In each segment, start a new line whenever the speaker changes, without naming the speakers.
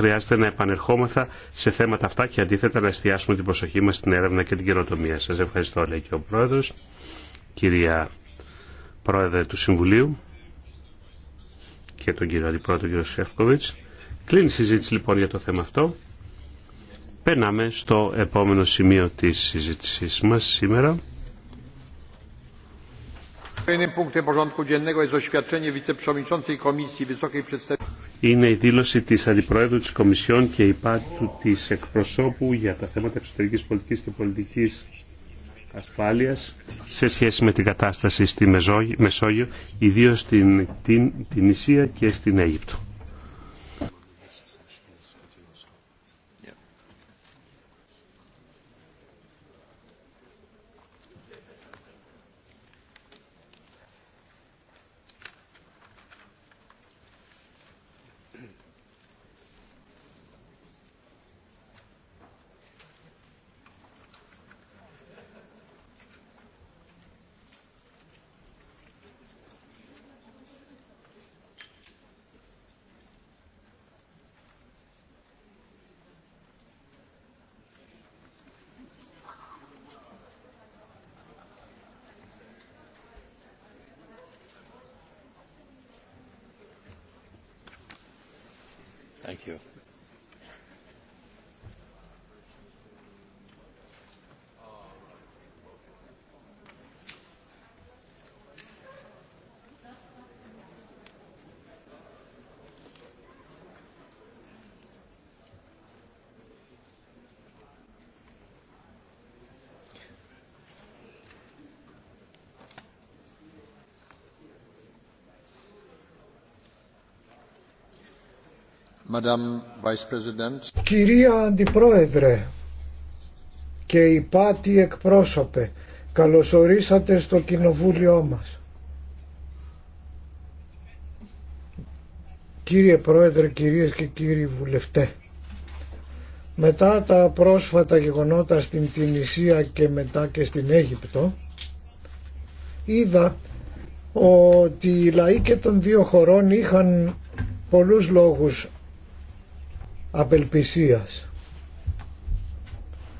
χρειάζεται να επανερχόμεθα σε θέματα αυτά και αντίθετα να εστιάσουμε την προσοχή μας στην έρευνα και την καινοτομία. Σας ευχαριστώ, λέει και ο Πρόεδρος, κυρία Πρόεδρε του Συμβουλίου και τον κύριο Αντιπρόεδρο, κύριο Σεφκοβιτς. Κλείνει η συζήτηση λοιπόν για το θέμα αυτό. Περνάμε στο επόμενο σημείο της συζήτησής μας σήμερα είναι η δήλωση της Αντιπροέδρου της Κομισιόν και υπά του της εκπροσώπου για τα θέματα εξωτερικής πολιτικής και πολιτικής ασφάλειας σε σχέση με την κατάσταση στη Μεσόγειο, ιδίως στην την, Ισία και στην Αίγυπτο.
Κυρία Αντιπρόεδρε και υπάτη εκπρόσωπε, καλωσορίσατε στο κοινοβούλιο μας. Κύριε Πρόεδρε, κυρίες και κύριοι βουλευτέ, μετά τα πρόσφατα γεγονότα στην Τινησία και μετά και στην Αίγυπτο, είδα ότι οι λαοί και των δύο χωρών είχαν πολλούς λόγους απελπισίας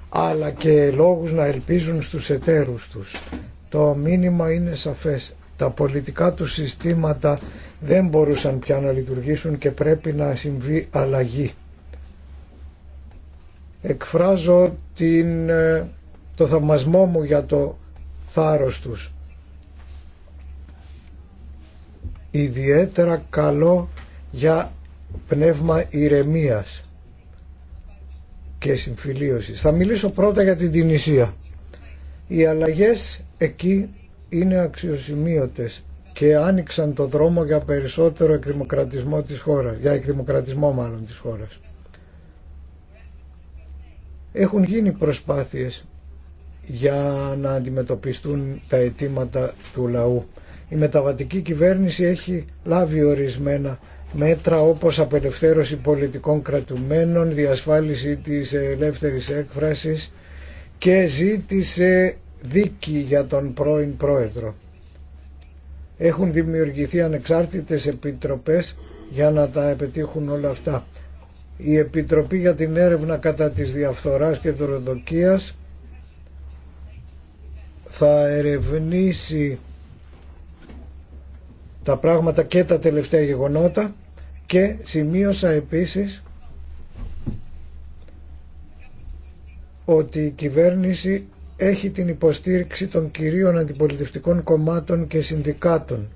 αλλά και λόγους να ελπίζουν στους εταίρους τους. Το μήνυμα είναι σαφές. Τα πολιτικά του συστήματα δεν μπορούσαν πια να λειτουργήσουν και πρέπει να συμβεί αλλαγή. Εκφράζω την, ε, το θαυμασμό μου για το θάρρος τους. Ιδιαίτερα καλό για πνεύμα ηρεμίας και συμφιλίωσης. Θα μιλήσω πρώτα για την Τινησία. Οι αλλαγές εκεί είναι αξιοσημείωτες και άνοιξαν το δρόμο για περισσότερο εκδημοκρατισμό της χώρας, για εκδημοκρατισμό μάλλον της χώρας. Έχουν γίνει προσπάθειες για να αντιμετωπιστούν τα αιτήματα του λαού. Η μεταβατική κυβέρνηση έχει λάβει ορισμένα μέτρα όπως απελευθέρωση πολιτικών κρατουμένων, διασφάλιση της ελεύθερης έκφρασης και ζήτησε δίκη για τον πρώην πρόεδρο. Έχουν δημιουργηθεί ανεξάρτητες επιτροπές για να τα επιτύχουν όλα αυτά. Η Επιτροπή για την Έρευνα κατά της Διαφθοράς και Δωροδοκίας θα ερευνήσει τα πράγματα και τα τελευταία γεγονότα και σημείωσα επίσης ότι η κυβέρνηση έχει την υποστήριξη των κυρίων αντιπολιτευτικών κομμάτων και συνδικάτων.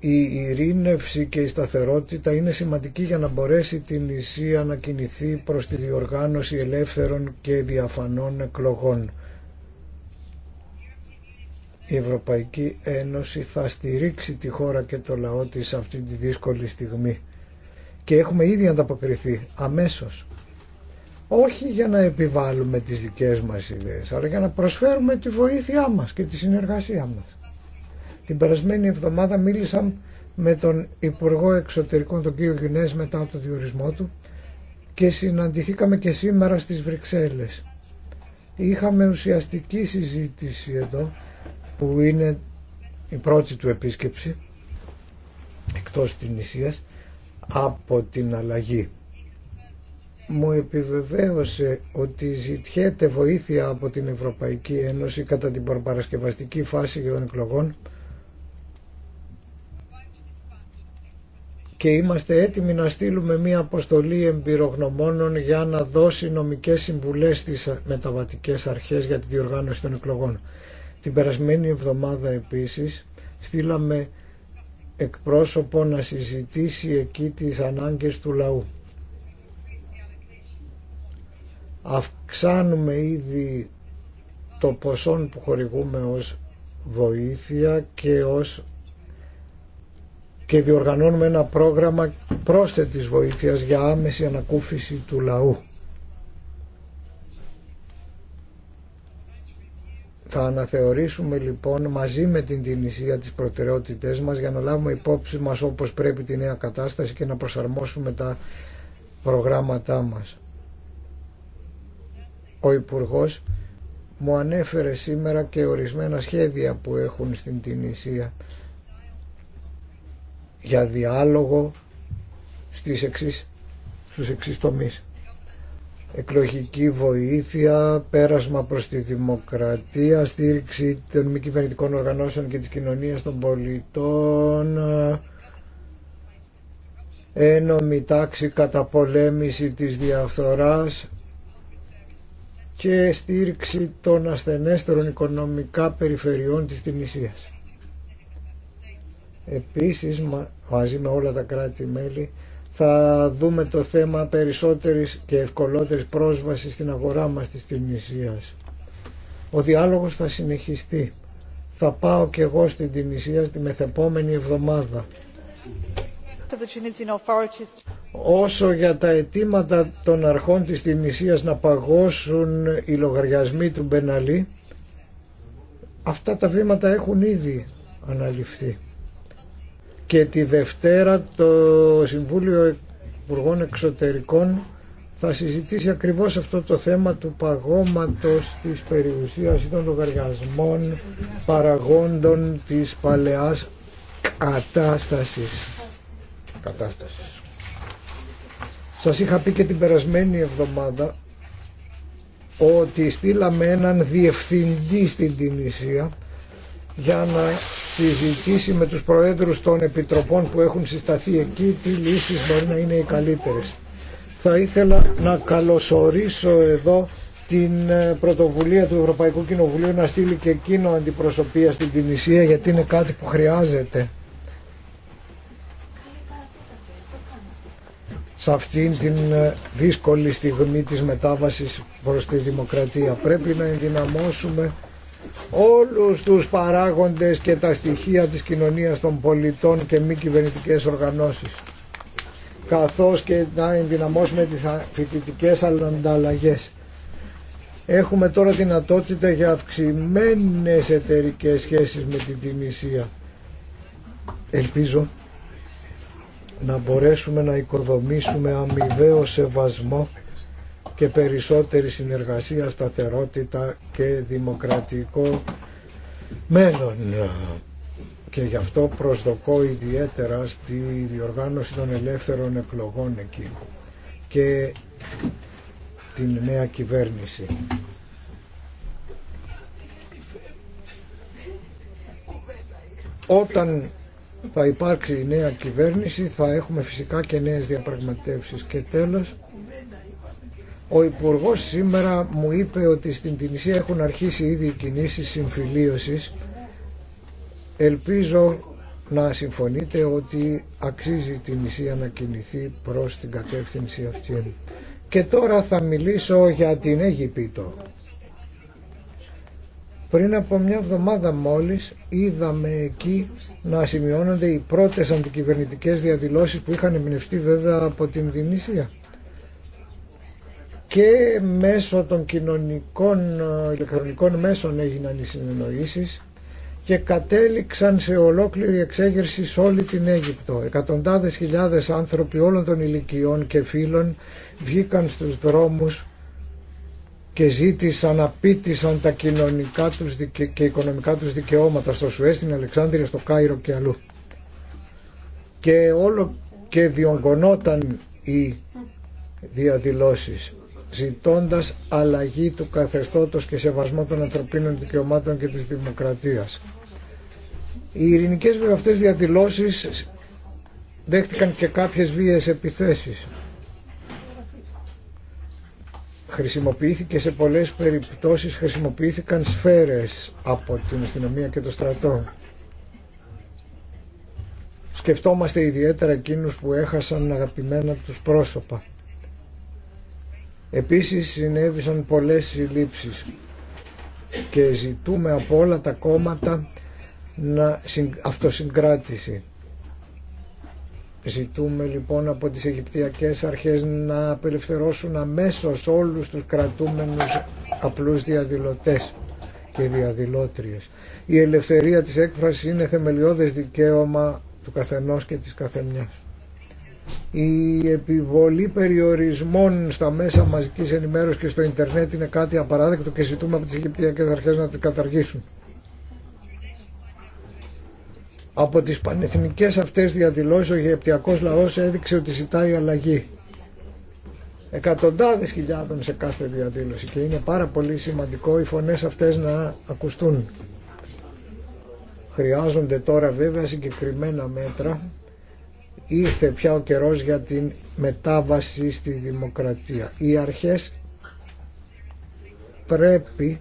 Η ειρήνευση και η σταθερότητα είναι σημαντική για να μπορέσει την Ισία να κινηθεί προς τη διοργάνωση ελεύθερων και διαφανών εκλογών η Ευρωπαϊκή Ένωση θα στηρίξει τη χώρα και το λαό της σε αυτή τη δύσκολη στιγμή. Και έχουμε ήδη ανταποκριθεί αμέσως. Όχι για να επιβάλλουμε τις δικές μας ιδέες, αλλά για να προσφέρουμε τη βοήθειά μας και τη συνεργασία μας. Την περασμένη εβδομάδα μίλησα με τον Υπουργό Εξωτερικών, τον κύριο Γιουνές, μετά το διορισμό του και συναντηθήκαμε και σήμερα στις Βρυξέλλες. Είχαμε ουσιαστική συζήτηση εδώ που είναι η πρώτη του επίσκεψη εκτός της νησίας από την αλλαγή. Μου επιβεβαίωσε ότι ζητιέται βοήθεια από την Ευρωπαϊκή Ένωση κατά την προπαρασκευαστική φάση τον εκλογών και είμαστε έτοιμοι να στείλουμε μία αποστολή εμπειρογνωμόνων για να δώσει νομικές συμβουλές στις μεταβατικές αρχές για τη διοργάνωση των εκλογών. Την περασμένη εβδομάδα επίσης στείλαμε εκπρόσωπο να συζητήσει εκεί τις ανάγκες του λαού. Αυξάνουμε ήδη το ποσό που χορηγούμε ως βοήθεια και ως και διοργανώνουμε ένα πρόγραμμα πρόσθετης βοήθειας για άμεση ανακούφιση του λαού. Θα αναθεωρήσουμε λοιπόν μαζί με την Τινησία τις προτεραιότητές μας για να λάβουμε υπόψη μας όπως πρέπει τη νέα κατάσταση και να προσαρμόσουμε τα προγράμματά μας. Ο Υπουργός μου ανέφερε σήμερα και ορισμένα σχέδια που έχουν στην Τινησία για διάλογο στις εξής, στους εξής τομείς εκλογική βοήθεια, πέρασμα προς τη δημοκρατία, στήριξη των μη κυβερνητικών οργανώσεων και της κοινωνίας των πολιτών, ένομη τάξη πολέμηση της διαφθοράς και στήριξη των ασθενέστερων οικονομικά περιφερειών της Τινησίας. Επίσης, μαζί με όλα τα κράτη-μέλη, θα δούμε το θέμα περισσότερης και ευκολότερης πρόσβασης στην αγορά μας της Τινησίας. Ο διάλογος θα συνεχιστεί. Θα πάω και εγώ στην Τινησία τη μεθεπόμενη εβδομάδα. Όσο για τα αιτήματα των αρχών της Τινησίας να παγώσουν οι λογαριασμοί του Μπεναλή, αυτά τα βήματα έχουν ήδη αναλυφθεί και τη Δευτέρα το Συμβούλιο Υπουργών Εξωτερικών θα συζητήσει ακριβώς αυτό το θέμα του παγώματος της περιουσίας των λογαριασμών παραγόντων της παλαιάς κατάστασης. κατάστασης. Σας είχα πει και την περασμένη εβδομάδα ότι στείλαμε έναν διευθυντή στην Τινησία για να συζητήσει με τους προέδρους των επιτροπών που έχουν συσταθεί εκεί τι λύσεις μπορεί να είναι οι καλύτερες. Θα ήθελα να καλωσορίσω εδώ την ε, πρωτοβουλία του Ευρωπαϊκού Κοινοβουλίου να στείλει και εκείνο αντιπροσωπεία στην Τινησία γιατί είναι κάτι που χρειάζεται. σε αυτήν την ε, δύσκολη στιγμή της μετάβασης προς τη δημοκρατία. Πρέπει να ενδυναμώσουμε όλους τους παράγοντες και τα στοιχεία της κοινωνίας των πολιτών και μη κυβερνητικέ οργανώσεις καθώς και να ενδυναμώσουμε τις φοιτητικέ ανταλλαγέ, Έχουμε τώρα δυνατότητα για αυξημένες εταιρικέ σχέσεις με την Τινησία. Ελπίζω να μπορέσουμε να οικοδομήσουμε αμοιβαίο σεβασμό και περισσότερη συνεργασία, σταθερότητα και δημοκρατικό μέλλον. Και γι' αυτό προσδοκώ ιδιαίτερα στη διοργάνωση των ελεύθερων εκλογών εκεί και την νέα κυβέρνηση. Όταν θα υπάρξει η νέα κυβέρνηση θα έχουμε φυσικά και νέες διαπραγματεύσεις και τέλος ο υπουργό σήμερα μου είπε ότι στην Τινησία έχουν αρχίσει ήδη οι κινήσεις συμφιλίωσης. Ελπίζω να συμφωνείτε ότι αξίζει η Τινησία να κινηθεί προς την κατεύθυνση αυτή. Και τώρα θα μιλήσω για την Αίγυπτο. Πριν από μια εβδομάδα μόλις είδαμε εκεί να σημειώνονται οι πρώτες αντικυβερνητικές διαδηλώσεις που είχαν εμπνευστεί βέβαια από την Δυνήσια και μέσω των κοινωνικών ε, ηλεκτρονικών μέσων έγιναν οι συνεννοήσεις και κατέληξαν σε ολόκληρη εξέγερση σε όλη την Αίγυπτο. Εκατοντάδες χιλιάδες άνθρωποι όλων των ηλικιών και φίλων βγήκαν στους δρόμους και ζήτησαν, απίτησαν τα κοινωνικά τους και οικονομικά τους δικαιώματα στο Σουέ, στην Αλεξάνδρεια, στο Κάιρο και αλλού. Και όλο και διογκωνόταν οι διαδηλώσεις ζητώντας αλλαγή του καθεστώτος και σεβασμό των ανθρωπίνων δικαιωμάτων και της δημοκρατίας. Οι ειρηνικές με αυτές διαδηλώσεις δέχτηκαν και κάποιες βίαιες επιθέσεις. Χρησιμοποιήθηκε σε πολλές περιπτώσεις, χρησιμοποιήθηκαν σφαίρες από την αστυνομία και το στρατό. Σκεφτόμαστε ιδιαίτερα εκείνους που έχασαν αγαπημένα τους πρόσωπα. Επίσης συνέβησαν πολλές συλλήψεις και ζητούμε από όλα τα κόμματα να αυτοσυγκράτηση. Ζητούμε λοιπόν από τις Αιγυπτιακές αρχές να απελευθερώσουν αμέσως όλους τους κρατούμενους απλούς διαδηλωτές και διαδηλώτριες. Η ελευθερία της έκφρασης είναι θεμελιώδες δικαίωμα του καθενός και της καθεμιάς. Η επιβολή περιορισμών στα μέσα μαζικής ενημέρωσης και στο ίντερνετ είναι κάτι απαράδεκτο και ζητούμε από τις Αιγυπτιακές Αρχές να τις καταργήσουν. Από τις πανεθνικές αυτές διαδηλώσεις ο Αιγυπτιακός λαός έδειξε ότι ζητάει αλλαγή. Εκατοντάδες χιλιάδων σε κάθε διαδήλωση και είναι πάρα πολύ σημαντικό οι φωνές αυτές να ακουστούν. Χρειάζονται τώρα βέβαια συγκεκριμένα μέτρα ήρθε πια ο καιρός για την μετάβαση στη δημοκρατία. Οι αρχές πρέπει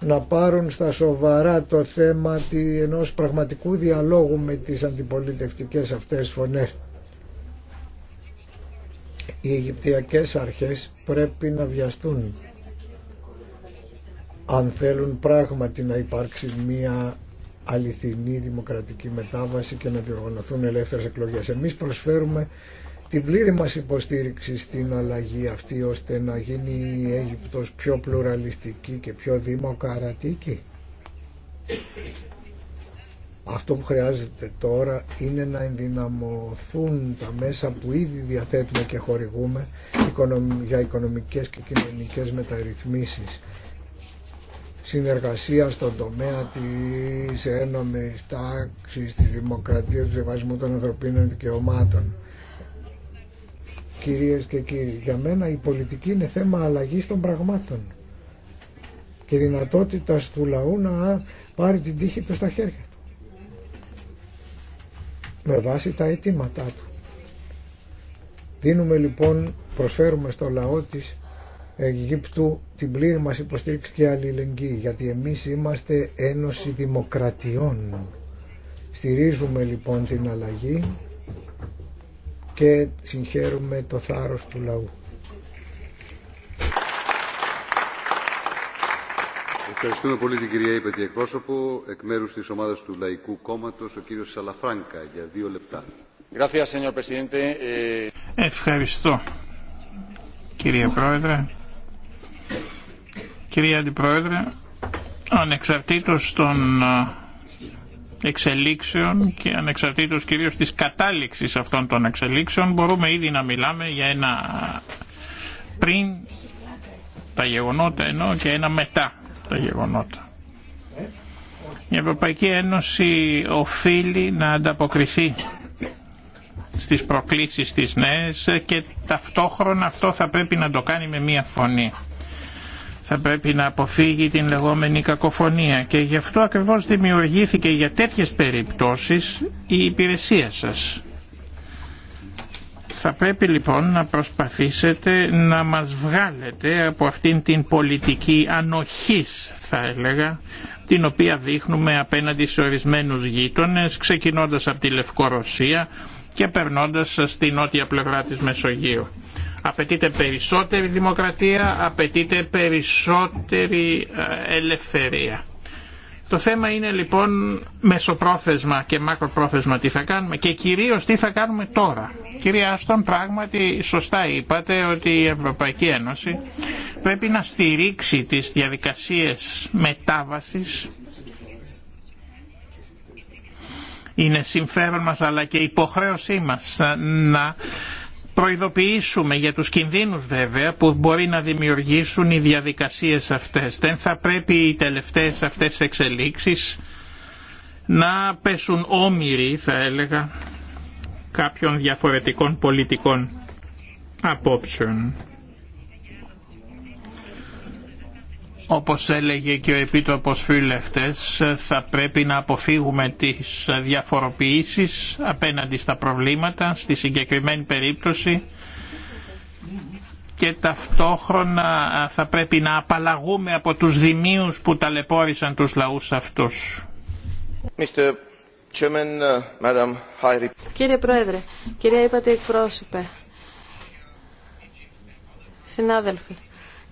να πάρουν στα σοβαρά το θέμα ενός πραγματικού διαλόγου με τις αντιπολιτευτικές αυτές φωνές. Οι Αιγυπτιακές αρχές πρέπει να βιαστούν αν θέλουν πράγματι να υπάρξει μία αληθινή δημοκρατική μετάβαση και να διοργανωθούν ελεύθερες εκλογές. Εμείς προσφέρουμε την πλήρη μας υποστήριξη στην αλλαγή αυτή ώστε να γίνει η Αίγυπτος πιο πλουραλιστική και πιο δημοκρατική. Αυτό που χρειάζεται τώρα είναι να ενδυναμωθούν τα μέσα που ήδη διαθέτουμε και χορηγούμε για οικονομικές και κοινωνικές μεταρρυθμίσεις συνεργασία στον τομέα της ένωμης τάξης, της δημοκρατία του σεβασμού των ανθρωπίνων δικαιωμάτων. Κυρίες και κύριοι, για μένα η πολιτική είναι θέμα αλλαγής των πραγμάτων και δυνατότητας του λαού να πάρει την τύχη του στα χέρια του με βάση τα αιτήματά του. Δίνουμε λοιπόν, προσφέρουμε στο λαό της Αιγύπτου την πλήρη μας υποστήριξη και αλληλεγγύη γιατί εμείς είμαστε Ένωση Δημοκρατιών. Στηρίζουμε λοιπόν την αλλαγή και συγχαίρουμε το θάρρος του λαού.
Ευχαριστούμε πολύ την κυρία Ήπετη εκπρόσωπο. Εκ μέρους της ομάδας του Λαϊκού Κόμματος, ο κύριος Σαλαφράνκα για δύο λεπτά.
Ευχαριστώ κύριε Πρόεδρε. Κυρία Αντιπρόεδρε, ανεξαρτήτως των εξελίξεων και ανεξαρτήτως κυρίως της κατάληξης αυτών των εξελίξεων μπορούμε ήδη να μιλάμε για ένα πριν τα γεγονότα ενώ και ένα μετά τα γεγονότα. Η Ευρωπαϊκή Ένωση οφείλει να ανταποκριθεί στις προκλήσεις της νέες και ταυτόχρονα αυτό θα πρέπει να το κάνει με μία φωνή θα πρέπει να αποφύγει την λεγόμενη κακοφωνία και γι' αυτό ακριβώς δημιουργήθηκε για τέτοιες περιπτώσεις η υπηρεσία σας. Θα πρέπει λοιπόν να προσπαθήσετε να μας βγάλετε από αυτήν την πολιτική ανοχής θα έλεγα την οποία δείχνουμε απέναντι σε ορισμένους γείτονες ξεκινώντας από τη Λευκορωσία και περνώντας στην νότια πλευρά της Μεσογείου. Απαιτείται περισσότερη δημοκρατία, απαιτείται περισσότερη ε, ελευθερία. Το θέμα είναι λοιπόν μεσοπρόθεσμα και μακροπρόθεσμα τι θα κάνουμε και κυρίως τι θα κάνουμε τώρα. Κυρία Άστον, πράγματι σωστά είπατε ότι η Ευρωπαϊκή Ένωση πρέπει να στηρίξει τις διαδικασίες μετάβασης είναι συμφέρον μας αλλά και υποχρέωσή μας να προειδοποιήσουμε για τους κινδύνους βέβαια που μπορεί να δημιουργήσουν οι διαδικασίες αυτές. Δεν θα πρέπει οι τελευταίες αυτές εξελίξεις να πέσουν όμοιροι θα έλεγα κάποιων διαφορετικών πολιτικών απόψεων. Όπως έλεγε και ο Επίτροπος Φίλεχτες, θα πρέπει να αποφύγουμε τις διαφοροποιήσεις απέναντι στα προβλήματα, στη συγκεκριμένη περίπτωση και ταυτόχρονα θα πρέπει να απαλλαγούμε από τους δημίους που ταλαιπώρησαν τους λαούς αυτούς.
Uh,
Κύριε Πρόεδρε, κυρία είπατε εκπρόσωπε, συνάδελφοι,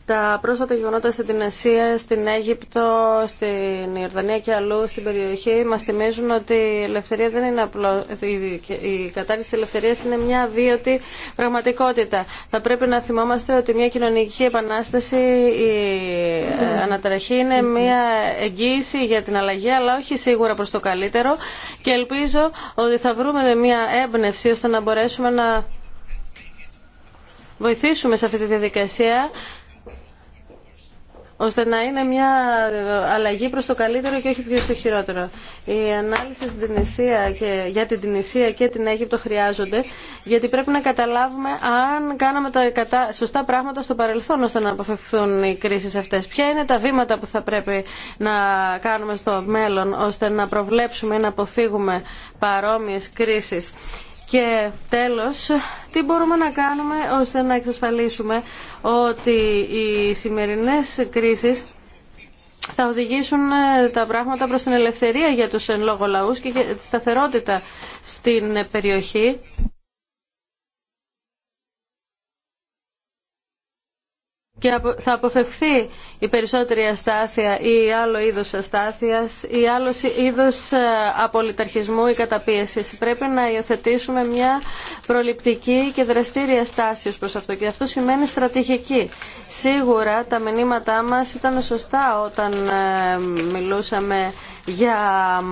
τα πρόσφατα γεγονότα στην Τινεσία, στην Αίγυπτο, στην Ιορδανία και αλλού στην περιοχή μας θυμίζουν ότι η ελευθερία δεν είναι απλό, η της ελευθερίας είναι μια βίωτη πραγματικότητα. Θα πρέπει να θυμόμαστε ότι μια κοινωνική επανάσταση, η ε, αναταραχή είναι μια εγγύηση για την αλλαγή αλλά όχι σίγουρα προς το καλύτερο και ελπίζω ότι θα βρούμε μια έμπνευση ώστε να μπορέσουμε να βοηθήσουμε σε αυτή τη διαδικασία ώστε να είναι μια αλλαγή προς το καλύτερο και όχι πιο στο χειρότερο. Η ανάλυση στην και, για την Τινησία και την Αίγυπτο χρειάζονται, γιατί πρέπει να καταλάβουμε αν κάναμε τα κατά, σωστά πράγματα στο παρελθόν ώστε να αποφευθούν οι κρίσεις αυτές. Ποια είναι τα βήματα που θα πρέπει να κάνουμε στο μέλλον ώστε να προβλέψουμε ή να αποφύγουμε παρόμοιες κρίσεις. Και τέλος, τι μπορούμε να κάνουμε ώστε να εξασφαλίσουμε ότι οι σημερινές κρίσεις θα οδηγήσουν ε, τα πράγματα προς την ελευθερία για τους εν λόγω λαούς και τη σταθερότητα στην περιοχή. και θα αποφευθεί η περισσότερη αστάθεια ή άλλο είδος αστάθειας ή άλλο είδος ε, απολυταρχισμού ή καταπίεσης. Πρέπει να υιοθετήσουμε μια προληπτική και δραστήρια στάση ως προς αυτό και αυτό σημαίνει στρατηγική. Σίγουρα τα μηνύματά μας ήταν σωστά όταν ε, μιλούσαμε για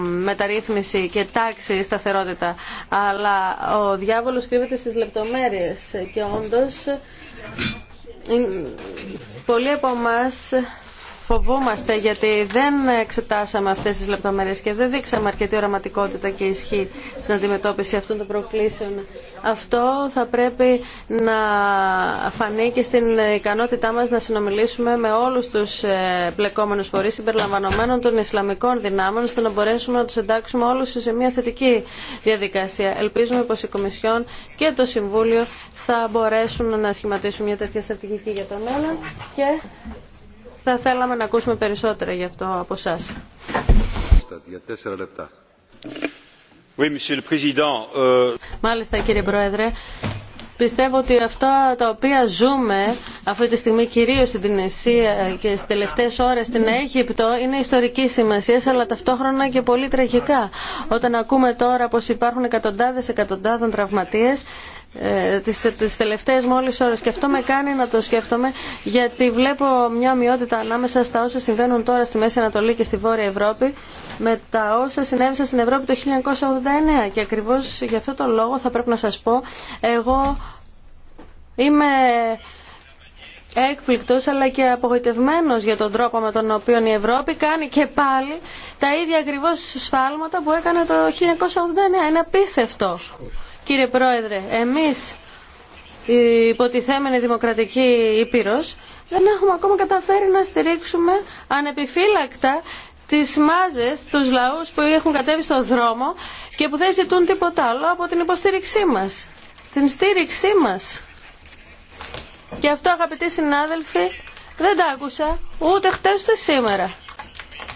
μεταρρύθμιση και τάξη σταθερότητα. Αλλά ο διάβολος κρύβεται στις λεπτομέρειες και όντως πολλοί από εμά φοβόμαστε γιατί δεν εξετάσαμε αυτέ τι λεπτομέρειε και δεν δείξαμε αρκετή οραματικότητα και ισχύ στην αντιμετώπιση αυτών των προκλήσεων. Αυτό θα πρέπει να φανεί και στην ικανότητά μα να συνομιλήσουμε με όλου του ε, πλεκόμενου φορεί συμπεριλαμβανομένων των Ισλαμικών δυνάμεων ώστε να μπορέσουμε να του εντάξουμε όλου σε μια θετική διαδικασία. Ελπίζουμε πω η Κομισιόν και το Συμβούλιο θα μπορέσουν να σχηματίσουν μια τέτοια στρατηγική για το μέλλον και θα θέλαμε να ακούσουμε περισσότερα γι' αυτό από εσά.
Euh,
Μάλιστα κύριε Πρόεδρε, πιστεύω ότι αυτά τα οποία ζούμε αυτή τη στιγμή κυρίως στην Τινησία και στις τελευταίες ώρες στην Αίγυπτο είναι ιστορική σημασία αλλά ταυτόχρονα και πολύ τραγικά. Όταν ακούμε τώρα πως υπάρχουν εκατοντάδες εκατοντάδων τραυματίες ε, τις, τις τελευταίες μόλις ώρες και αυτό με κάνει να το σκέφτομαι γιατί βλέπω μια ομοιότητα ανάμεσα στα όσα συμβαίνουν τώρα στη Μέση Ανατολή και στη Βόρεια Ευρώπη με τα όσα συνέβησαν στην Ευρώπη το 1989 και ακριβώς για αυτό το λόγο θα πρέπει να σας πω εγώ είμαι έκπληκτος αλλά και απογοητευμένος για τον τρόπο με τον οποίο η Ευρώπη κάνει και πάλι τα ίδια ακριβώς σφάλματα που έκανε το 1989. Είναι απίστευτο. Κύριε Πρόεδρε, εμείς η υποτιθέμενη δημοκρατική Ήπειρος δεν έχουμε ακόμα καταφέρει να στηρίξουμε ανεπιφύλακτα τις μάζες, τους λαούς που έχουν κατέβει στον δρόμο και που δεν ζητούν τίποτα άλλο από την υποστήριξή μας. Την στήριξή μας. Και αυτό αγαπητοί συνάδελφοι δεν τα άκουσα ούτε χθες ούτε σήμερα.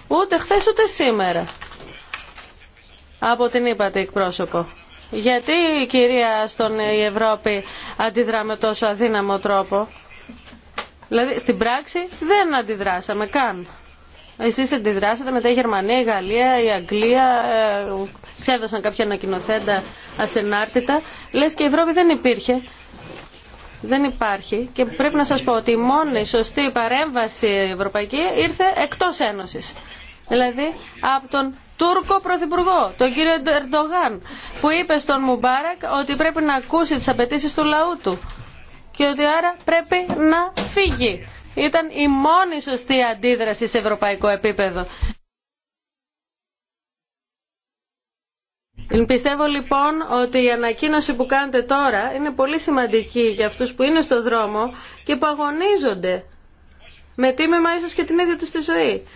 Ούτε χθες ούτε σήμερα. Από την είπατε εκπρόσωπο. Γιατί κυρία στον Ευρώπη αντιδρά με τόσο αδύναμο τρόπο. Δηλαδή στην πράξη δεν αντιδράσαμε καν. Εσείς αντιδράσατε μετά η Γερμανία, η Γαλλία, η Αγγλία, ε, ξέδωσαν κάποια ανακοινοθέντα ασενάρτητα. Λες και η Ευρώπη δεν υπήρχε. Δεν υπάρχει και πρέπει να σας πω ότι η μόνη σωστή παρέμβαση ευρωπαϊκή ήρθε εκτός Ένωσης. Δηλαδή από τον Τούρκο Πρωθυπουργό, τον κύριο Ερντογάν, που είπε στον Μουμπάρακ ότι πρέπει να ακούσει τις απαιτήσει του λαού του και ότι άρα πρέπει να φύγει. Ήταν η μόνη σωστή αντίδραση σε ευρωπαϊκό επίπεδο. Πιστεύω λοιπόν ότι η ανακοίνωση που κάνετε τώρα είναι πολύ σημαντική για αυτούς που είναι στο δρόμο και που αγωνίζονται με τίμημα ίσως και την ίδια τους τη ζωή.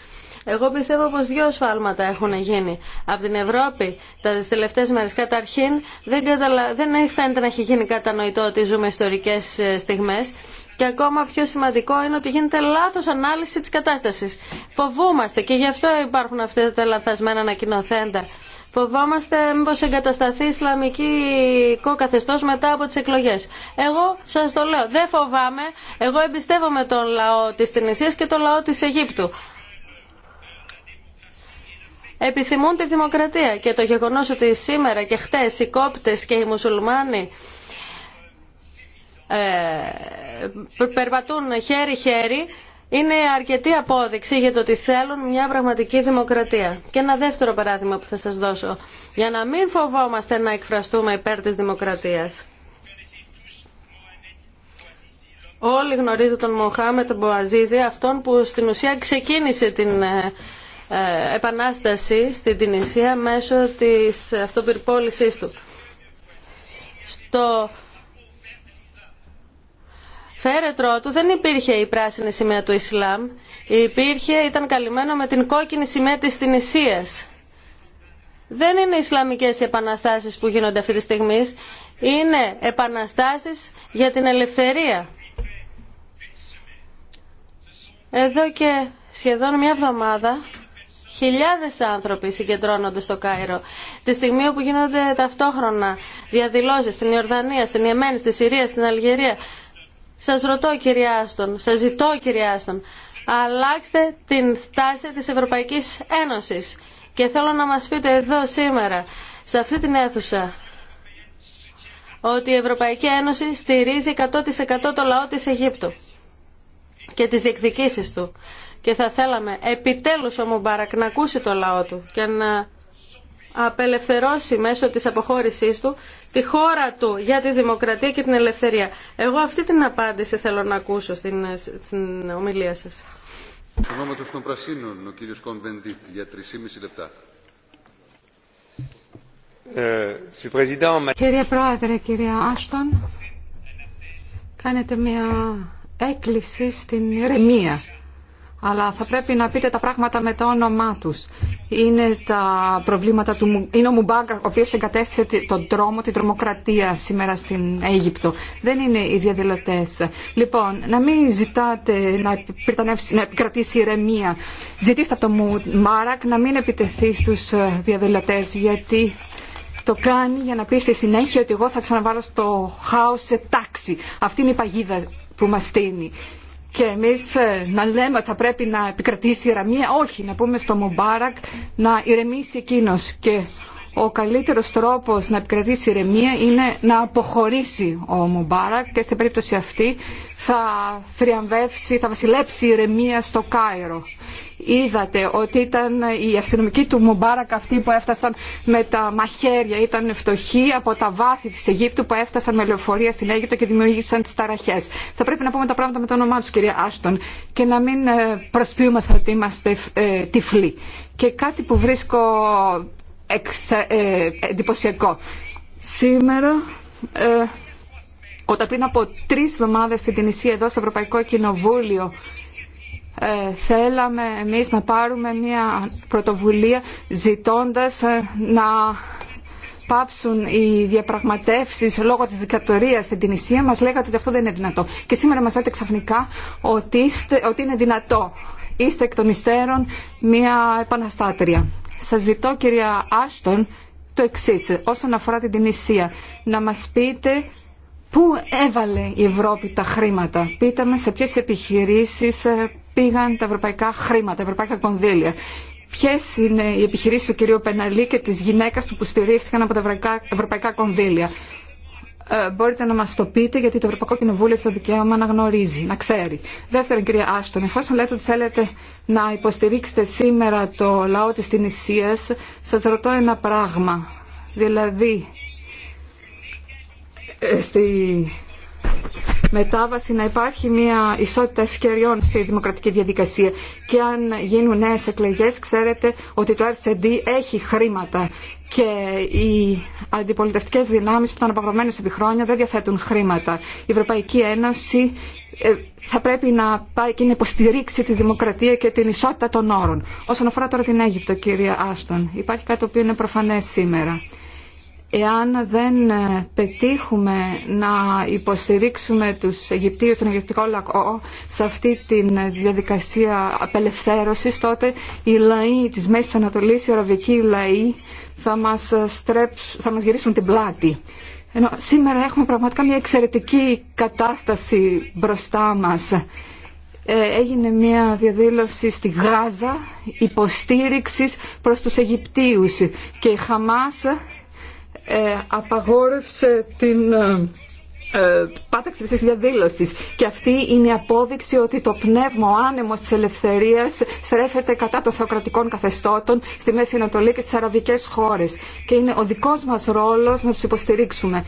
Εγώ πιστεύω πως δύο σφάλματα έχουν γίνει από την Ευρώπη τα τελευταίε μέρες. Καταρχήν δεν, καταλα... δεν φαίνεται να έχει γίνει κατανοητό ότι ζούμε ιστορικές ε, στιγμές και ακόμα πιο σημαντικό είναι ότι γίνεται λάθος ανάλυση της κατάστασης. Φοβούμαστε και γι' αυτό υπάρχουν αυτά τα λανθασμένα ανακοινοθέντα. Φοβόμαστε μήπω εγκατασταθεί Ισλαμικό καθεστώ μετά από τι εκλογέ. Εγώ σα το λέω, δεν φοβάμαι. Εγώ εμπιστεύομαι τον λαό τη Τινησία και τον λαό τη Αιγύπτου επιθυμούν τη δημοκρατία και το γεγονός ότι σήμερα και χτες οι κόπτες και οι μουσουλμάνοι ε, περπατούν χέρι-χέρι είναι αρκετή απόδειξη για το ότι θέλουν μια πραγματική δημοκρατία. Και ένα δεύτερο παράδειγμα που θα σας δώσω, για να μην φοβόμαστε να εκφραστούμε υπέρ της δημοκρατίας. Όλοι γνωρίζετε τον Μοχάμετ Μποαζίζη, αυτόν που στην ουσία ξεκίνησε την ε, ε, επανάσταση στην Τινησία μέσω της αυτοπυρπόλησής του. Στο φέρετρό του δεν υπήρχε η πράσινη σημαία του Ισλάμ, υπήρχε, ήταν καλυμμένο με την κόκκινη σημαία της Τινησίας. Δεν είναι Ισλαμικές οι επαναστάσεις που γίνονται αυτή τη στιγμή, είναι επαναστάσεις για την ελευθερία. Εδώ και σχεδόν μια εβδομάδα Χιλιάδες άνθρωποι συγκεντρώνονται στο Κάιρο. Τη στιγμή όπου γίνονται ταυτόχρονα διαδηλώσεις στην Ιορδανία, στην Ιεμένη, στη Συρία, στην Αλγερία. Σας ρωτώ κυρία Άστον, σας ζητώ κυρία Άστον, αλλάξτε την στάση της Ευρωπαϊκής Ένωσης. Και θέλω να μας πείτε εδώ σήμερα, σε αυτή την αίθουσα, ότι η Ευρωπαϊκή Ένωση στηρίζει 100% το λαό της Αιγύπτου και τις διεκδικήσεις του. Και θα θέλαμε επιτέλους ο Μουμπάρακ να ακούσει το λαό του και να απελευθερώσει μέσω της αποχώρησής του τη χώρα του για τη δημοκρατία και την ελευθερία. Εγώ αυτή την απάντηση θέλω να ακούσω στην, στην ομιλία σας.
ο κύριος για 3,5 λεπτά. Ε,
κύριε Πρόεδρε, κύριε Άστον, κάνετε μια έκκληση στην ηρεμία αλλά θα πρέπει να πείτε τα πράγματα με το όνομά τους. Είναι τα προβλήματα του είναι ο Μουμπάγκ, ο οποίο εγκατέστησε τον τρόμο, την τρομοκρατία σήμερα στην Αίγυπτο. Δεν είναι οι διαδηλωτές. Λοιπόν, να μην ζητάτε να, να επικρατήσει ηρεμία. Ζητήστε από τον Μουμπάρακ να μην επιτεθεί στου ε, διαδηλωτέ, γιατί το κάνει για να πει στη συνέχεια ότι εγώ θα ξαναβάλω στο χάο σε τάξη. Αυτή είναι η παγίδα που μας στείνει και εμεί ε, να λέμε ότι θα πρέπει να επικρατήσει η ηρεμία. Όχι, να πούμε στο Μουμπάρακ να ηρεμήσει εκείνο. Και ο καλύτερο τρόπος να επικρατήσει η ηρεμία είναι να αποχωρήσει ο Μουμπάρακ και στην περίπτωση αυτή θα θριαμβεύσει, θα βασιλέψει η ηρεμία στο Κάιρο είδατε ότι ήταν οι αστυνομικοί του Μουμπάρακ αυτοί που έφτασαν με τα μαχαίρια. Ήταν φτωχοί από τα βάθη της Αιγύπτου που έφτασαν με λεωφορεία στην Αίγυπτο και δημιούργησαν τις ταραχές. Θα πρέπει να πούμε τα πράγματα με το όνομά τους κυρία Άστον και να μην ε, προσποιούμεθα ότι είμαστε ε, τυφλοί. Και κάτι που βρίσκω εξ, ε, εντυπωσιακό. Σήμερα... Ε, όταν πριν από τρει εβδομάδε στην Τινησία εδώ στο Ευρωπαϊκό Κοινοβούλιο ε, θέλαμε εμείς να πάρουμε μια πρωτοβουλία ζητώντας ε, να πάψουν οι διαπραγματεύσεις λόγω της δικτατορίας στην Τινησία μας λέγατε ότι αυτό δεν είναι δυνατό και σήμερα μας λέτε ξαφνικά ότι, είναι δυνατό είστε εκ των υστέρων μια επαναστάτρια σας ζητώ κυρία Άστον το εξή όσον αφορά την Τινησία να μας πείτε Πού έβαλε η Ευρώπη τα χρήματα, πείτε μας σε ποιες επιχειρήσεις ε, πήγαν τα ευρωπαϊκά χρήματα, τα ευρωπαϊκά κονδύλια. Ποιε είναι οι επιχειρήσει του κυρίου Πεναλή και τη γυναίκα του που στηρίχθηκαν από τα ευρωπαϊκά, ευρωπαϊκά κονδύλια. Ε, μπορείτε να μα το πείτε, γιατί το Ευρωπαϊκό Κοινοβούλιο έχει το δικαίωμα να γνωρίζει, να ξέρει. Δεύτερον, κυρία Άστον, εφόσον λέτε ότι θέλετε να υποστηρίξετε σήμερα το λαό τη Τινησία, σα ρωτώ ένα πράγμα. Δηλαδή, ε, μετάβαση να υπάρχει μια ισότητα ευκαιριών στη δημοκρατική διαδικασία. Και αν γίνουν νέε εκλογέ, ξέρετε ότι το RCD έχει χρήματα και οι αντιπολιτευτικές δυνάμεις που ήταν απαγορευμένες επί χρόνια δεν διαθέτουν χρήματα. Η Ευρωπαϊκή Ένωση ε, θα πρέπει να πάει και να υποστηρίξει τη δημοκρατία και την ισότητα των όρων. Όσον αφορά τώρα την Αίγυπτο, κύριε Άστον, υπάρχει κάτι το οποίο είναι προφανές σήμερα εάν δεν ε, πετύχουμε να υποστηρίξουμε τους Αιγυπτίους, τον Αιγυπτικό λαό σε αυτή τη ε, διαδικασία απελευθέρωσης, τότε οι λαοί της Μέσης Ανατολής, οι αραβικοί λαοί, θα μας, ε, στρέψουν, θα μας γυρίσουν την πλάτη. Ενώ σήμερα έχουμε πραγματικά μια εξαιρετική κατάσταση μπροστά μας. Έγινε μια διαδήλωση στη Γάζα υποστήριξης προς τους Αιγυπτίους και η Χαμάς ε, απαγόρευσε την ε, ε, πάταξη της διαδήλωσης και αυτή είναι η απόδειξη ότι το πνεύμα, ο άνεμος της ελευθερίας στρέφεται κατά των θεοκρατικών καθεστώτων στη Μέση Ανατολή και στις αραβικές χώρες και είναι ο δικός μας ρόλος να τους υποστηρίξουμε.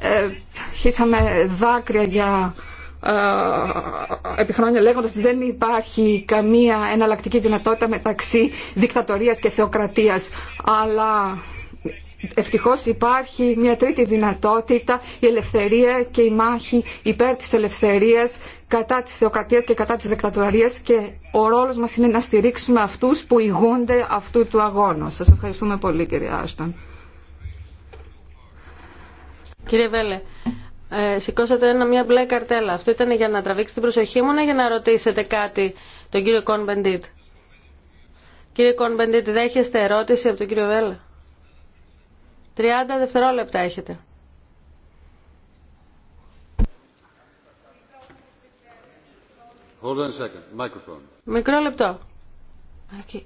Ε, χύσαμε δάκρυα για επιχρόνια χρόνια λέγοντας ότι δεν υπάρχει καμία εναλλακτική δυνατότητα μεταξύ δικτατορίας και θεοκρατίας αλλά Ευτυχώς υπάρχει μια τρίτη δυνατότητα, η ελευθερία και η μάχη υπέρ της ελευθερίας κατά της θεοκρατίας και κατά της δεκτατορίας και ο ρόλος μας είναι να στηρίξουμε αυτούς που ηγούνται αυτού του αγώνα. Σας ευχαριστούμε πολύ κύριε Άστον. Κύριε Βέλε, ε, σηκώσατε ένα,
μια μπλε καρτέλα. Αυτό ήταν για να τραβήξει την προσοχή μου ή για να ρωτήσετε κάτι τον κύριο Κονμπεντίτ. Κύριε Κονμπεντίτ, δέχεστε ερώτηση από τον κύριο Βέλε. 30 δευτερόλεπτα έχετε.
Hold on a second. Microphone.
Μικρό λεπτό. Okay.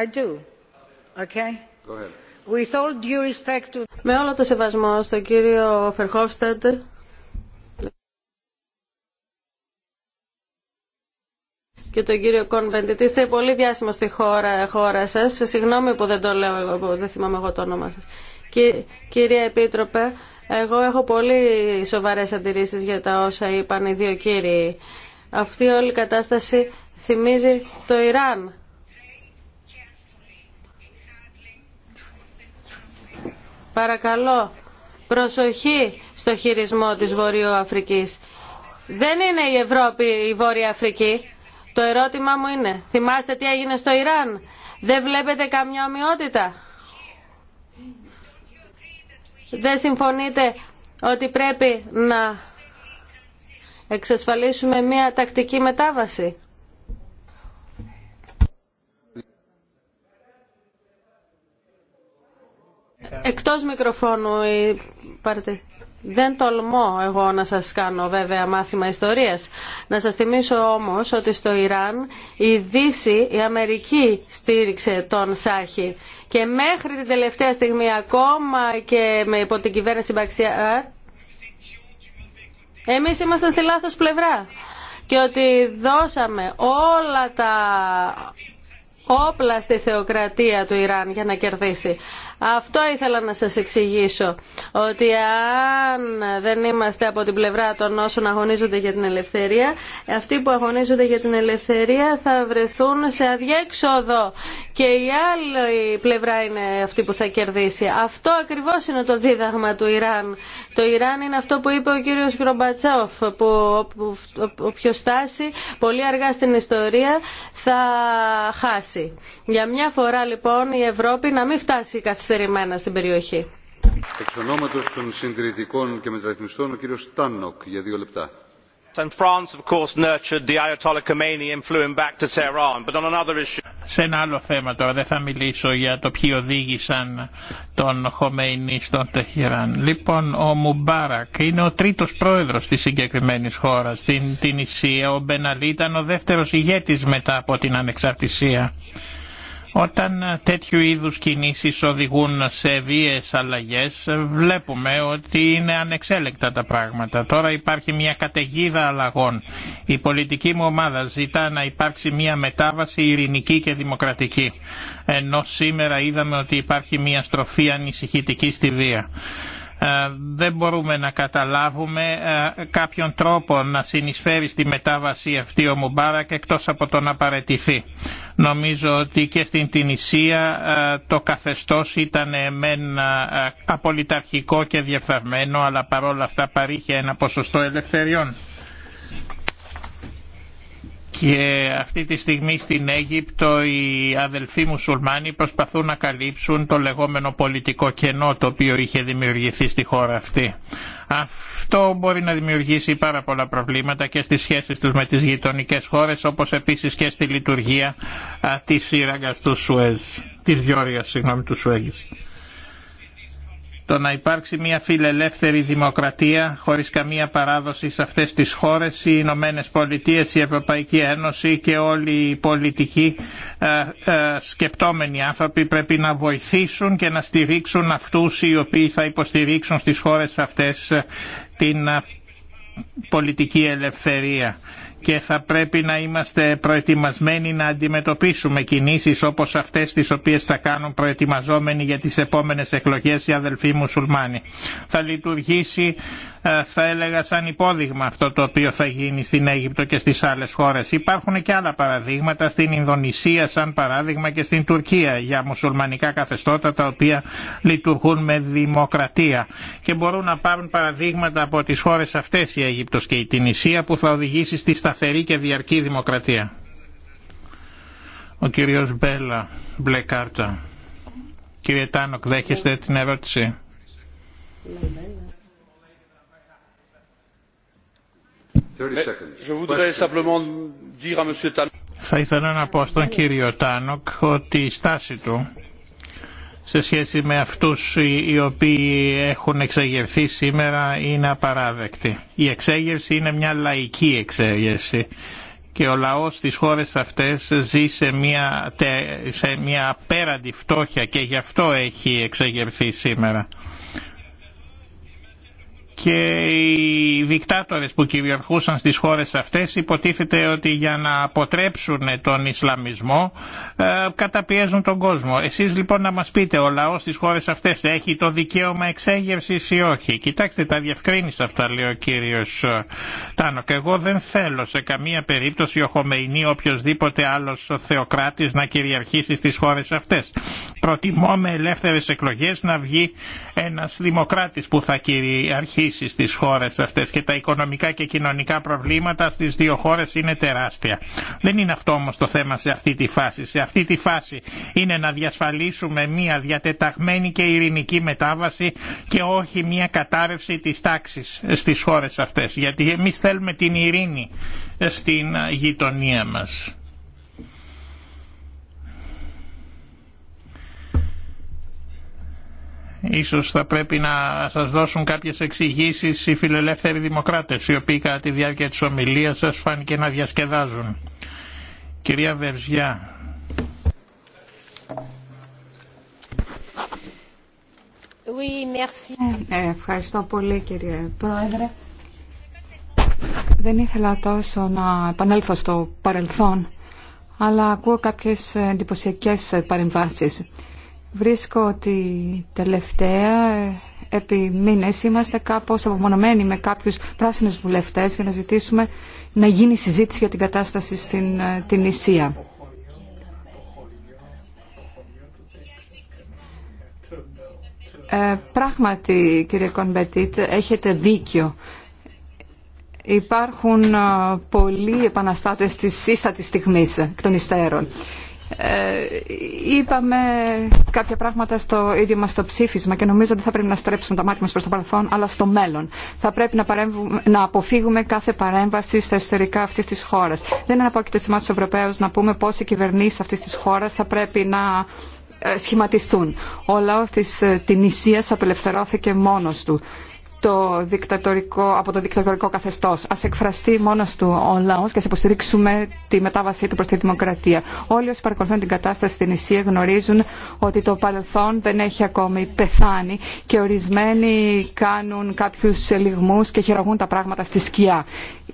I do. Okay. Go ahead. With all due respect to... Με όλο το σεβασμό στον κύριο Φερχόφστατ, και τον κύριο Κόνβεντιτ. Είστε πολύ διάσημο στη χώρα, χώρα σας. Συγγνώμη που δεν το λέω, δεν θυμάμαι εγώ το όνομά σας. κυρία Επίτροπε, εγώ έχω πολύ σοβαρές αντιρρήσεις για τα όσα είπαν οι δύο κύριοι. Αυτή όλη η κατάσταση θυμίζει το Ιράν. Παρακαλώ, προσοχή στο χειρισμό της Βορειοαφρικής. Δεν είναι η Ευρώπη η Βόρεια Αφρική. Το ερώτημά μου είναι, θυμάστε τι έγινε στο Ιράν. Δεν βλέπετε καμιά ομοιότητα. Δεν συμφωνείτε ότι πρέπει να εξασφαλίσουμε μια τακτική μετάβαση. Εκτός μικροφώνου η δεν τολμώ εγώ να σας κάνω βέβαια μάθημα ιστορίας. Να σας θυμίσω όμως ότι στο Ιράν η Δύση, η Αμερική στήριξε τον Σάχη. Και μέχρι την τελευταία στιγμή ακόμα και με υπό την κυβέρνηση Μπαξιά, εμείς ήμασταν στη λάθος πλευρά. Και ότι δώσαμε όλα τα όπλα στη θεοκρατία του Ιράν για να κερδίσει. Αυτό ήθελα να σας εξηγήσω, ότι αν δεν είμαστε από την πλευρά των όσων αγωνίζονται για την ελευθερία, αυτοί που αγωνίζονται για την ελευθερία θα βρεθούν σε αδιέξοδο και η άλλη πλευρά είναι αυτή που θα κερδίσει. Αυτό ακριβώς είναι το δίδαγμα του Ιράν. Το Ιράν είναι αυτό που είπε ο κύριος Γρομπατσόφ, που όποιο στάσει πολύ αργά στην ιστορία θα χάσει. Για μια φορά λοιπόν η Ευρώπη να μην φτάσει καθυστερή εξερημένα στην περιοχή.
Εξ ονόματος των συντηρητικών και μεταρρυθμιστών, ο κύριος Τάνοκ για δύο λεπτά
σε ένα άλλο θέμα τώρα δεν θα μιλήσω για το ποιοι οδήγησαν τον Χομέινι στον Τεχιράν. Λοιπόν, ο Μουμπάρακ είναι ο τρίτος πρόεδρος της συγκεκριμένης χώρας, την, την Ισία. Ο Μπεναλή ήταν ο δεύτερος ηγέτης μετά από την ανεξαρτησία. Όταν τέτοιου είδους κινήσεις οδηγούν σε βίες αλλαγές βλέπουμε ότι είναι ανεξέλεκτα τα πράγματα. Τώρα υπάρχει μια καταιγίδα αλλαγών. Η πολιτική μου ομάδα ζητά να υπάρξει μια μετάβαση ειρηνική και δημοκρατική. Ενώ σήμερα είδαμε ότι υπάρχει μια στροφή ανησυχητική στη βία. Ε, δεν μπορούμε να καταλάβουμε ε, κάποιον τρόπο να συνεισφέρει στη μετάβαση αυτή ο Μουμπάρακ εκτός από το να παρετηθεί. Νομίζω ότι και στην Τινησία ε, το καθεστώς ήταν μεν απολυταρχικό και διεφθαρμένο αλλά παρόλα αυτά παρήχε ένα ποσοστό ελευθεριών. Και αυτή τη στιγμή στην Αίγυπτο οι αδελφοί μουσουλμάνοι προσπαθούν να καλύψουν το λεγόμενο πολιτικό κενό το οποίο είχε δημιουργηθεί στη χώρα αυτή. Αυτό μπορεί να δημιουργήσει πάρα πολλά προβλήματα και στις σχέσεις τους με τις γειτονικές χώρες όπως επίσης και στη λειτουργία της σύραγγας του Σουέζ, της διορία συγγνώμη του το να υπάρξει μια φιλελεύθερη δημοκρατία χωρίς καμία παράδοση σε αυτές τις χώρες, οι Ηνωμένε Πολιτείε, η Ευρωπαϊκή Ένωση και όλοι οι πολιτικοί ε, ε, σκεπτόμενοι άνθρωποι πρέπει να βοηθήσουν και να στηρίξουν αυτούς οι οποίοι θα υποστηρίξουν στις χώρες αυτές ε, την πολιτική ελευθερία και θα πρέπει να είμαστε προετοιμασμένοι να αντιμετωπίσουμε κινήσεις όπως αυτές τις οποίες θα κάνουν προετοιμαζόμενοι για τις επόμενες εκλογές οι αδελφοί μουσουλμάνοι. Θα λειτουργήσει ε, θα έλεγα σαν υπόδειγμα αυτό το οποίο θα γίνει στην Αίγυπτο και στις άλλες χώρες. Υπάρχουν και άλλα παραδείγματα στην Ινδονησία σαν παράδειγμα και στην Τουρκία για μουσουλμανικά καθεστώτα τα οποία λειτουργούν με δημοκρατία και μπορούν να πάρουν παραδείγματα από τις χώρες αυτές η Αίγυπτος και η Τινησία που θα οδηγήσει στη σταθερή και διαρκή δημοκρατία. Ο κύριος Μπέλα, μπλε κάρτα. Κύριε Τάνοκ, δέχεστε την ερώτηση. Θα ήθελα να πω στον κύριο Τάνοκ ότι η στάση του σε σχέση με αυτούς οι οποίοι έχουν εξεγερθεί σήμερα είναι απαράδεκτη. Η εξέγερση είναι μια λαϊκή εξέγερση και ο λαός στις χώρες αυτές ζει σε μια, σε μια απέραντη φτώχεια και γι' αυτό έχει εξεγερθεί σήμερα και οι δικτάτορες που κυριαρχούσαν στις χώρες αυτές υποτίθεται ότι για να αποτρέψουν τον Ισλαμισμό ε, καταπιέζουν τον κόσμο. Εσείς λοιπόν να μας πείτε ο λαός στις χώρες αυτές έχει το δικαίωμα εξέγευσης ή όχι. Κοιτάξτε τα διευκρίνησα αυτά λέει ο κύριος ε, Τάνο και εγώ δεν θέλω σε καμία περίπτωση ο Χωμεϊνή ή οποιοδήποτε άλλος θεοκράτης να κυριαρχήσει στις χώρες αυτές. Προτιμώ με ελεύθερες εκλογές να βγει ένας δημοκράτης που θα κυριαρχήσει στις χώρες αυτές και τα οικονομικά και κοινωνικά προβλήματα στις δύο χώρες είναι τεράστια. Δεν είναι αυτό όμως το θέμα σε αυτή τη φάση. Σε αυτή τη φάση είναι να διασφαλίσουμε μια διατεταγμένη και ειρηνική μετάβαση και όχι μια κατάρρευση της τάξης στις χώρες αυτές. Γιατί εμείς θέλουμε την ειρήνη στην γειτονία μας. Ίσως θα πρέπει να σας δώσουν κάποιες εξηγήσει οι φιλελεύθεροι δημοκράτες, οι οποίοι κατά τη διάρκεια της ομιλίας σας φάνηκε να διασκεδάζουν. Κυρία Βερζιά.
Oui, merci. Ε, ε, ευχαριστώ πολύ κύριε Πρόεδρε. Δεν ήθελα τόσο να επανέλθω στο παρελθόν, αλλά ακούω κάποιες εντυπωσιακέ παρεμβάσεις. Βρίσκω ότι τελευταία επί μήνες είμαστε κάπως απομονωμένοι με κάποιους πράσινους βουλευτές για να ζητήσουμε να γίνει συζήτηση για την κατάσταση στην ε, Ισία. Ε, πράγματι, κύριε Κονμπετίτ, έχετε δίκιο. Υπάρχουν ε, πολλοί επαναστάτες της ίστατης στιγμής, εκ των υστέρων. Ε, είπαμε κάποια πράγματα στο ίδιο μας το ψήφισμα και νομίζω ότι θα πρέπει να στρέψουμε τα μάτια μας προς το παρελθόν αλλά στο μέλλον. Θα πρέπει να, να αποφύγουμε κάθε παρέμβαση στα εσωτερικά αυτής της χώρας. Δεν αναπόκειται σε εμάς τους Ευρωπαίους να πούμε πώς οι κυβερνήσεις αυτής της χώρας θα πρέπει να ε, σχηματιστούν. Ο λαός της ε, Τινησία απελευθερώθηκε μόνο του το δικτατορικό, από το δικτατορικό καθεστώ. Α εκφραστεί μόνο του ο λαό και α υποστηρίξουμε τη μετάβασή του προ τη δημοκρατία. Όλοι όσοι παρακολουθούν την κατάσταση στην Ισία γνωρίζουν ότι το παρελθόν δεν έχει ακόμη πεθάνει και ορισμένοι κάνουν κάποιου ελιγμού και χειραγούν τα πράγματα στη σκιά.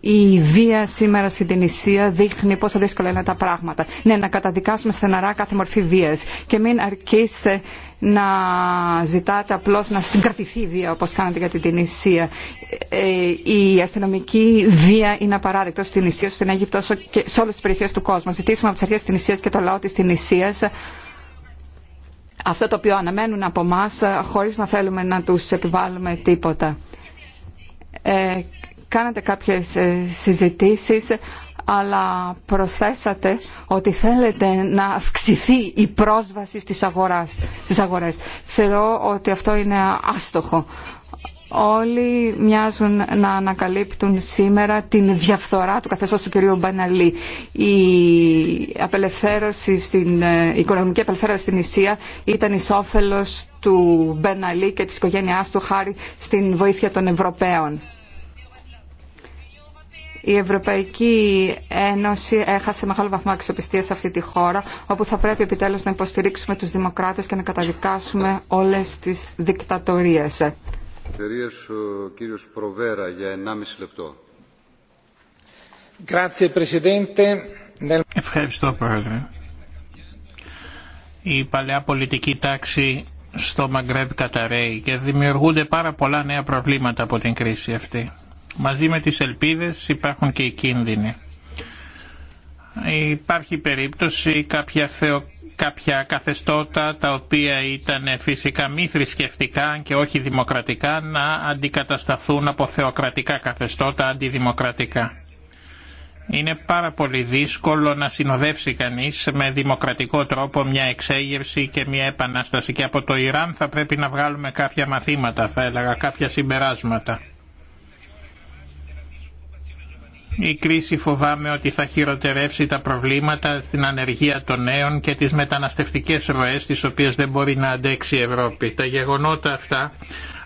Η βία σήμερα στην Τινησία δείχνει πόσο δύσκολα είναι τα πράγματα. Ναι, να καταδικάσουμε στεναρά κάθε μορφή βία. και μην αρκείστε να ζητάτε απλώς να συγκρατηθεί η βία όπως κάνατε για την Τινησία. Ε, η αστυνομική βία είναι απαράδεκτο στην Ισία, στην Αίγυπτο και σε όλες τις περιοχές του κόσμου. Ζητήσουμε από τις αρχές της Ισίας και το λαό της Ισίας αυτό το οποίο αναμένουν από εμά χωρίς να θέλουμε να τους επιβάλλουμε τίποτα. Ε, κάνατε κάποιες ε, συζητήσεις αλλά προσθέσατε ότι θέλετε να αυξηθεί η πρόσβαση στις, αγοράς, στις αγορές. Θεωρώ ότι αυτό είναι άστοχο. Όλοι μοιάζουν να ανακαλύπτουν σήμερα την διαφθορά του καθεστώς του κυρίου Μπαναλή. Η, απελευθέρωση στην, ε, η οικονομική απελευθέρωση στην Ισία ήταν εις του Μπαναλή και της οικογένειάς του χάρη στην βοήθεια των Ευρωπαίων. Η Ευρωπαϊκή Ένωση έχασε μεγάλο βαθμό αξιοπιστία σε αυτή τη χώρα, όπου θα πρέπει επιτέλους να υποστηρίξουμε τους δημοκράτες και να καταδικάσουμε όλες τις δικτατορίες.
κύριος Προβέρα για 1,5 λεπτό.
Ευχαριστώ, Πρόεδρε. Η παλαιά πολιτική τάξη στο Μαγκρέμπ καταραίει και δημιουργούνται πάρα πολλά νέα προβλήματα από την κρίση αυτή. Μαζί με τις ελπίδες υπάρχουν και οι κίνδυνοι. Υπάρχει περίπτωση κάποια, θεο... κάποια καθεστώτα τα οποία ήταν φυσικά μη θρησκευτικά και όχι δημοκρατικά να αντικατασταθούν από θεοκρατικά καθεστώτα αντιδημοκρατικά. Είναι πάρα πολύ δύσκολο να συνοδεύσει κανείς με δημοκρατικό τρόπο μια εξέγερση και μια επανάσταση και από το Ιράν θα πρέπει να βγάλουμε κάποια μαθήματα, θα έλεγα, κάποια συμπεράσματα. Η κρίση φοβάμαι ότι θα χειροτερεύσει τα προβλήματα την ανεργία των νέων και τις μεταναστευτικές ροές τις οποίες δεν μπορεί να αντέξει η Ευρώπη. Τα γεγονότα αυτά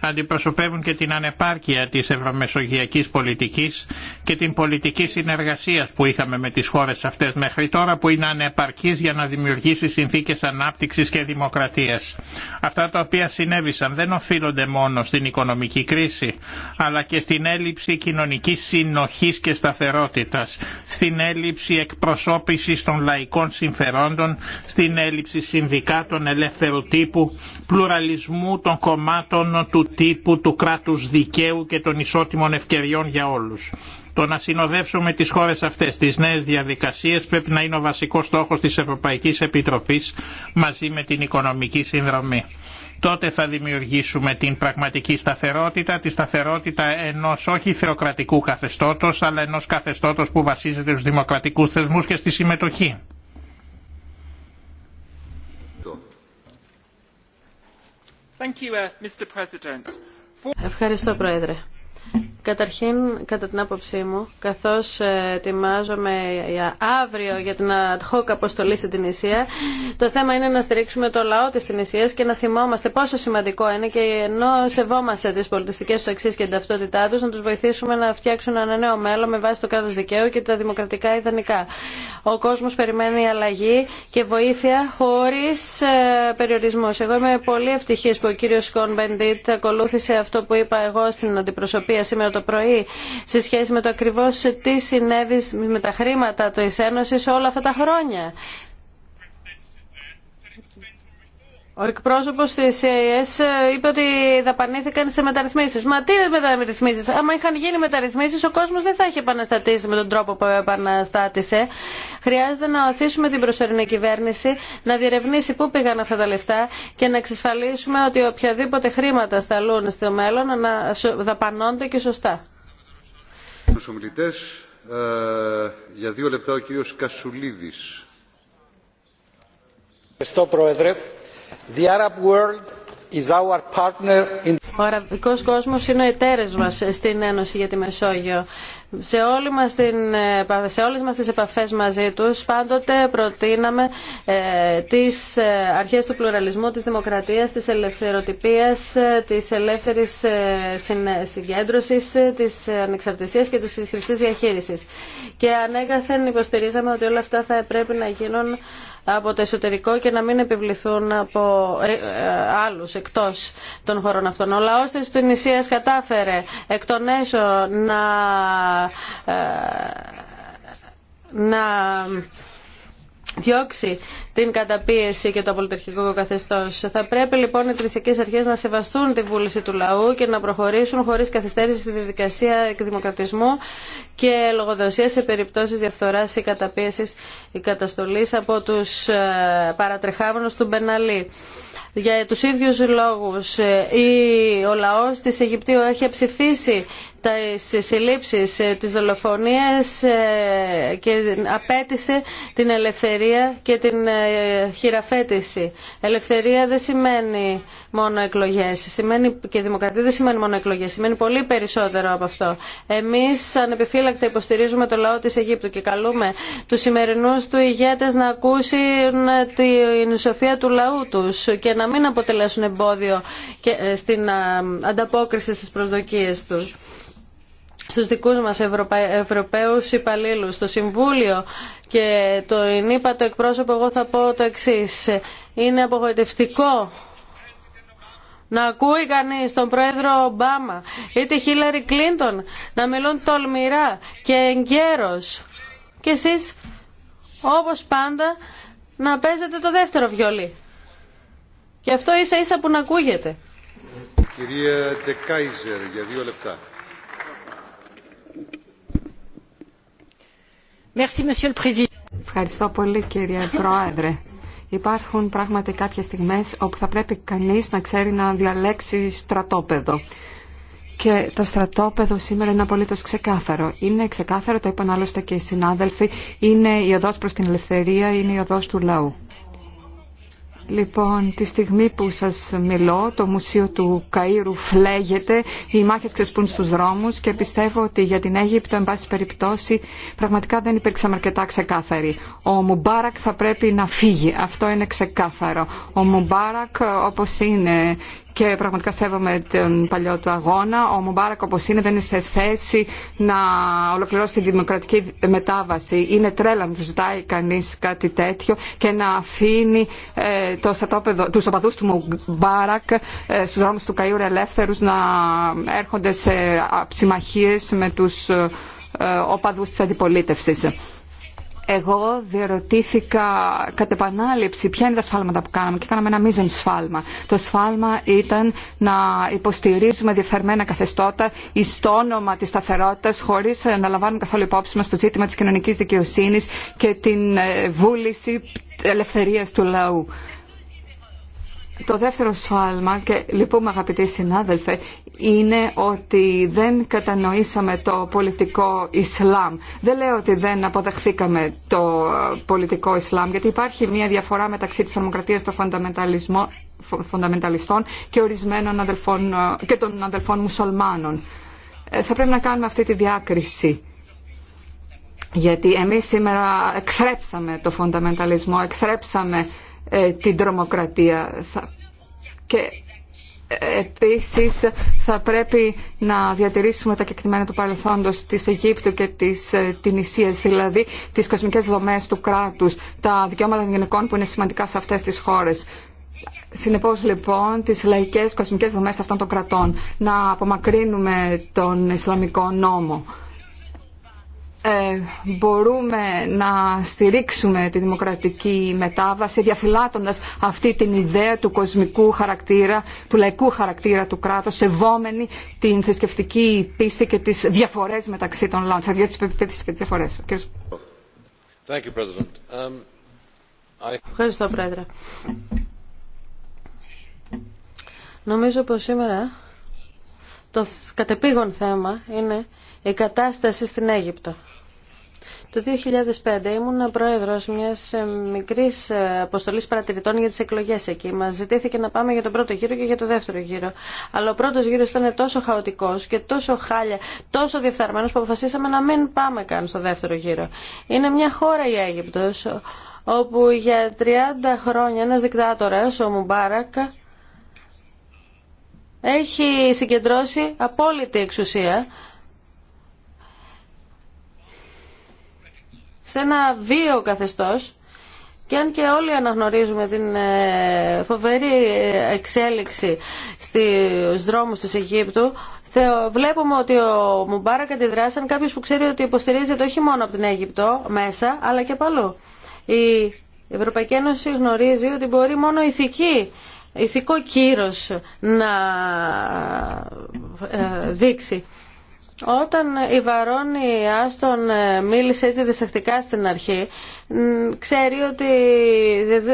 αντιπροσωπεύουν και την ανεπάρκεια της ευρωμεσογειακής πολιτικής και την πολιτική συνεργασίας που είχαμε με τις χώρες αυτές μέχρι τώρα που είναι ανεπαρκής για να δημιουργήσει συνθήκες ανάπτυξης και δημοκρατίας. Αυτά τα οποία συνέβησαν δεν οφείλονται μόνο στην οικονομική κρίση αλλά και στην έλλειψη κοινωνικής συνοχής και σταθερότητας, στην έλλειψη εκπροσώπησης των λαϊκών συμφερόντων, στην έλλειψη συνδικάτων ελεύθερου τύπου, πλουραλισμού των κομμάτων του τύπου του κράτους δικαίου και των ισότιμων ευκαιριών για όλους. Το να συνοδεύσουμε τις χώρες αυτές στις νέες διαδικασίες πρέπει να είναι ο βασικός στόχος της Ευρωπαϊκής Επιτροπής μαζί με την οικονομική συνδρομή. Τότε θα δημιουργήσουμε την πραγματική σταθερότητα, τη σταθερότητα ενός όχι θεοκρατικού καθεστώτος, αλλά ενός καθεστώτος που βασίζεται στους δημοκρατικούς θεσμούς και στη συμμετοχή. Uh,
Ευχαριστώ, Πρόεδρε. Καταρχήν, κατά την άποψή μου, καθώς ε, ετοιμάζομαι για αύριο για την ad hoc αποστολή στην Τινησία, το θέμα είναι να στηρίξουμε το λαό της Τινησίας και να θυμόμαστε πόσο σημαντικό είναι και ενώ σεβόμαστε τις πολιτιστικές του αξίες και την ταυτότητά τους, να τους βοηθήσουμε να φτιάξουν ένα νέο μέλλον με βάση το κράτος δικαίου και τα δημοκρατικά ιδανικά. Ο κόσμος περιμένει αλλαγή και βοήθεια χωρίς ε, περιορισμούς. Εγώ είμαι πολύ ευτυχής που ο κύριος Κον Μπεντίτ ακολούθησε αυτό που είπα εγώ στην αντιπροσωπή σήμερα το πρωί σε σχέση με το ακριβώς τι συνέβη με τα χρήματα τη Ένωση όλα αυτά τα χρόνια. Ο εκπρόσωπος της ΕΕΣ ε, είπε ότι δαπανήθηκαν σε μεταρρυθμίσεις. Μα τι είναι μεταρρυθμίσεις. Άμα είχαν γίνει μεταρρυθμίσεις ο κόσμος δεν θα είχε επαναστατήσει με τον τρόπο που επαναστάτησε. Χρειάζεται να οθήσουμε την προσωρινή κυβέρνηση, να διερευνήσει πού πήγαν αυτά τα λεφτά και να εξασφαλίσουμε ότι οποιαδήποτε χρήματα σταλούν στο μέλλον να δαπανώνται και σωστά.
Ε,
ο
ο αραβικός κόσμος είναι ο εταίρε μας στην Ένωση για τη Μεσόγειο. Σε, όλη μας ε, σε όλες μας τις επαφές μαζί τους πάντοτε προτείναμε ε, τις ε, αρχές του πλουραλισμού, της δημοκρατίας, της ελευθεροτυπίας, ε, της ελεύθερης συγκέντρωσης, της ανεξαρτησίας και της χρηστής διαχείρισης. Και ανέκαθεν υποστηρίζαμε ότι όλα αυτά θα πρέπει να γίνουν από το εσωτερικό και να μην επιβληθούν από ε, ε, άλλους εκτός των χωρών αυτών. Ο λαός της Τουνησίας κατάφερε εκ των έσω να ε, να διώξει την καταπίεση και το απολυτερχικό καθεστώ. Θα πρέπει λοιπόν οι τρισικέ αρχέ να σεβαστούν τη βούληση του λαού και να προχωρήσουν χωρί καθυστέρηση στη διαδικασία εκδημοκρατισμού και λογοδοσία σε περιπτώσει διαφθορά ή καταπίεση ή καταστολή από τους ε, παρατρεχάμενους του Μπεναλή. Για τους ίδιους λόγους, ε, ο λαός της Αιγυπτίου έχει ψηφίσει τα συλλήψεις, ε, τις δολοφονίες ε, και απέτησε την ελευθερία και την ε, χειραφέτηση. Ελευθερία δεν σημαίνει μόνο εκλογές σημαίνει και δημοκρατία δεν σημαίνει μόνο εκλογές, σημαίνει πολύ περισσότερο από αυτό. Εμείς ανεπιφύλακτα υποστηρίζουμε το λαό της Αιγύπτου και καλούμε τους σημερινούς του ηγέτες να ακούσουν την σοφία του λαού τους και να μην αποτελέσουν εμπόδιο στην ανταπόκριση στις προσδοκίες τους στους δικούς μας Ευρωπα... Ευρωπαίους υπαλλήλους, στο Συμβούλιο και το ενίπατο το εκπρόσωπο εγώ θα πω το εξής. Είναι απογοητευτικό να ακούει κανείς τον πρόεδρο Ομπάμα ή τη Χίλαρη Κλίντον να μιλούν τολμηρά και εγκαίρως και εσείς όπως πάντα να παίζετε το δεύτερο βιολί. Και αυτό ίσα ίσα που να ακούγεται.
Κυρία Ντεκάιζερ για δύο λεπτά.
Ευχαριστώ πολύ κύριε Πρόεδρε. Υπάρχουν πράγματι κάποιες στιγμές όπου θα πρέπει κανείς να ξέρει να διαλέξει στρατόπεδο. Και το στρατόπεδο σήμερα είναι απολύτως ξεκάθαρο. Είναι ξεκάθαρο, το είπαν άλλωστε και οι συνάδελφοι, είναι η οδός προς την ελευθερία, είναι η οδός του λαού. Λοιπόν, τη στιγμή που σας μιλώ, το Μουσείο του Καΐρου φλέγεται, οι μάχες ξεσπούν στους δρόμους και πιστεύω ότι για την Αίγυπτο, εν πάση περιπτώσει, πραγματικά δεν υπήρξαμε αρκετά ξεκάθαροι. Ο Μουμπάρακ θα πρέπει να φύγει, αυτό είναι ξεκάθαρο. Ο Μουμπάρακ, όπως είναι και πραγματικά σέβομαι τον παλιό του αγώνα. Ο Μουμπάρακ όπω είναι δεν είναι σε θέση να ολοκληρώσει τη δημοκρατική μετάβαση. Είναι τρέλα να ζητάει κανεί κάτι τέτοιο και να αφήνει ε, το στατόπεδο, τους οπαδούς του Μουμπάρακ ε, στους δρόμους του Καϊούρ ελεύθερους να έρχονται σε ψημαχίες με τους ε, ε, οπαδούς της αντιπολίτευσης εγώ διερωτήθηκα κατ' επανάληψη ποια είναι τα σφάλματα που κάναμε και κάναμε ένα μείζον σφάλμα. Το σφάλμα ήταν να υποστηρίζουμε διεφθαρμένα καθεστώτα εις το όνομα της σταθερότητας χωρίς να λαμβάνουμε καθόλου υπόψη μας το ζήτημα της κοινωνικής δικαιοσύνης και την ε, βούληση ελευθερίας του λαού. Το δεύτερο σφάλμα, και λυπούμε αγαπητοί συνάδελφε, είναι ότι δεν κατανοήσαμε το πολιτικό Ισλάμ. Δεν λέω ότι δεν αποδεχθήκαμε το πολιτικό Ισλάμ, γιατί υπάρχει μια διαφορά μεταξύ της θερμοκρατίας των φονταμενταλιστών και, ορισμένων αδελφών, και των αδελφών μουσουλμάνων. Ε, θα πρέπει να κάνουμε αυτή τη διάκριση. Γιατί εμείς σήμερα εκθρέψαμε το φονταμενταλισμό, εκθρέψαμε ε, την τρομοκρατία. Και ε, επίσης θα πρέπει να διατηρήσουμε τα κεκτημένα του παρελθόντος της Αιγύπτου και της ε, Τινησίας, δηλαδή τις κοσμικές δομές του κράτους, τα δικαιώματα των γυναικών που είναι σημαντικά σε αυτές τις χώρες. Συνεπώς λοιπόν τις λαϊκές κοσμικές δομές αυτών των κρατών, να απομακρύνουμε τον Ισλαμικό νόμο. Ε, μπορούμε να στηρίξουμε τη δημοκρατική μετάβαση διαφυλάτοντας αυτή την ιδέα του κοσμικού χαρακτήρα, του λαϊκού χαρακτήρα του κράτους, σεβόμενη την θρησκευτική πίστη και τις διαφορές μεταξύ των λαών, τις πίστη και τις διαφορές. Thank
you, um, Ευχαριστώ,
Πρόεδρε.
Νομίζω πως σήμερα το κατεπήγον θέμα είναι η κατάσταση στην Αίγυπτο. Το 2005 ήμουν πρόεδρο μια ε, μικρή ε, αποστολή παρατηρητών για τι εκλογέ εκεί. μα ζητήθηκε να πάμε για τον πρώτο γύρο και για το δεύτερο γύρο. Αλλά ο πρώτο γύρο ήταν τόσο χαοτικός και τόσο χάλια, τόσο διεφθαρμένο που αποφασίσαμε να μην πάμε καν στο δεύτερο γύρο. Είναι μια χώρα η Αίγυπτος όπου για 30 χρόνια ένας δικτάτορας, ο Μουμπάρακ, έχει συγκεντρώσει απόλυτη εξουσία σε ένα βίο καθεστώς και αν και όλοι αναγνωρίζουμε την ε, φοβερή ε, εξέλιξη στους δρόμους της Αιγύπτου, βλέπουμε ότι ο Μουμπάρακ αντιδρά σαν κάποιος που ξέρει ότι υποστηρίζεται όχι μόνο από την Αίγυπτο μέσα, αλλά και αλλού. Η Ευρωπαϊκή Ένωση γνωρίζει ότι μπορεί μόνο ηθική, ηθικό κύρος να ε, δείξει. Όταν η Βαρόνη Άστον ε, μίλησε έτσι διστακτικά στην αρχή, ξέρει ότι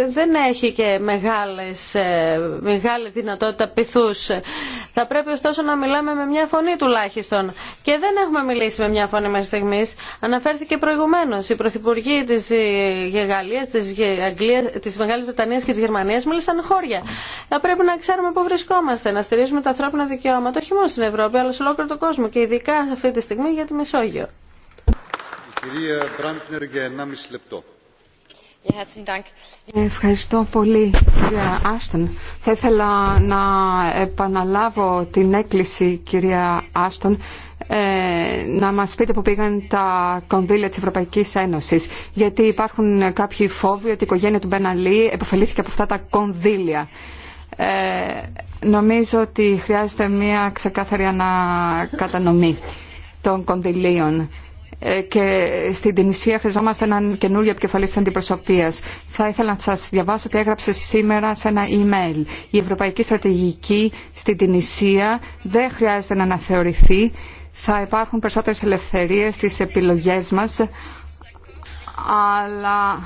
δεν έχει και μεγάλες, ε, μεγάλη δυνατότητα πειθούς. Θα πρέπει ωστόσο να μιλάμε με μια φωνή τουλάχιστον. Και δεν έχουμε μιλήσει με μια φωνή μέχρι στιγμή. Αναφέρθηκε προηγουμένω. Οι πρωθυπουργοί τη ε, Γαλλία, τη ε, Αγγλία, τη Μεγάλη Βρετανία και τη Γερμανία μίλησαν χώρια. Θα πρέπει να ξέρουμε πού βρισκόμαστε, να στηρίζουμε τα ανθρώπινα δικαιώματα όχι μόνο στην Ευρώπη αλλά σε ολόκληρο τον κόσμο και ειδικά αυτή τη
στιγμή για τη Μεσόγειο. Ευχαριστώ πολύ κυρία Άστον. Θα ήθελα να επαναλάβω την έκκληση κυρία Άστον ε, να μας πείτε που πήγαν τα κονδύλια της Ευρωπαϊκής Ένωσης γιατί υπάρχουν κάποιοι φόβοι ότι η οικογένεια του Μπεναλή επωφελήθηκε από αυτά τα κονδύλια. Ε, νομίζω ότι χρειάζεται μια ξεκάθαρη ανακατανομή των κονδυλίων ε, και στην Τινησία χρειαζόμαστε έναν καινούριο επικεφαλή τη αντιπροσωπεία. Θα ήθελα να σα διαβάσω ότι έγραψε σήμερα σε ένα email. Η ευρωπαϊκή στρατηγική στην Τινησία δεν χρειάζεται να αναθεωρηθεί. Θα υπάρχουν περισσότερε ελευθερίε στι επιλογέ μα, αλλά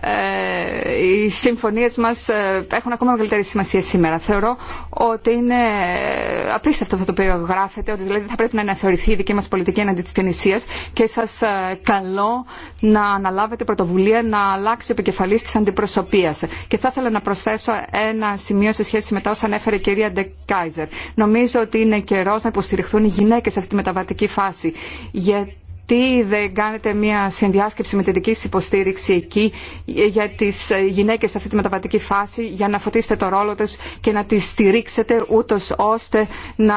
ε, οι συμφωνίες μας ε, έχουν ακόμα μεγαλύτερη σημασία σήμερα. Θεωρώ ότι είναι ε, απίστευτο αυτό το οποίο γράφετε, ότι δηλαδή θα πρέπει να αναθεωρηθεί η δική μας πολιτική εναντί της Τινησίας και σας καλώ να αναλάβετε πρωτοβουλία να αλλάξει ο επικεφαλής της αντιπροσωπείας. Και θα ήθελα να προσθέσω ένα σημείο σε σχέση με τα όσα ανέφερε η κυρία Κάιζερ. Νομίζω ότι είναι καιρός να υποστηριχθούν οι γυναίκες σε αυτή τη μεταβατική φάση. Γιατί τι δεν κάνετε μια συνδιάσκεψη με την δική σα υποστήριξη εκεί ε, για τις ε, γυναίκες σε αυτή τη μεταβατική φάση για να φωτίσετε το ρόλο του και να τις στηρίξετε ούτως ώστε να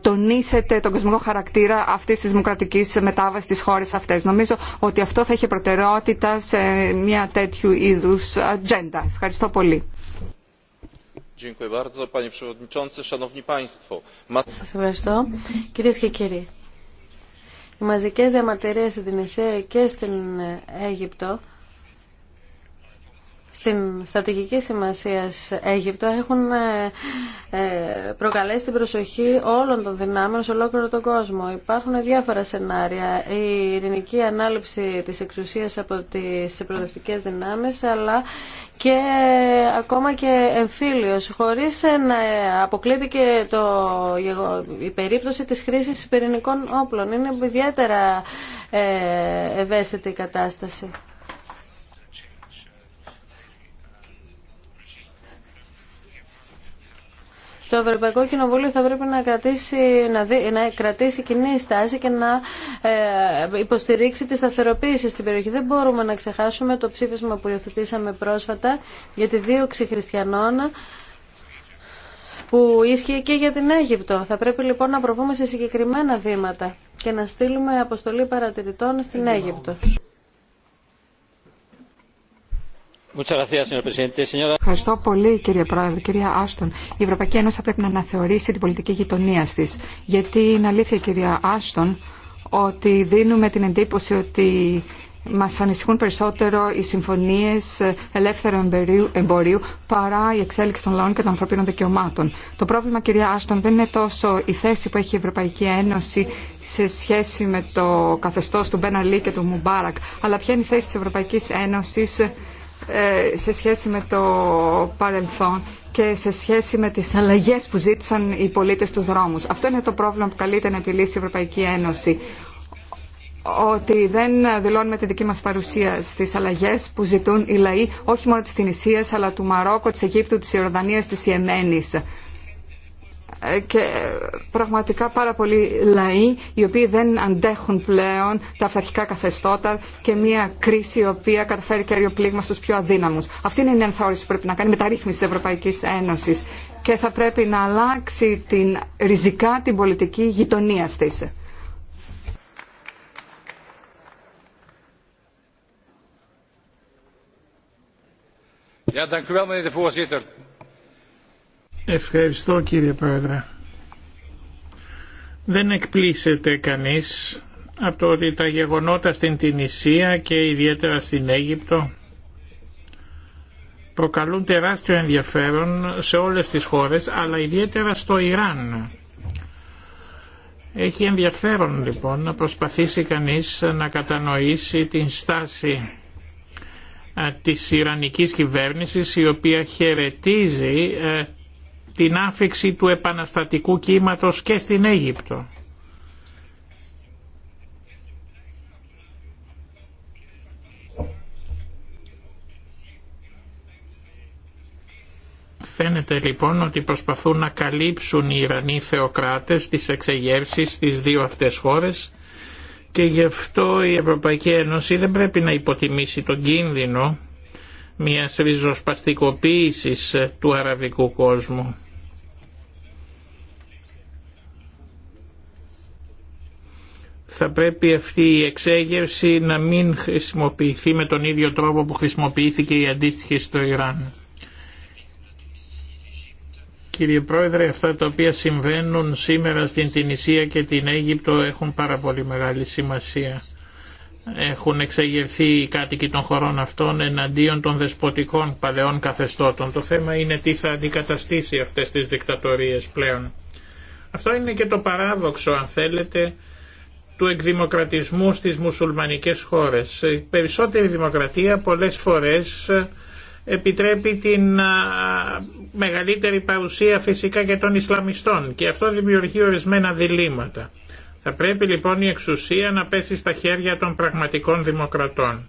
τονίσετε τον κοσμικό χαρακτήρα αυτής της δημοκρατικής μετάβασης της χώρας αυτές. Νομίζω ότι αυτό θα έχει προτεραιότητα σε μια τέτοιου είδου ατζέντα. Ευχαριστώ πολύ.
Οι μαζικές διαμαρτυρίες στην Ισραήλ και στην Αίγυπτο στην στρατηγική σημασία Αίγυπτο έχουν ε, ε, προκαλέσει την προσοχή όλων των δυνάμεων σε ολόκληρο τον κόσμο. Υπάρχουν διάφορα σενάρια. Η ειρηνική ανάληψη της εξουσίας από τις προοδευτικές δυνάμεις, αλλά και ακόμα και εμφύλιος, χωρίς να αποκλείται και το, η περίπτωση της χρήσης πυρηνικών όπλων. Είναι ιδιαίτερα ε, ευαίσθητη η κατάσταση. Το Ευρωπαϊκό Κοινοβούλιο θα πρέπει να κρατήσει, να να κρατήσει κοινή στάση και να ε, υποστηρίξει τη σταθεροποίηση στην περιοχή. Δεν μπορούμε να ξεχάσουμε το ψήφισμα που υιοθετήσαμε πρόσφατα για τη δίωξη χριστιανών που ίσχυε και για την Αίγυπτο. Θα πρέπει λοιπόν να προβούμε σε συγκεκριμένα βήματα και να στείλουμε αποστολή παρατηρητών στην Αίγυπτο.
Ευχαριστώ πολύ κύριε Πρόεδρε, κυρία Άστον. Η Ευρωπαϊκή Ένωση θα πρέπει να αναθεωρήσει την πολιτική γειτονία τη. Γιατί είναι αλήθεια κυρία Άστον ότι δίνουμε την εντύπωση ότι μα ανησυχούν περισσότερο οι συμφωνίε ελεύθερου εμπορίου παρά η εξέλιξη των λαών και των ανθρωπίνων δικαιωμάτων. Το πρόβλημα, κυρία Άστον, δεν είναι τόσο η θέση που έχει η Ευρωπαϊκή Ένωση σε σχέση με το καθεστώ του Μπεναλή και του Μουμπάρακ, αλλά ποια είναι η θέση τη Ευρωπαϊκή Ένωση. Ε, σε σχέση με το παρελθόν και σε σχέση με τις αλλαγές που ζήτησαν οι πολίτες στους δρόμους. Αυτό είναι το πρόβλημα που καλείται να επιλύσει η Ευρωπαϊκή Ένωση. Ότι δεν δηλώνουμε τη δική μας παρουσία στις αλλαγές που ζητούν οι λαοί όχι μόνο της Τινησίας αλλά του Μαρόκο, της Αιγύπτου, της Ιορδανίας, της Ιεμένης και πραγματικά πάρα πολλοί λαοί οι οποίοι δεν αντέχουν πλέον τα αυταρχικά καθεστώτα και μια κρίση η οποία καταφέρει κέριο πλήγμα στους πιο αδύναμους. Αυτή είναι η ενθόρυση που πρέπει να κάνει με τα ρύθμιση της Ευρωπαϊκής Ένωσης και θα πρέπει να αλλάξει την, ριζικά την πολιτική γειτονία της.
Ευχαριστώ κύριε Πρόεδρε. Δεν εκπλήσεται κανείς από το ότι τα γεγονότα στην Τινησία και ιδιαίτερα στην Αίγυπτο προκαλούν τεράστιο ενδιαφέρον σε όλες τις χώρες αλλά ιδιαίτερα στο Ιράν. Έχει ενδιαφέρον λοιπόν να προσπαθήσει κανείς να κατανοήσει την στάση ε, της Ιρανικής κυβέρνησης η οποία χαιρετίζει ε, την άφηξη του επαναστατικού κύματος και στην Αίγυπτο. Φαίνεται λοιπόν ότι προσπαθούν να καλύψουν οι Ιρανοί θεοκράτες τις εξεγεύσεις στις δύο αυτές χώρες και γι' αυτό η Ευρωπαϊκή Ένωση δεν πρέπει να υποτιμήσει τον κίνδυνο μιας ριζοσπαστικοποίησης του αραβικού κόσμου. θα πρέπει αυτή η εξέγερση να μην χρησιμοποιηθεί με τον ίδιο τρόπο που χρησιμοποιήθηκε η αντίστοιχη στο Ιράν. Κύριε Πρόεδρε, αυτά τα οποία συμβαίνουν σήμερα στην Τινησία και την Αίγυπτο έχουν πάρα πολύ μεγάλη σημασία έχουν εξεγερθεί οι κάτοικοι των χωρών αυτών εναντίον των δεσποτικών παλαιών καθεστώτων. Το θέμα είναι τι θα αντικαταστήσει αυτές τις δικτατορίες πλέον. Αυτό είναι και το παράδοξο αν θέλετε του εκδημοκρατισμού στις μουσουλμανικές χώρες. Η περισσότερη δημοκρατία πολλές φορές επιτρέπει την μεγαλύτερη παρουσία φυσικά και των Ισλαμιστών και αυτό δημιουργεί ορισμένα διλήμματα. Θα πρέπει λοιπόν η εξουσία να πέσει στα χέρια των πραγματικών δημοκρατών.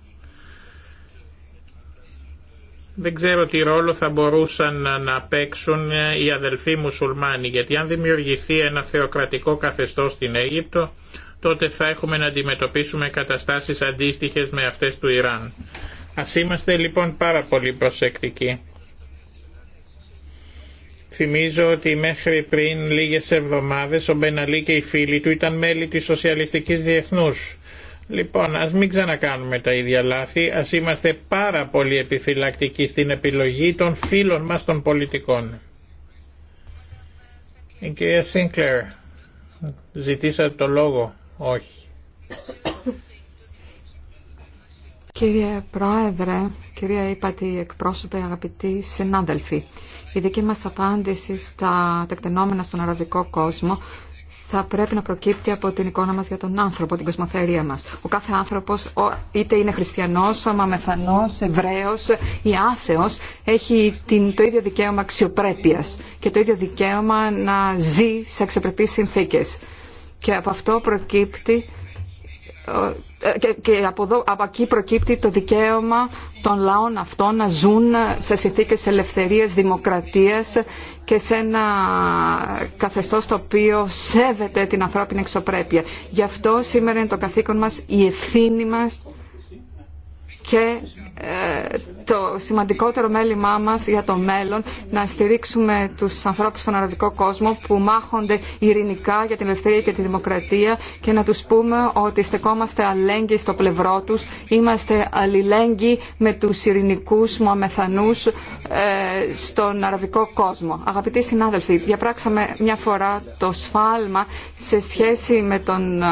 Δεν ξέρω τι ρόλο θα μπορούσαν να παίξουν ε, οι αδελφοί μουσουλμάνοι, γιατί αν δημιουργηθεί ένα θεοκρατικό καθεστώς στην Αίγυπτο, τότε θα έχουμε να αντιμετωπίσουμε καταστάσεις αντίστοιχες με αυτές του Ιράν. Ας είμαστε λοιπόν πάρα πολύ προσεκτικοί. Θυμίζω ότι μέχρι πριν λίγες εβδομάδες ο Μπεναλή και οι φίλοι του ήταν μέλη της Σοσιαλιστικής Διεθνούς. Λοιπόν, ας μην ξανακάνουμε τα ίδια λάθη, ας είμαστε πάρα πολύ επιφυλακτικοί στην επιλογή των φίλων μας των πολιτικών. Η κυρία Σίνκλερ, ζητήσατε το λόγο. Όχι.
Κύριε Πρόεδρε, κυρία Ήπατη, εκπρόσωπε, αγαπητοί συνάδελφοι. Η δική μας απάντηση στα τεκτενόμενα στον αραβικό κόσμο θα πρέπει να προκύπτει από την εικόνα μας για τον άνθρωπο, την κοσμοθερία μας. Ο κάθε άνθρωπος, είτε είναι χριστιανός, αμαμεθανός, εβραίος ή άθεος, έχει το ίδιο δικαίωμα αξιοπρέπειας και το ίδιο δικαίωμα να ζει σε αξιοπρεπείς συνθήκες. Και από αυτό προκύπτει και από, εδώ, από εκεί προκύπτει το δικαίωμα των λαών αυτών να ζουν σε συνθήκες ελευθερίας, δημοκρατίας και σε ένα καθεστώς το οποίο σέβεται την ανθρώπινη εξωπρέπεια. Γι' αυτό σήμερα είναι το καθήκον μας, η ευθύνη μας και ε, το σημαντικότερο μέλημά μας για το μέλλον να στηρίξουμε τους ανθρώπους στον αραβικό κόσμο που μάχονται ειρηνικά για την ελευθερία και τη δημοκρατία και να τους πούμε ότι στεκόμαστε αλληλέγγυοι στο πλευρό τους, είμαστε αλληλέγγυοι με τους ειρηνικούς μου αμεθανούς ε, στον αραβικό κόσμο. Αγαπητοί συνάδελφοι, διαπράξαμε μια φορά το σφάλμα σε σχέση με τον ε,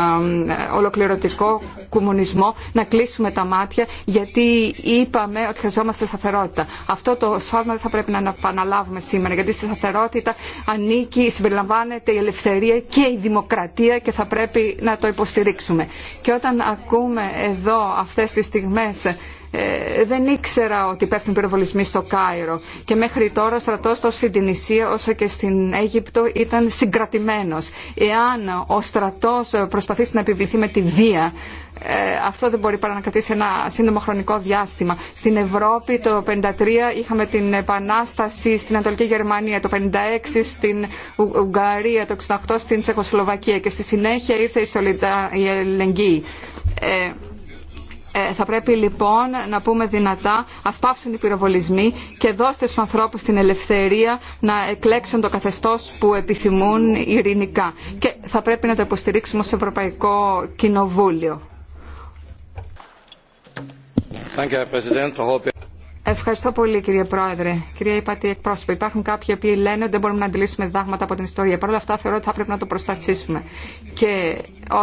ολοκληρωτικό κομμουνισμό να κλείσουμε τα μάτια γιατί είπαμε ότι χρειαζόμαστε σταθερότητα. Αυτό το σφάλμα δεν θα πρέπει να επαναλάβουμε σήμερα, γιατί στη σταθερότητα ανήκει, συμπεριλαμβάνεται η ελευθερία και η δημοκρατία και θα πρέπει να το υποστηρίξουμε. Και όταν ακούμε εδώ αυτές τις στιγμές ε, δεν ήξερα ότι πέφτουν πυροβολισμοί στο Κάιρο και μέχρι τώρα ο στρατός τόσο στην Τινησία όσο και στην Αίγυπτο ήταν συγκρατημένο. Εάν ο στρατός προσπαθήσει να επιβληθεί με τη βία ε, αυτό δεν μπορεί παρά να κρατήσει ένα σύντομο χρονικό διάστημα. Στην Ευρώπη το 1953 είχαμε την Επανάσταση στην Ανατολική Γερμανία, το 1956 στην Ουγγαρία, το 1968 στην Τσεχοσλοβακία και στη συνέχεια ήρθε η, Σολιτα... η ε, ε, θα πρέπει λοιπόν να πούμε δυνατά ας πάψουν οι πυροβολισμοί και δώστε στους ανθρώπους την ελευθερία να εκλέξουν το καθεστώς που επιθυμούν ειρηνικά. Και θα πρέπει να το υποστηρίξουμε ως Ευρωπαϊκό Κοινοβούλιο. Ευχαριστώ πολύ κύριε Πρόεδρε. Κυρία Υπάτη εκπρόσωπο, υπάρχουν κάποιοι οποίοι λένε ότι δεν μπορούμε να αντιλήσουμε διδάγματα από την ιστορία. Παρ' όλα αυτά θεωρώ ότι θα πρέπει να το προστασίσουμε Και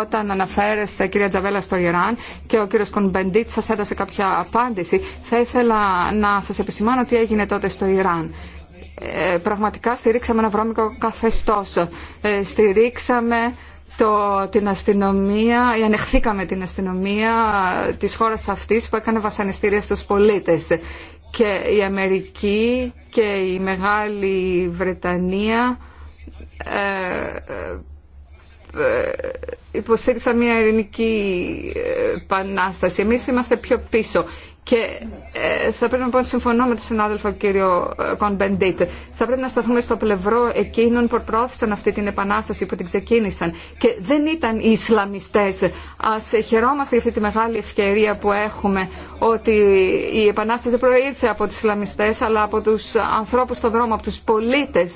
όταν αναφέρεστε κυρία Τζαβέλα στο Ιράν και ο κύριος Κονμπεντίτ σας έδωσε κάποια απάντηση, θα ήθελα να σας επισημάνω τι έγινε τότε στο Ιράν. Ε, πραγματικά στηρίξαμε ένα βρώμικο καθεστώς. Ε, στηρίξαμε το, την αστυνομία, ή ανεχθήκαμε την αστυνομία της χώρας αυτής που έκανε βασανιστήρια στους πολίτες. Και η Αμερική και η Μεγάλη Βρετανία ε, ε, ε υποστήριξαν μια ειρηνική ε, πανάσταση. Εμείς είμαστε πιο πίσω. Και ε, θα πρέπει να πω ότι συμφωνώ με τον συνάδελφο κύριο ε, Κονμπεντίτ. Θα πρέπει να σταθούμε στο πλευρό εκείνων που προώθησαν αυτή την επανάσταση που την ξεκίνησαν. Και δεν ήταν οι Ισλαμιστέ, α χαιρόμαστε για αυτή τη μεγάλη ευκαιρία που έχουμε ότι η επανάσταση δεν προήρθε από του Ισλαμιστέ, αλλά από του ανθρώπου στον δρόμο, από του πολίτε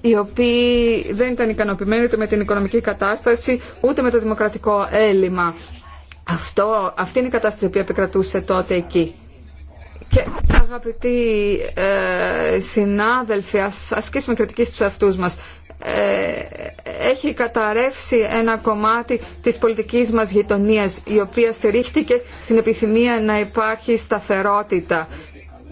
οι οποίοι δεν ήταν ικανοποιημένοι ούτε με την οικονομική κατάσταση ούτε με το δημοκρατικό έλλειμμα. Αυτό, αυτή είναι η κατάσταση που επικρατούσε τότε εκεί. Και αγαπητοί ε, συνάδελφοι, ας ασκήσουμε κριτική στους αυτούς μας. Ε, έχει καταρρεύσει ένα κομμάτι της πολιτικής μας γειτονίας, η οποία στηρίχτηκε στην επιθυμία να υπάρχει σταθερότητα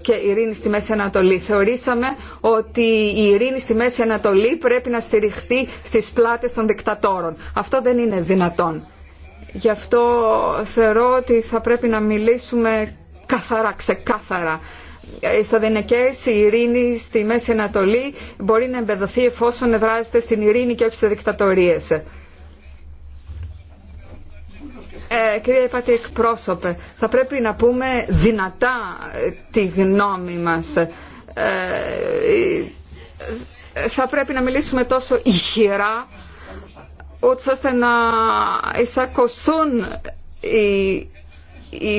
και ειρήνη στη Μέση Ανατολή. Θεωρήσαμε ότι η ειρήνη στη Μέση Ανατολή πρέπει να στηριχθεί στις πλάτες των δικτατόρων. Αυτό δεν είναι δυνατόν Γι' αυτό θεωρώ ότι θα πρέπει να μιλήσουμε καθαρά, ξεκάθαρα. Ε, Στα δυνακές η ειρήνη στη Μέση Ανατολή μπορεί να εμπεδοθεί εφόσον εδράζεται στην ειρήνη και όχι στι δικτατορίε. Ε, κυρία Υπάτη, εκπρόσωπε, θα πρέπει να πούμε δυνατά ε, τη γνώμη μας. Ε, θα πρέπει να μιλήσουμε τόσο ηχηρά ότι ώστε να εισακωστούν οι,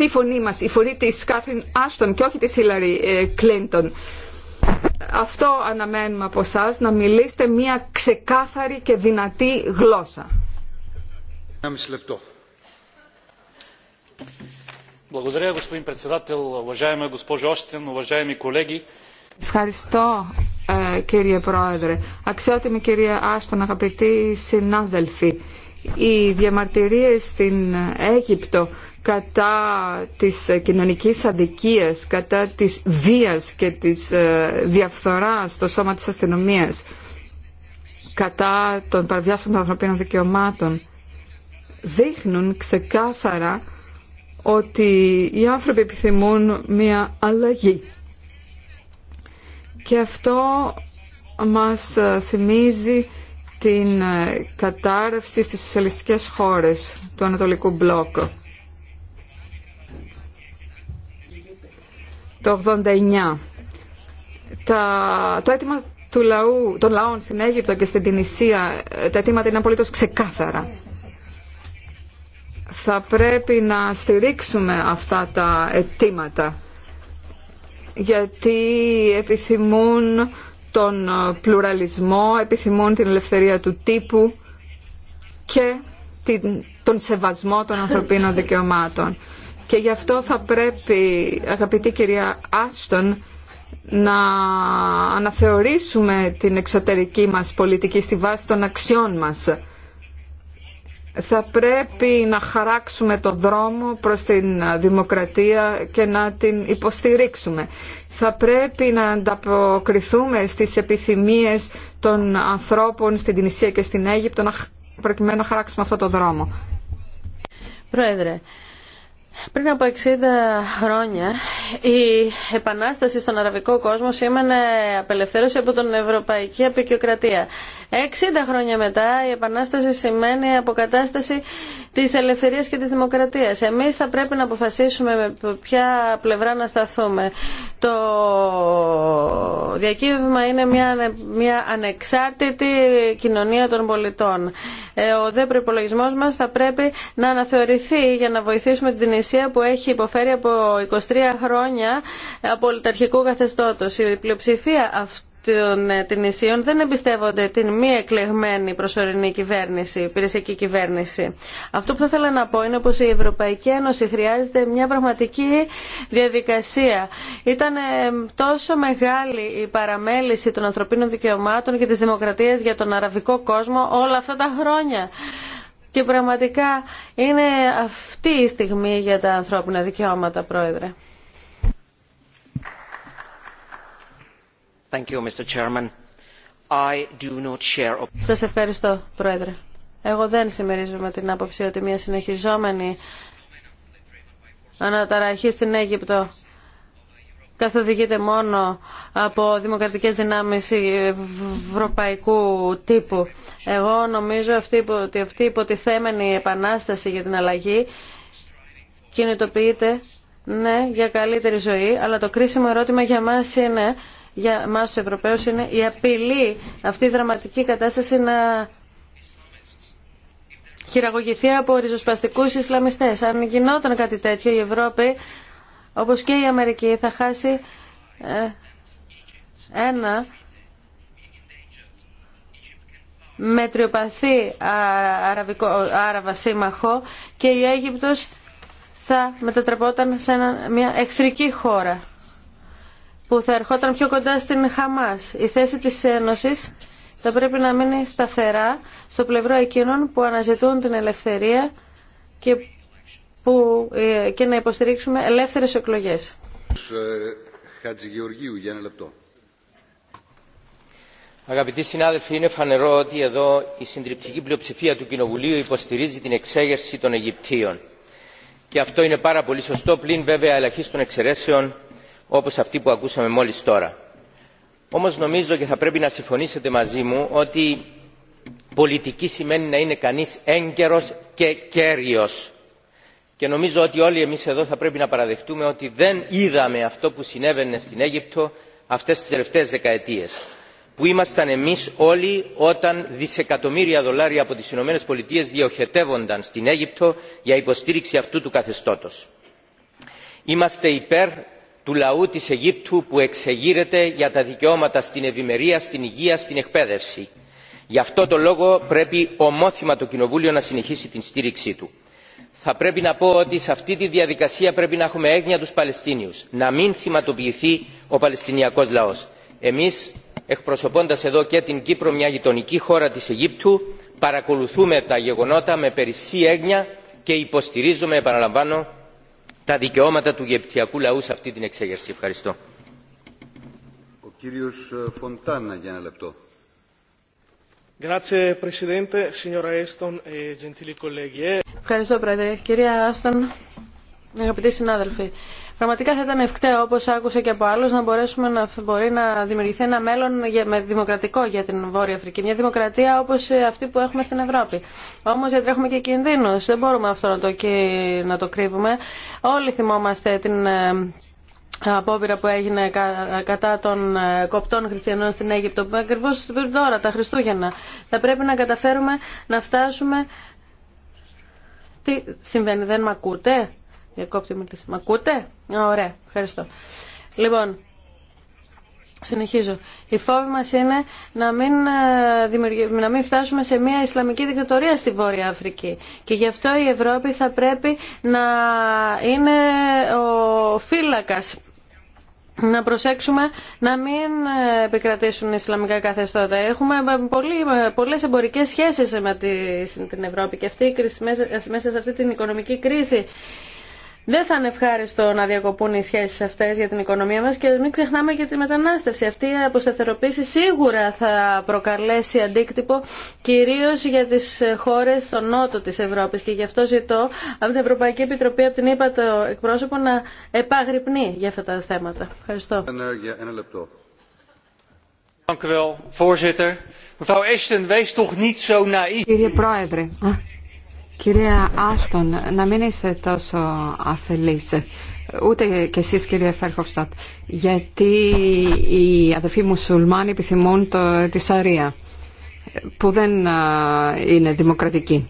η, φωνή μας, η φωνή της Κάθριν Άστον και όχι της Χίλαρη ε, Κλίντον. Αυτό αναμένουμε από εσά να μιλήσετε μια ξεκάθαρη και δυνατή γλώσσα.
λεπτό. Благодаря, господин председател, уважаема госпожо Остин, уважаеми колеги.
Ευχαριστώ ε, κύριε Πρόεδρε. Αξιότιμη κυρία Άστον, αγαπητοί συνάδελφοι. Οι διαμαρτυρίες στην Αίγυπτο κατά της κοινωνικής αδικίας, κατά της βίας και της ε, διαφθοράς στο σώμα της αστυνομίας, κατά των παραβιάσεων των ανθρωπίνων δικαιωμάτων, δείχνουν ξεκάθαρα ότι οι άνθρωποι επιθυμούν μια αλλαγή και αυτό μας ε, θυμίζει την ε, κατάρρευση στις σοσιαλιστικές χώρες του Ανατολικού Μπλοκ. Το 89. Τα, το αίτημα του λαού, των λαών στην Αίγυπτο και στην Τινησία, ε, τα αιτήματα είναι απολύτως ξεκάθαρα. Θα πρέπει να στηρίξουμε αυτά τα αιτήματα γιατί επιθυμούν τον πλουραλισμό, επιθυμούν την ελευθερία του τύπου και τον σεβασμό των ανθρωπίνων δικαιωμάτων. Και γι' αυτό θα πρέπει, αγαπητή κυρία Άστον, να αναθεωρήσουμε την εξωτερική μας πολιτική στη βάση των αξιών μας θα πρέπει να χαράξουμε το δρόμο προς την δημοκρατία και να την υποστηρίξουμε. Θα πρέπει να ανταποκριθούμε στις επιθυμίες των ανθρώπων στην Τινησία και στην Αίγυπτο προκειμένου να χαράξουμε αυτό το δρόμο. Πρόεδρε, πριν από 60
χρόνια η επανάσταση στον αραβικό κόσμο σήμαινε απελευθέρωση από την ευρωπαϊκή Απικιοκρατία. 60 χρόνια μετά η επανάσταση σημαίνει αποκατάσταση της ελευθερίας και της δημοκρατίας. Εμείς θα πρέπει να αποφασίσουμε με ποια πλευρά να σταθούμε. Το διακύβευμα είναι μια, μια ανεξάρτητη κοινωνία των πολιτών. Ε, ο δε προπολογισμό μας θα πρέπει να αναθεωρηθεί για να βοηθήσουμε την που έχει υποφέρει από 23 χρόνια από λιταρχικού καθεστώτος. Η πλειοψηφία αυτή ε, των νησίων δεν εμπιστεύονται την μη εκλεγμένη προσωρινή κυβέρνηση, υπηρεσιακή κυβέρνηση. Αυτό που θα ήθελα να πω είναι πως η Ευρωπαϊκή Ένωση χρειάζεται μια πραγματική διαδικασία. Ήταν ε, τόσο μεγάλη η παραμέληση των ανθρωπίνων δικαιωμάτων και της δημοκρατίας για τον αραβικό κόσμο όλα αυτά τα χρόνια. Και πραγματικά είναι αυτή η στιγμή για τα ανθρώπινα δικαιώματα, Πρόεδρε.
Thank you, Mr. Chairman. I do not share...
Σας ευχαριστώ, Πρόεδρε. Εγώ δεν συμμερίζομαι την άποψη ότι μια συνεχιζόμενη αναταραχή στην Αίγυπτο καθοδηγείται μόνο από δημοκρατικές δυνάμεις ευρωπαϊκού τύπου. Εγώ νομίζω αυτή, ότι αυτή η υποτιθέμενη επανάσταση για την αλλαγή κινητοποιείται ναι, για καλύτερη ζωή, αλλά το κρίσιμο ερώτημα για μας είναι, για μας τους Ευρωπαίους είναι η απειλή αυτή η δραματική κατάσταση να χειραγωγηθεί από ριζοσπαστικούς Ισλαμιστές. Αν γινόταν κάτι τέτοιο η Ευρώπη όπως και η Αμερική θα χάσει ε, ένα μετριοπαθή αραβικό, άραβα σύμμαχο και η Αίγυπτος θα μετατρεπόταν σε μια εχθρική χώρα που θα ερχόταν πιο κοντά στην Χαμάς. Η θέση της Ένωσης θα πρέπει να μείνει σταθερά στο πλευρό εκείνων που αναζητούν την ελευθερία και που, ε, και να υποστηρίξουμε ελεύθερες εκλογές.
για ένα λεπτό. Αγαπητοί συνάδελφοι, είναι φανερό ότι εδώ η συντριπτική πλειοψηφία του Κοινοβουλίου υποστηρίζει την εξέγερση των Αιγυπτίων. Και αυτό είναι πάρα πολύ σωστό, πλην βέβαια ελαχίστων εξαιρέσεων όπως αυτή που ακούσαμε μόλις τώρα. Όμω νομίζω και θα πρέπει να συμφωνήσετε μαζί μου ότι πολιτική σημαίνει να είναι κανεί έγκαιρος και κέριο και νομίζω ότι όλοι εμείς εδώ θα πρέπει να παραδεχτούμε ότι δεν είδαμε αυτό που συνέβαινε στην Αίγυπτο αυτές τις τελευταίες δεκαετίες που ήμασταν εμείς όλοι όταν δισεκατομμύρια δολάρια από τις Ηνωμένες Πολιτείες διοχετεύονταν στην Αίγυπτο για υποστήριξη αυτού του καθεστώτος. Είμαστε υπέρ του λαού της Αιγύπτου που εξεγείρεται για τα δικαιώματα στην ευημερία, στην υγεία, στην εκπαίδευση. Γι' αυτό το λόγο πρέπει ομόθυμα το Κοινοβούλιο να συνεχίσει την στήριξή του θα πρέπει να πω ότι σε αυτή τη διαδικασία πρέπει να έχουμε έγνοια τους Παλαιστίνιους, να μην θυματοποιηθεί ο Παλαιστινιακός λαός. Εμείς, εκπροσωπώντας εδώ και την Κύπρο, μια γειτονική χώρα της Αιγύπτου, παρακολουθούμε τα γεγονότα με περισσή έγνοια και υποστηρίζουμε, επαναλαμβάνω, τα δικαιώματα του Αιγυπτιακού λαού σε αυτή την εξέγερση. Ευχαριστώ.
E eh,
Ευχαριστώ, Πρόεδρε. Κυρία Άστον, αγαπητοί συνάδελφοι, πραγματικά θα ήταν ευκταίο, όπω άκουσα και από άλλου, να μπορέσουμε να μπορεί να δημιουργηθεί ένα μέλλον δημοκρατικό για την Βόρεια Αφρική. Μια δημοκρατία όπω αυτή που έχουμε στην Ευρώπη. Όμω έχουμε και κινδύνου. Δεν μπορούμε αυτό να το, να το κρύβουμε. Όλοι θυμόμαστε την ε, απόπειρα που έγινε κατά των ε, κοπτών χριστιανών στην Αίγυπτο, ακριβώ τώρα, τα Χριστούγεννα. Θα πρέπει να καταφέρουμε να φτάσουμε. Τι συμβαίνει, δεν μακούτε; ακούτε, διακόπτη μιλήση. Μ' ακούτε, ωραία, ευχαριστώ. Λοιπόν, Συνεχίζω. Η φόβη μας είναι να μην, ε, να μην φτάσουμε σε μια Ισλαμική δικτατορία στη Βόρεια Αφρική. Και γι' αυτό η Ευρώπη θα πρέπει να είναι ο φύλακας να προσέξουμε να μην ε, επικρατήσουν Ισλαμικά καθεστώτα. Έχουμε ε, πολλέ πολλές εμπορικές σχέσεις με την Ευρώπη και αυτή, μέσα σε αυτή την οικονομική κρίση δεν θα είναι ευχάριστο να διακοπούν οι σχέσει αυτέ για την οικονομία μα και μην ξεχνάμε και τη μετανάστευση. Αυτή η αποσταθεροποίηση σίγουρα θα προκαλέσει αντίκτυπο κυρίω για τι χώρε στο νότο τη Ευρώπη. Και γι' αυτό ζητώ από την Ευρωπαϊκή Επιτροπή, από την είπα το εκπρόσωπο να επαγρυπνεί για αυτά τα θέματα. Ευχαριστώ.
Ένα λεπτό.
Κύριε Πρόεδρε, Κυρία Άστον, να μην είστε τόσο αφελής, ούτε και εσείς κυρία Φέρχοφστατ, γιατί οι αδερφοί μουσουλμάνοι επιθυμούν το, τη Σαρία, που δεν είναι δημοκρατική.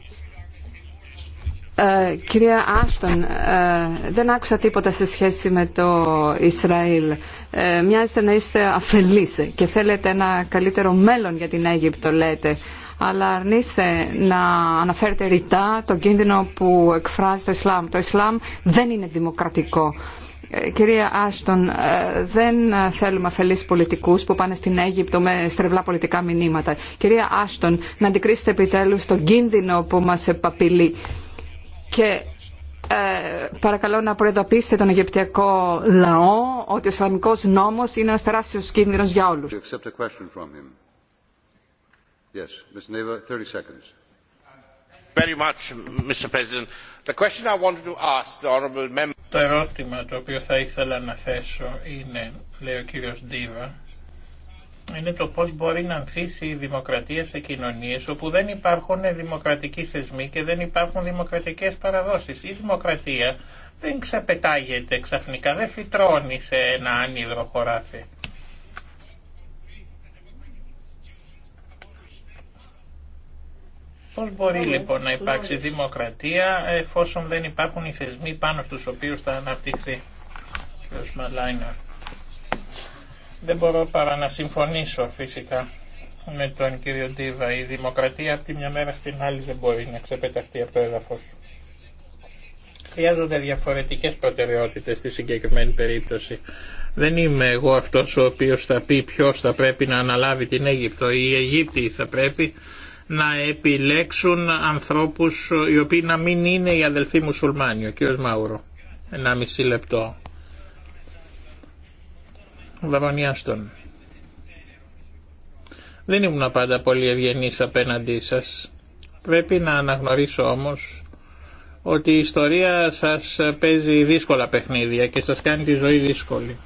Ε, κυρία Άστον, ε, δεν άκουσα τίποτα σε σχέση με το Ισραήλ. Ε, μοιάζετε να είστε αφελείς και θέλετε ένα καλύτερο μέλλον για την Αίγυπτο, λέτε αλλά αρνείστε να αναφέρετε ρητά τον κίνδυνο που εκφράζει το Ισλάμ. Το Ισλάμ δεν είναι δημοκρατικό. Ε, κυρία Άστον, ε, δεν θέλουμε αφελείς πολιτικούς που πάνε στην Αίγυπτο με στρεβλά πολιτικά μηνύματα. Κυρία Άστον, να αντικρίσετε επιτέλους τον κίνδυνο που μας επαπειλεί. Και ε, παρακαλώ να προεδοποιήσετε τον Αιγυπτιακό λαό ότι ο Ισλαμικός νόμος είναι ένας τεράστιος κίνδυνος για όλους.
Το ερώτημα το οποίο θα ήθελα να θέσω είναι, λέει ο κύριο Ντίβα, είναι το πώ μπορεί να ανθίσει η δημοκρατία σε κοινωνίε, όπου δεν υπάρχουν δημοκρατικοί θεσμοί και δεν υπάρχουν δημοκρατικές παραδόσεις. Η δημοκρατία δεν ξεπετάγεται ξαφνικά, δεν φυτρώνει σε ένα άνυδρο χωράφι. Πώς μπορεί λοιπόν να υπάρξει δημοκρατία εφόσον δεν υπάρχουν οι θεσμοί πάνω στους οποίους θα αναπτυχθεί. ο Δεν μπορώ παρά να συμφωνήσω φυσικά με τον κύριο Ντίβα. Η δημοκρατία από τη μια μέρα στην άλλη δεν μπορεί να ξεπεταχτεί από το έδαφος. Χρειάζονται διαφορετικές προτεραιότητες στη συγκεκριμένη περίπτωση. Δεν είμαι εγώ αυτός ο οποίος θα πει ποιος θα πρέπει να αναλάβει την Αίγυπτο. Οι Αιγύπτιοι θα πρέπει να επιλέξουν ανθρώπους οι οποίοι να μην είναι οι αδελφοί μουσουλμάνοι. Ο μαύρο; ένα μισή λεπτό. Βαρονιάστον. Δεν ήμουν πάντα πολύ ευγενής απέναντί σας. Πρέπει να αναγνωρίσω όμως ότι η ιστορία σας παίζει δύσκολα παιχνίδια και σας κάνει τη ζωή δύσκολη.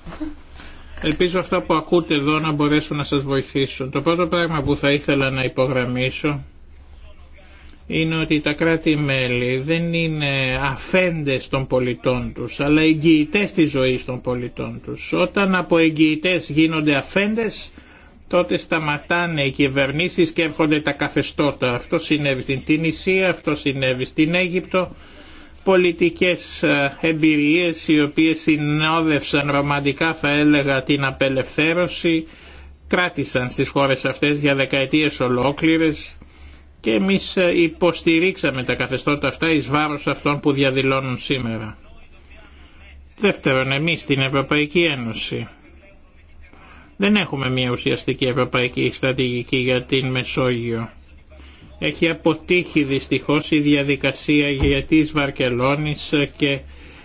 Ελπίζω αυτά που ακούτε εδώ να μπορέσουν να σας βοηθήσουν. Το πρώτο πράγμα που θα ήθελα να υπογραμμίσω είναι ότι τα κράτη-μέλη δεν είναι αφέντες των πολιτών τους, αλλά εγγυητές της ζωής των πολιτών τους. Όταν από εγγυητές γίνονται αφέντες, τότε σταματάνε οι κυβερνήσεις και έρχονται τα καθεστώτα. Αυτό συνέβη στην Τινησία, αυτό συνέβη στην Αίγυπτο, πολιτικές ε, εμπειρίες οι οποίες συνόδευσαν ρομαντικά θα έλεγα την απελευθέρωση κράτησαν στις χώρες αυτές για δεκαετίες ολόκληρες και εμείς ε, υποστηρίξαμε τα καθεστώτα αυτά εις βάρος αυτών που διαδηλώνουν σήμερα. Δεύτερον, εμείς στην Ευρωπαϊκή Ένωση δεν έχουμε μια ουσιαστική ευρωπαϊκή στρατηγική για την Μεσόγειο έχει αποτύχει δυστυχώς η διαδικασία για τις Βαρκελόνης και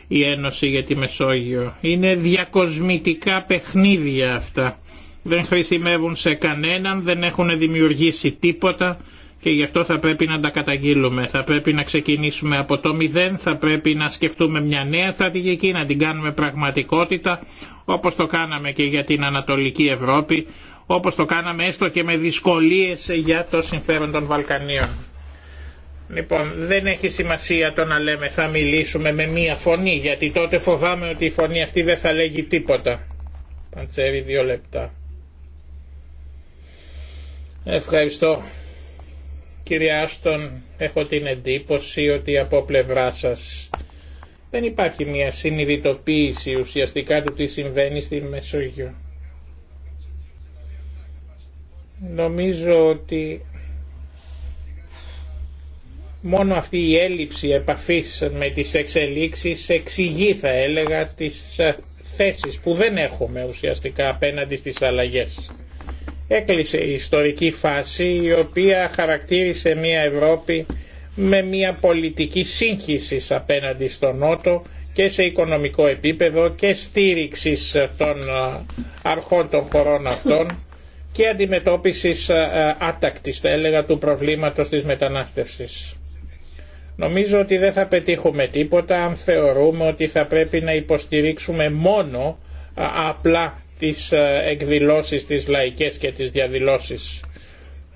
η Ένωση για τη Μεσόγειο. Είναι διακοσμητικά παιχνίδια αυτά. Δεν χρησιμεύουν σε κανέναν, δεν έχουν δημιουργήσει τίποτα και γι' αυτό θα πρέπει να τα καταγγείλουμε. Θα πρέπει να ξεκινήσουμε από το μηδέν, θα πρέπει να σκεφτούμε μια νέα στρατηγική, να την κάνουμε πραγματικότητα, όπως το κάναμε και για την Ανατολική Ευρώπη, όπως το κάναμε έστω και με δυσκολίες για το συμφέρον των Βαλκανίων. Λοιπόν, δεν έχει σημασία το να λέμε θα μιλήσουμε με μία φωνή, γιατί τότε φοβάμαι ότι η φωνή αυτή δεν θα λέγει τίποτα. Παντσέρι δύο λεπτά. Ευχαριστώ. Κύριε Άστον, έχω την εντύπωση ότι από πλευρά σας δεν υπάρχει μια συνειδητοποίηση ουσιαστικά του τι συμβαίνει στη Μεσόγειο. Νομίζω ότι μόνο αυτή η έλλειψη επαφής με τις εξελίξεις εξηγεί θα έλεγα τις ε, θέσεις που δεν έχουμε ουσιαστικά απέναντι στις αλλαγές. Έκλεισε η ιστορική φάση η οποία χαρακτήρισε μια Ευρώπη με μια πολιτική σύγχυση απέναντι στον Νότο και σε οικονομικό επίπεδο και στήριξης των ε, αρχών των χωρών αυτών και αντιμετώπισης ε, ε, άτακτης, θα έλεγα, του προβλήματος της μετανάστευσης. Νομίζω ότι δεν θα πετύχουμε τίποτα αν θεωρούμε ότι θα πρέπει να υποστηρίξουμε μόνο ε, απλά τις εκδηλώσεις, τις λαϊκές και τις διαδηλώσεις.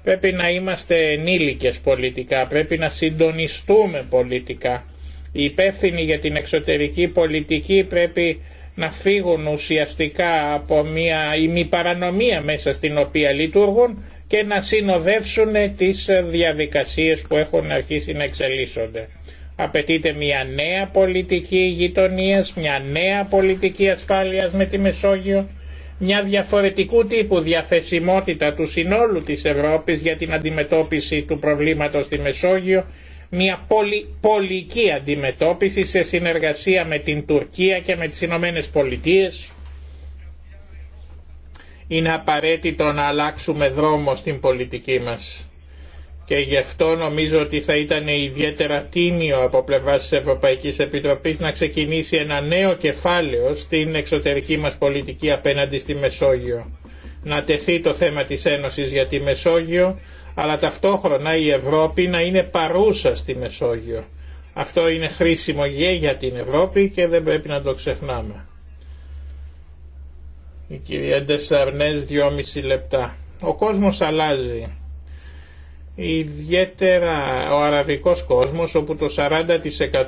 Πρέπει να είμαστε ενήλικες πολιτικά, πρέπει να συντονιστούμε πολιτικά. Οι υπεύθυνοι για την εξωτερική πολιτική πρέπει να φύγουν ουσιαστικά από μια ημιπαρανομία μέσα στην οποία λειτουργούν και να συνοδεύσουν τις διαδικασίες που έχουν αρχίσει να εξελίσσονται. Απαιτείται μια νέα πολιτική γειτονίας, μια νέα πολιτική ασφάλειας με τη Μεσόγειο, μια διαφορετικού τύπου διαθεσιμότητα του συνόλου της Ευρώπης για την αντιμετώπιση του προβλήματος στη Μεσόγειο μια πολυ, αντιμετώπιση σε συνεργασία με την Τουρκία και με τις Ηνωμένε Πολιτείες. Είναι απαραίτητο να αλλάξουμε δρόμο στην πολιτική μας και γι' αυτό νομίζω ότι θα ήταν ιδιαίτερα τίμιο από πλευρά της Ευρωπαϊκής Επιτροπής να ξεκινήσει ένα νέο κεφάλαιο στην εξωτερική μας πολιτική απέναντι στη Μεσόγειο. Να τεθεί το θέμα της Ένωσης για τη Μεσόγειο αλλά ταυτόχρονα η Ευρώπη να είναι παρούσα στη Μεσόγειο. Αυτό είναι χρήσιμο για την Ευρώπη και δεν πρέπει να το ξεχνάμε. Η κυρία δυόμιση λεπτά. Ο κόσμος αλλάζει. Ιδιαίτερα ο αραβικός κόσμος όπου το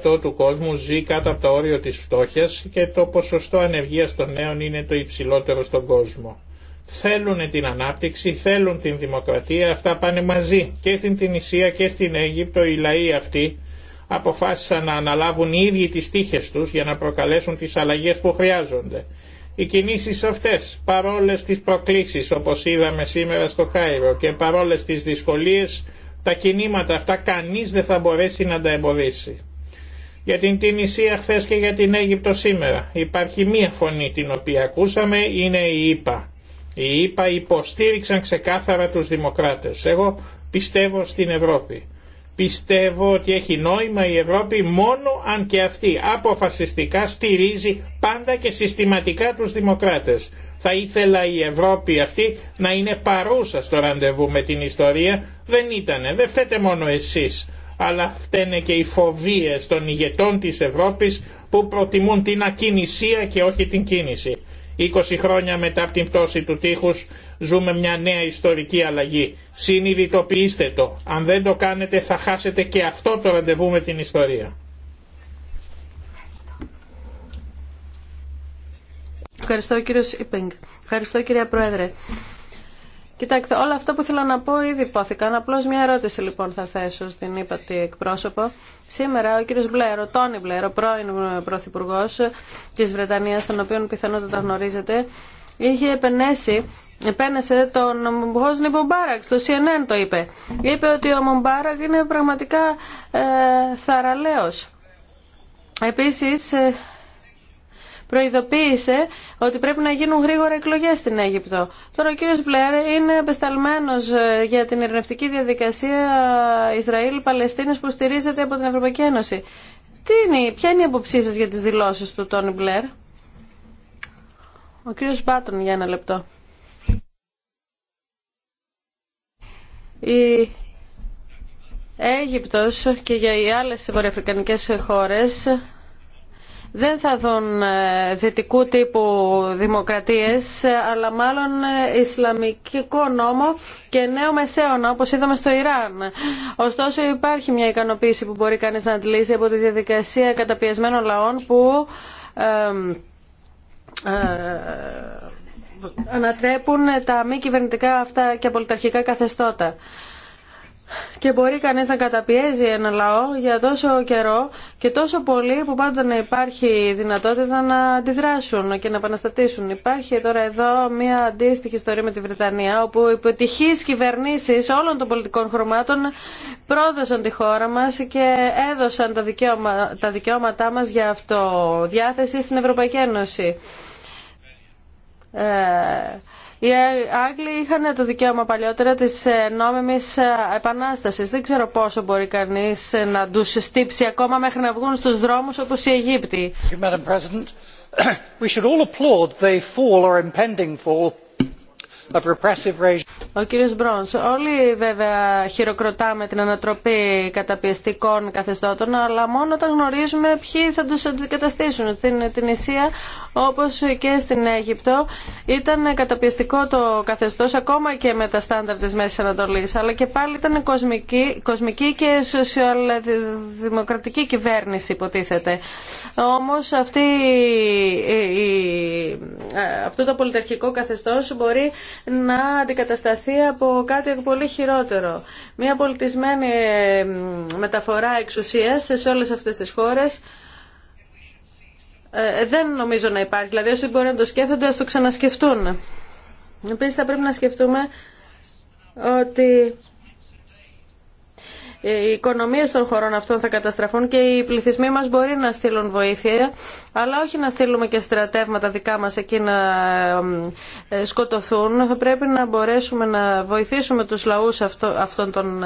40% του κόσμου ζει κάτω από το όριο της φτώχειας και το ποσοστό ανεργίας των νέων είναι το υψηλότερο στον κόσμο θέλουν την ανάπτυξη, θέλουν την δημοκρατία, αυτά πάνε μαζί. Και στην Τινησία και στην Αίγυπτο οι λαοί αυτοί αποφάσισαν να αναλάβουν οι ίδιοι τις τύχες τους για να προκαλέσουν τις αλλαγές που χρειάζονται. Οι κινήσεις αυτές, παρόλες τις προκλήσεις όπως είδαμε σήμερα στο Κάιρο και παρόλες τις δυσκολίες, τα κινήματα αυτά κανείς δεν θα μπορέσει να τα εμποδίσει. Για την Τινησία χθε και για την Αίγυπτο σήμερα υπάρχει μία φωνή την οποία ακούσαμε, είναι η ΙΠΑ οι ΙΠΑ υποστήριξαν ξεκάθαρα τους δημοκράτες. Εγώ πιστεύω στην Ευρώπη. Πιστεύω ότι έχει νόημα η Ευρώπη μόνο αν και αυτή αποφασιστικά στηρίζει πάντα και συστηματικά τους δημοκράτες. Θα ήθελα η Ευρώπη αυτή να είναι παρούσα στο ραντεβού με την ιστορία. Δεν ήτανε, δεν φταίτε μόνο εσείς. Αλλά φταίνε και οι φοβίες των ηγετών της Ευρώπης που προτιμούν την ακινησία και όχι την κίνηση. 20 χρόνια μετά από την πτώση του τείχους ζούμε μια νέα ιστορική αλλαγή. Συνειδητοποιήστε το. Αν δεν το κάνετε θα χάσετε και αυτό το ραντεβού με την ιστορία.
Ευχαριστώ κύριε Σίπινγκ. Ευχαριστώ κυρία Πρόεδρε. Κοιτάξτε, όλα αυτά που θέλω να πω ήδη υπόθηκαν. Απλώ μια ερώτηση λοιπόν θα θέσω στην ύπατη εκπρόσωπο. Σήμερα ο κύριο Μπλέρο, ο Τόνι Μπλέρο, πρώην πρωθυπουργό τη Βρετανία, τον οποίο πιθανότατα γνωρίζετε, είχε επενέσει επένεσε τον Χόσνι το το CNN το είπε. Είπε ότι ο Μπομπάραξ είναι πραγματικά ε, θαραλέος. Επίσης, ε, προειδοποίησε ότι πρέπει να γίνουν γρήγορα εκλογές στην Αίγυπτο. Τώρα ο κύριο Μπλερ είναι απεσταλμένο ε, για την ειρηνευτική διαδικασία Ισραήλ-Παλαιστίνη που στηρίζεται από την Ευρωπαϊκή Ένωση. Τι είναι, ποια είναι η αποψή σα για τις δηλώσεις του Τόνι Μπλερ. Ο κύριος Μπάτον για ένα λεπτό. Η Αίγυπτος και για οι άλλες βορειοαφρικανικές χώρες δεν θα δουν ε, δυτικού τύπου δημοκρατίες ε, αλλά μάλλον ε, Ισλαμικό νόμο και νέο μεσαίωνα όπως είδαμε στο Ιράν. Ωστόσο υπάρχει μια ικανοποίηση που μπορεί κανείς να αντλήσει από τη διαδικασία καταπιεσμένων λαών που ανατρέπουν τα μη κυβερνητικά αυτά και πολιταρχικά καθεστώτα και μπορεί κανείς να καταπιέζει ένα λαό για τόσο καιρό και τόσο πολύ που πάντα να υπάρχει δυνατότητα να αντιδράσουν και να επαναστατήσουν. Υπάρχει τώρα εδώ μια αντίστοιχη ιστορία με τη Βρετανία όπου οι υποτυχείς κυβερνήσεις όλων των πολιτικών χρωμάτων πρόδωσαν τη χώρα μας και έδωσαν τα, τα δικαιώματά μας για αυτό διάθεση στην Ευρωπαϊκή Ένωση. Ε, οι Άγγλοι είχαν το δικαίωμα παλιότερα της ε, νόμιμη ε, επανάσταση. Δεν ξέρω πόσο μπορεί κανείς ε, να του στύψει ακόμα μέχρι να βγουν στους δρόμους όπως οι Αιγύπτιοι. Ο κύριος Μπρόνς, όλοι βέβαια χειροκροτάμε την ανατροπή καταπιεστικών καθεστώτων, αλλά μόνο όταν γνωρίζουμε ποιοι θα τους αντικαταστήσουν. Στην την Ισία, όπως και στην Αίγυπτο, ήταν καταπιεστικό το καθεστώς, ακόμα και με τα στάνταρ της Μέσης Ανατολής, αλλά και πάλι ήταν κοσμική, και σοσιαλδημοκρατική κυβέρνηση, υποτίθεται. Όμως ε, αυτό το πολιτερχικό καθεστώς μπορεί να αντικατασταθεί από κάτι πολύ χειρότερο. Μια πολιτισμένη μεταφορά εξουσίας σε όλες αυτές τις χώρες ε, ε, δεν νομίζω να υπάρχει. Δηλαδή όσοι μπορεί να το σκέφτονται, ας το ξανασκεφτούν. Επίσης θα πρέπει να σκεφτούμε ότι ε, οι οικονομίε των χωρών αυτών θα καταστραφούν και οι πληθυσμοί μας μπορεί να στείλουν βοήθεια, αλλά όχι να στείλουμε και στρατεύματα δικά μας εκεί να ε, ε, σκοτωθούν. Θα πρέπει να μπορέσουμε να βοηθήσουμε τους λαούς αυτών των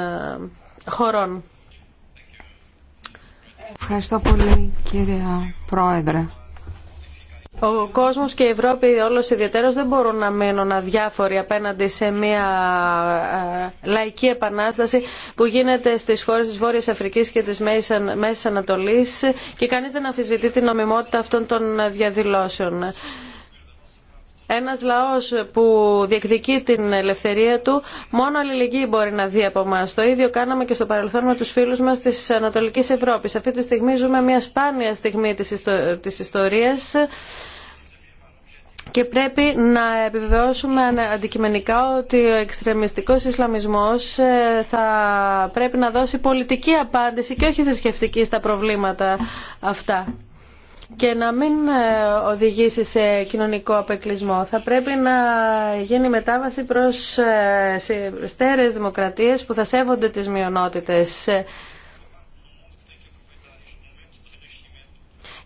χωρών.
Ευχαριστώ πολύ κύριε Πρόεδρε.
Ο κόσμος και η Ευρώπη όλος ιδιαίτερος δεν μπορούν να μείνουν αδιάφοροι απέναντι σε μια ε, λαϊκή επανάσταση που γίνεται στις χώρες της Βόρειας Αφρικής και της Μέσης Ανατολής και κανείς δεν αμφισβητεί την νομιμότητα αυτών των διαδηλώσεων. Ένας λαός που διεκδικεί την ελευθερία του, μόνο αλληλεγγύη μπορεί να δει από εμά. Το ίδιο κάναμε και στο παρελθόν με τους φίλους μας της Ανατολικής Ευρώπης. Αυτή τη στιγμή ζούμε μια σπάνια στιγμή της ιστορίας και πρέπει να επιβεβαιώσουμε αντικειμενικά ότι ο εξτρεμιστικός Ισλαμισμός ε, θα πρέπει να δώσει πολιτική απάντηση και όχι θρησκευτική στα προβλήματα αυτά και να μην ε, οδηγήσει σε κοινωνικό απεκλεισμό. Θα πρέπει να γίνει μετάβαση προς ε, στέρεες δημοκρατίες που θα σέβονται τις μειονότητες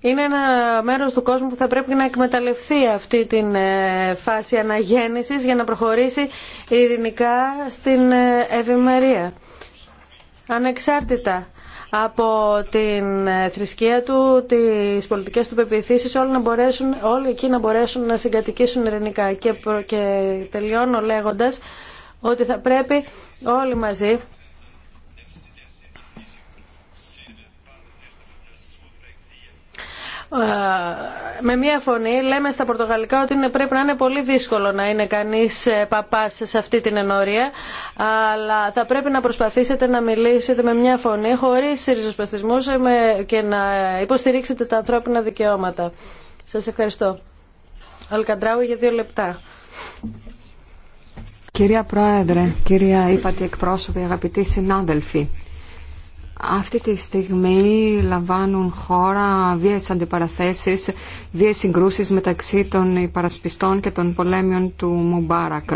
είναι ένα μέρος του κόσμου που θα πρέπει να εκμεταλλευτεί αυτή την ε, φάση αναγέννησης για να προχωρήσει ειρηνικά στην ε, ευημερία. Ανεξάρτητα από την ε, θρησκεία του, τις πολιτικές του πεποίθησεις, όλοι, να μπορέσουν, όλοι εκεί να μπορέσουν να συγκατοικήσουν ειρηνικά. Και, και τελειώνω λέγοντας ότι θα πρέπει όλοι μαζί Ε, με μία φωνή λέμε στα πορτογαλικά ότι πρέπει να είναι πολύ δύσκολο να είναι κανείς ε, παπάς σε αυτή την ενορία αλλά θα πρέπει να προσπαθήσετε να μιλήσετε με μία φωνή χωρίς ριζοσπαστισμούς ε, και να υποστηρίξετε τα ανθρώπινα δικαιώματα. Σας ευχαριστώ. Αλκαντράου για δύο λεπτά.
Κυρία Πρόεδρε, κυρία Ήπατη εκπρόσωπη, αγαπητοί συνάδελφοι, αυτή τη στιγμή λαμβάνουν χώρα βίες αντιπαραθέσεις, βίες συγκρούσεις μεταξύ των υπαρασπιστών και των πολέμιων του Μουμπάρακ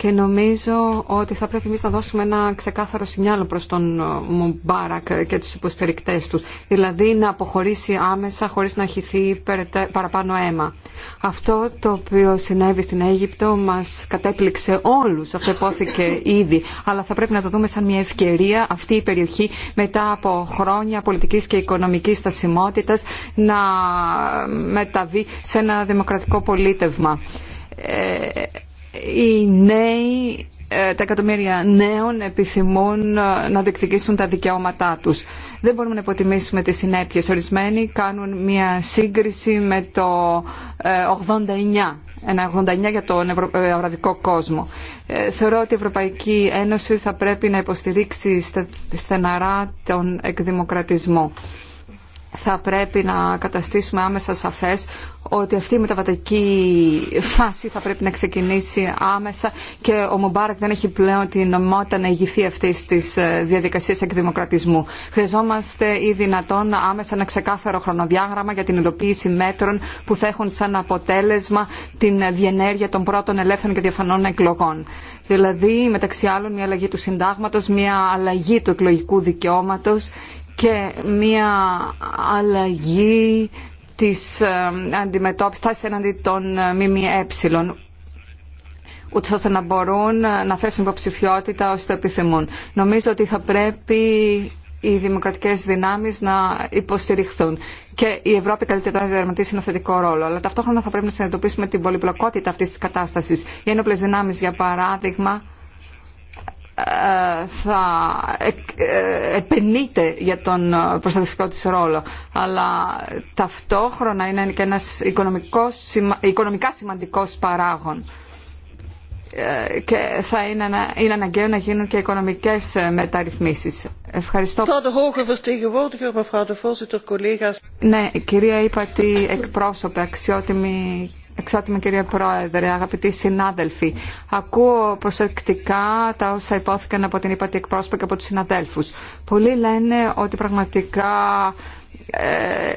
και νομίζω ότι θα πρέπει εμείς να δώσουμε ένα ξεκάθαρο σινιάλο προς τον ε, Μουμπάρακ και τους υποστηρικτές τους. Δηλαδή να αποχωρήσει άμεσα χωρίς να χυθεί παραπάνω αίμα. Αυτό το οποίο συνέβη στην Αίγυπτο μας κατέπληξε όλους, αυτό υπόθηκε ήδη. Αλλά θα πρέπει να το δούμε σαν μια ευκαιρία αυτή η περιοχή μετά από χρόνια πολιτικής και οικονομικής στασιμότητας να μεταβεί σε ένα δημοκρατικό πολίτευμα. Ε, οι νέοι, ε, τα εκατομμύρια νέων επιθυμούν ε, να διεκδικήσουν τα δικαιώματά τους. Δεν μπορούμε να υποτιμήσουμε τις συνέπειες. Ορισμένοι κάνουν μια σύγκριση με το 89 ε, ένα 89 για τον ευρωπαϊκό κόσμο. Θεωρώ ότι η Ευρωπαϊκή Ένωση θα πρέπει να υποστηρίξει στεναρά τον εκδημοκρατισμό. Θα πρέπει να καταστήσουμε άμεσα σαφές ότι αυτή η μεταβατική φάση θα πρέπει να ξεκινήσει άμεσα και ο Μουμπάρακ δεν έχει πλέον την νομιμότητα να ηγηθεί αυτή τη ε, διαδικασία εκδημοκρατισμού. Χρειαζόμαστε ή δυνατόν άμεσα ένα ξεκάθαρο χρονοδιάγραμμα για την υλοποίηση μέτρων που θα έχουν σαν αποτέλεσμα την διενέργεια των πρώτων ελεύθερων και διαφανών εκλογών. Δηλαδή, μεταξύ άλλων, μια αλλαγή του συντάγματος, μια αλλαγή του εκλογικού δικαιώματος και μια αλλαγή της ε, αντιμετώπισης τάσης εναντί των ε, ΜΜΕ ούτως ώστε να μπορούν ε, να θέσουν υποψηφιότητα όσοι το επιθυμούν. Νομίζω ότι θα πρέπει οι δημοκρατικές δυνάμεις να υποστηριχθούν και η Ευρώπη καλύτερα να διαδραματίσει ένα θετικό ρόλο. Αλλά ταυτόχρονα θα πρέπει να συνειδητοποιήσουμε την πολυπλοκότητα αυτής της κατάστασης. Οι ένοπλες δυνάμεις, για παράδειγμα, θα ε, επενείται για τον προστατευτικό της ρόλο. Αλλά ταυτόχρονα είναι και ένας οικονομικός, οικονομικά σημαντικός παράγων ε, και θα είναι, είναι αναγκαίο να γίνουν και οικονομικές ε, μεταρρυθμίσεις. Ευχαριστώ. Ναι, κυρία είπα ότι εκπρόσωπε, αξιότιμη. Εξότιμη κυρία Πρόεδρε, αγαπητοί συνάδελφοι, ακούω προσεκτικά τα όσα υπόθηκαν από την ύπατη εκπρόσωπα και από τους συναδέλφους. Πολλοί λένε ότι πραγματικά ε,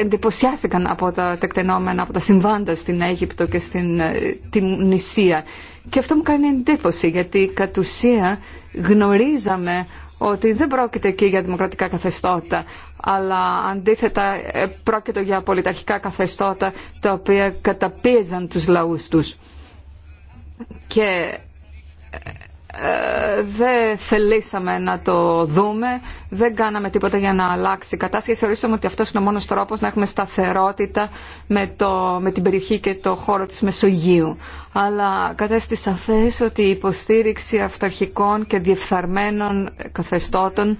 εντυπωσιάστηκαν από τα τεκτενόμενα, από τα συμβάντα στην Αίγυπτο και στην ε, Νησία. Και αυτό μου κάνει εντύπωση, γιατί κατ' ουσία γνωρίζαμε ότι δεν πρόκειται εκεί για δημοκρατικά καθεστώτα, αλλά αντίθετα ε, πρόκειται για πολιταρχικά καθεστώτα τα οποία καταπίεζαν τους λαούς τους. Ε, ε, δεν θελήσαμε να το δούμε, δεν κάναμε τίποτα για να αλλάξει η κατάσταση. Θεωρήσαμε ότι αυτός είναι ο μόνος τρόπος να έχουμε σταθερότητα με, το, με την περιοχή και το χώρο της Μεσογείου. Αλλά κατέστη σαφές ότι η υποστήριξη αυταρχικών και διεφθαρμένων καθεστώτων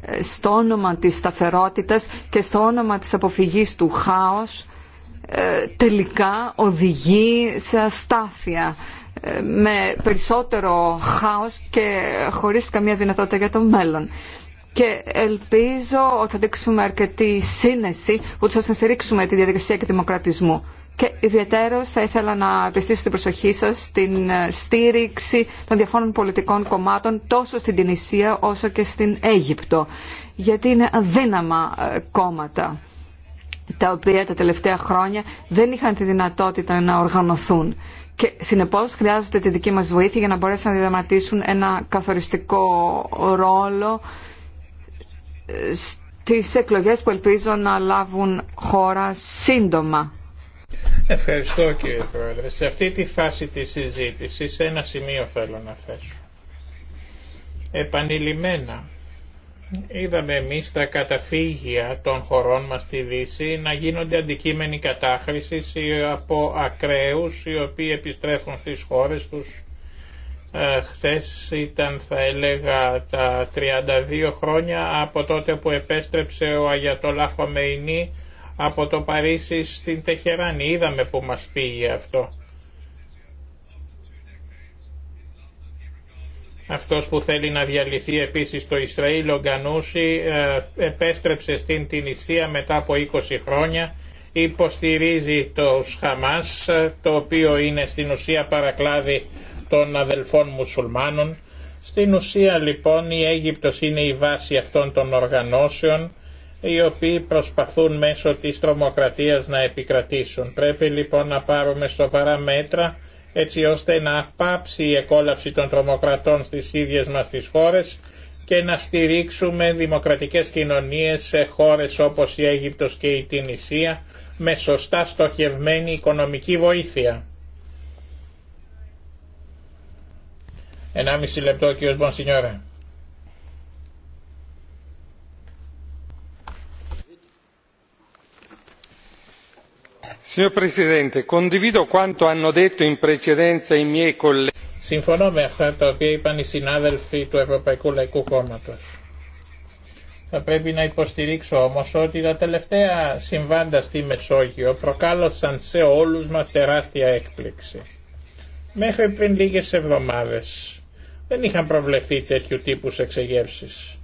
ε, στο όνομα της σταθερότητας και στο όνομα της αποφυγής του χάος ε, τελικά οδηγεί σε αστάθεια με περισσότερο χάος και χωρίς καμία δυνατότητα για το μέλλον. Και ελπίζω ότι θα δείξουμε αρκετή σύνεση, που ώστε να στηρίξουμε τη διαδικασία και δημοκρατισμού. Και ιδιαίτερω θα ήθελα να επιστήσω την προσοχή σα στην ε, στήριξη των διαφόρων πολιτικών κομμάτων τόσο στην Τινησία όσο και στην Αίγυπτο. Γιατί είναι αδύναμα ε, κόμματα τα οποία τα τελευταία χρόνια δεν είχαν τη δυνατότητα να οργανωθούν και συνεπώ χρειάζονται τη δική μα βοήθεια για να μπορέσουν να διαδραματίσουν ένα καθοριστικό ρόλο ε, στι εκλογέ που ελπίζω να λάβουν χώρα σύντομα.
Ευχαριστώ κύριε Πρόεδρε. Σε αυτή τη φάση της συζήτησης ένα σημείο θέλω να θέσω. Επανειλημμένα Είδαμε εμείς τα καταφύγια των χωρών μας στη Δύση να γίνονται αντικείμενοι κατάχρησης από ακραίους οι οποίοι επιστρέφουν στις χώρες τους. Ε, χθες ήταν θα έλεγα τα 32 χρόνια από τότε που επέστρεψε ο Αγιατολά Μεϊνή από το Παρίσι στην Τεχεράνη. Είδαμε που μας πήγε αυτό. Αυτός που θέλει να διαλυθεί επίσης το Ισραήλ, ο Γκανούση, ε, επέστρεψε στην Τινησία μετά από 20 χρόνια, υποστηρίζει το Χαμάς, ε, το οποίο είναι στην ουσία παρακλάδι των αδελφών μουσουλμάνων. Στην ουσία λοιπόν η Αίγυπτος είναι η βάση αυτών των οργανώσεων, οι οποίοι προσπαθούν μέσω της τρομοκρατίας να επικρατήσουν. Πρέπει λοιπόν να πάρουμε σοβαρά μέτρα έτσι ώστε να πάψει η εκόλαψη των τρομοκρατών στις ίδιες μας τις χώρες και να στηρίξουμε δημοκρατικές κοινωνίες σε χώρες όπως η Αίγυπτος και η Τινησία με σωστά στοχευμένη οικονομική βοήθεια. 1,5 λεπτό κύριος Μπονσινιόρα. Signor Συμφωνώ με αυτά τα οποία είπαν οι συνάδελφοι του Ευρωπαϊκού Λαϊκού Κόμματος. Θα πρέπει να υποστηρίξω όμω ότι τα τελευταία συμβάντα στη Μεσόγειο προκάλεσαν σε όλους μα τεράστια έκπληξη. Μέχρι πριν λίγες εβδομάδες δεν είχαν προβλεφθεί τέτοιου τύπου εξεγεύσεις.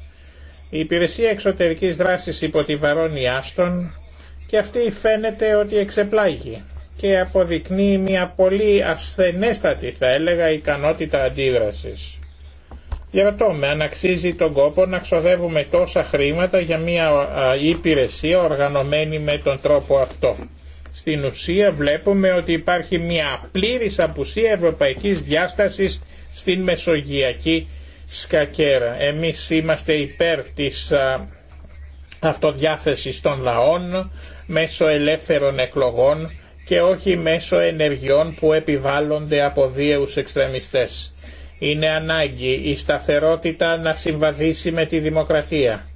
Η Υπηρεσία Εξωτερικής Δράσης υπό τη Βαρόνη Άστον και αυτή φαίνεται ότι εξεπλάγει και αποδεικνύει μια πολύ ασθενέστατη θα έλεγα ικανότητα αντίδρασης. Διαρωτώ με αν αξίζει τον κόπο να ξοδεύουμε τόσα χρήματα για μια υπηρεσία οργανωμένη με τον τρόπο αυτό. Στην ουσία βλέπουμε ότι υπάρχει μια πλήρης απουσία ευρωπαϊκής διάστασης στην μεσογειακή σκακέρα. Εμείς είμαστε υπέρ της αυτοδιάθεσης των λαών μέσω ελεύθερων εκλογών και όχι μέσω ενεργειών που επιβάλλονται από βίαιους εξτρεμιστές. Είναι ανάγκη η σταθερότητα να συμβαδίσει με τη δημοκρατία.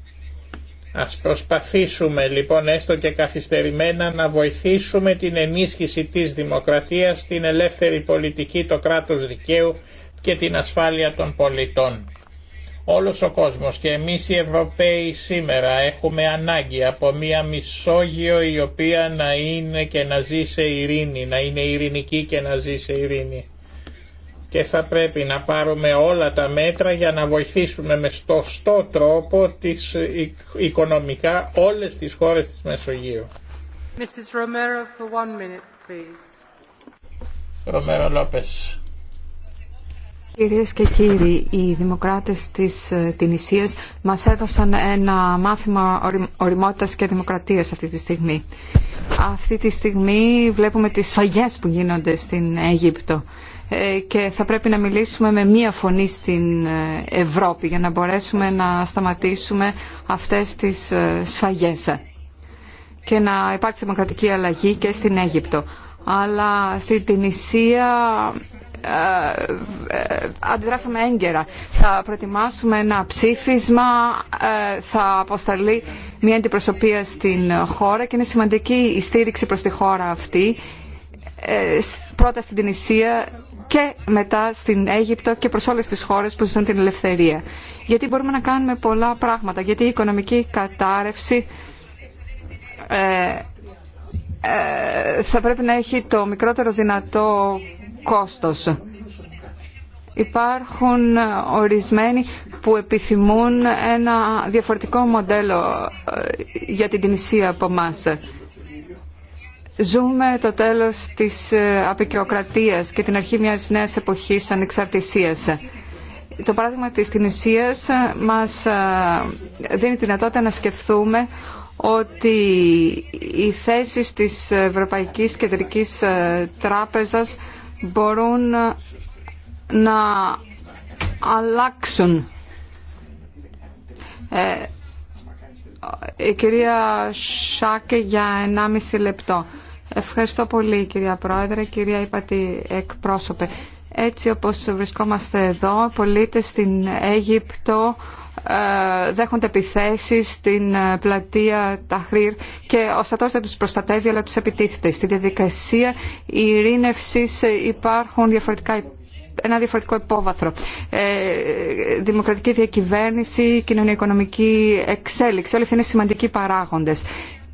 Ας προσπαθήσουμε λοιπόν έστω και καθυστερημένα να βοηθήσουμε την ενίσχυση της δημοκρατίας, την ελεύθερη πολιτική, το κράτος δικαίου και την ασφάλεια των πολιτών όλος ο κόσμος και εμείς οι Ευρωπαίοι σήμερα έχουμε ανάγκη από μια Μισόγειο η οποία να είναι και να ζει σε ειρήνη, να είναι ειρηνική και να ζει σε ειρήνη. Και θα πρέπει να πάρουμε όλα τα μέτρα για να βοηθήσουμε με στοστό τρόπο τις ε, οικονομικά όλες τις χώρες της Μεσογείου.
Mrs. Romero, for one
Κυρίες και κύριοι, οι δημοκράτες της ε, Τινησίας μας έδωσαν ένα μάθημα οριμότητας και δημοκρατίας αυτή τη στιγμή. Αυτή τη στιγμή βλέπουμε τις σφαγές που γίνονται στην Αίγυπτο ε, και θα πρέπει να μιλήσουμε με μία φωνή στην ε, Ευρώπη για να μπορέσουμε να σταματήσουμε αυτές τις σφαγές και να υπάρξει δημοκρατική αλλαγή και στην Αίγυπτο. Αλλά στην Τινησία ε, ε, αντιδράσαμε έγκαιρα. Θα προετοιμάσουμε ένα ψήφισμα, ε, θα αποσταλεί μια αντιπροσωπεία στην χώρα και είναι σημαντική η στήριξη προς τη χώρα αυτή, πρώτα στην Τινησία και μετά στην Αίγυπτο και προς όλες τις χώρες που ζητούν την ελευθερία. Γιατί μπορούμε να κάνουμε πολλά πράγματα, γιατί η οικονομική κατάρρευση θα πρέπει να έχει το μικρότερο δυνατό κόστος. Υπάρχουν ορισμένοι που επιθυμούν ένα διαφορετικό μοντέλο ε, για την Τινησία από εμά. Ζούμε το τέλος της ε, απεικιοκρατίας και την αρχή μιας νέας εποχής ανεξαρτησίας. Το παράδειγμα της Τινησίας ε, μας δίνει τη δυνατότητα να σκεφτούμε ότι οι θέσεις της Ευρωπαϊκής Κεντρικής Τράπεζας μπορούν να αλλάξουν. Ε, η κυρία Σάκε για 1,5 λεπτό. Ευχαριστώ πολύ κυρία Πρόεδρε, κυρία Υπατή εκπρόσωπε. Έτσι όπως βρισκόμαστε εδώ, πολίτες στην Αίγυπτο ε, δέχονται επιθέσεις στην ε, πλατεία Ταχρήρ και ο στρατός δεν τους προστατεύει αλλά τους επιτίθεται. Στη διαδικασία ειρήνευσης υπάρχουν διαφορετικά ένα διαφορετικό υπόβαθρο. Ε, δημοκρατική διακυβέρνηση, κοινωνιοοικονομική εξέλιξη, όλοι αυτοί είναι σημαντικοί παράγοντες.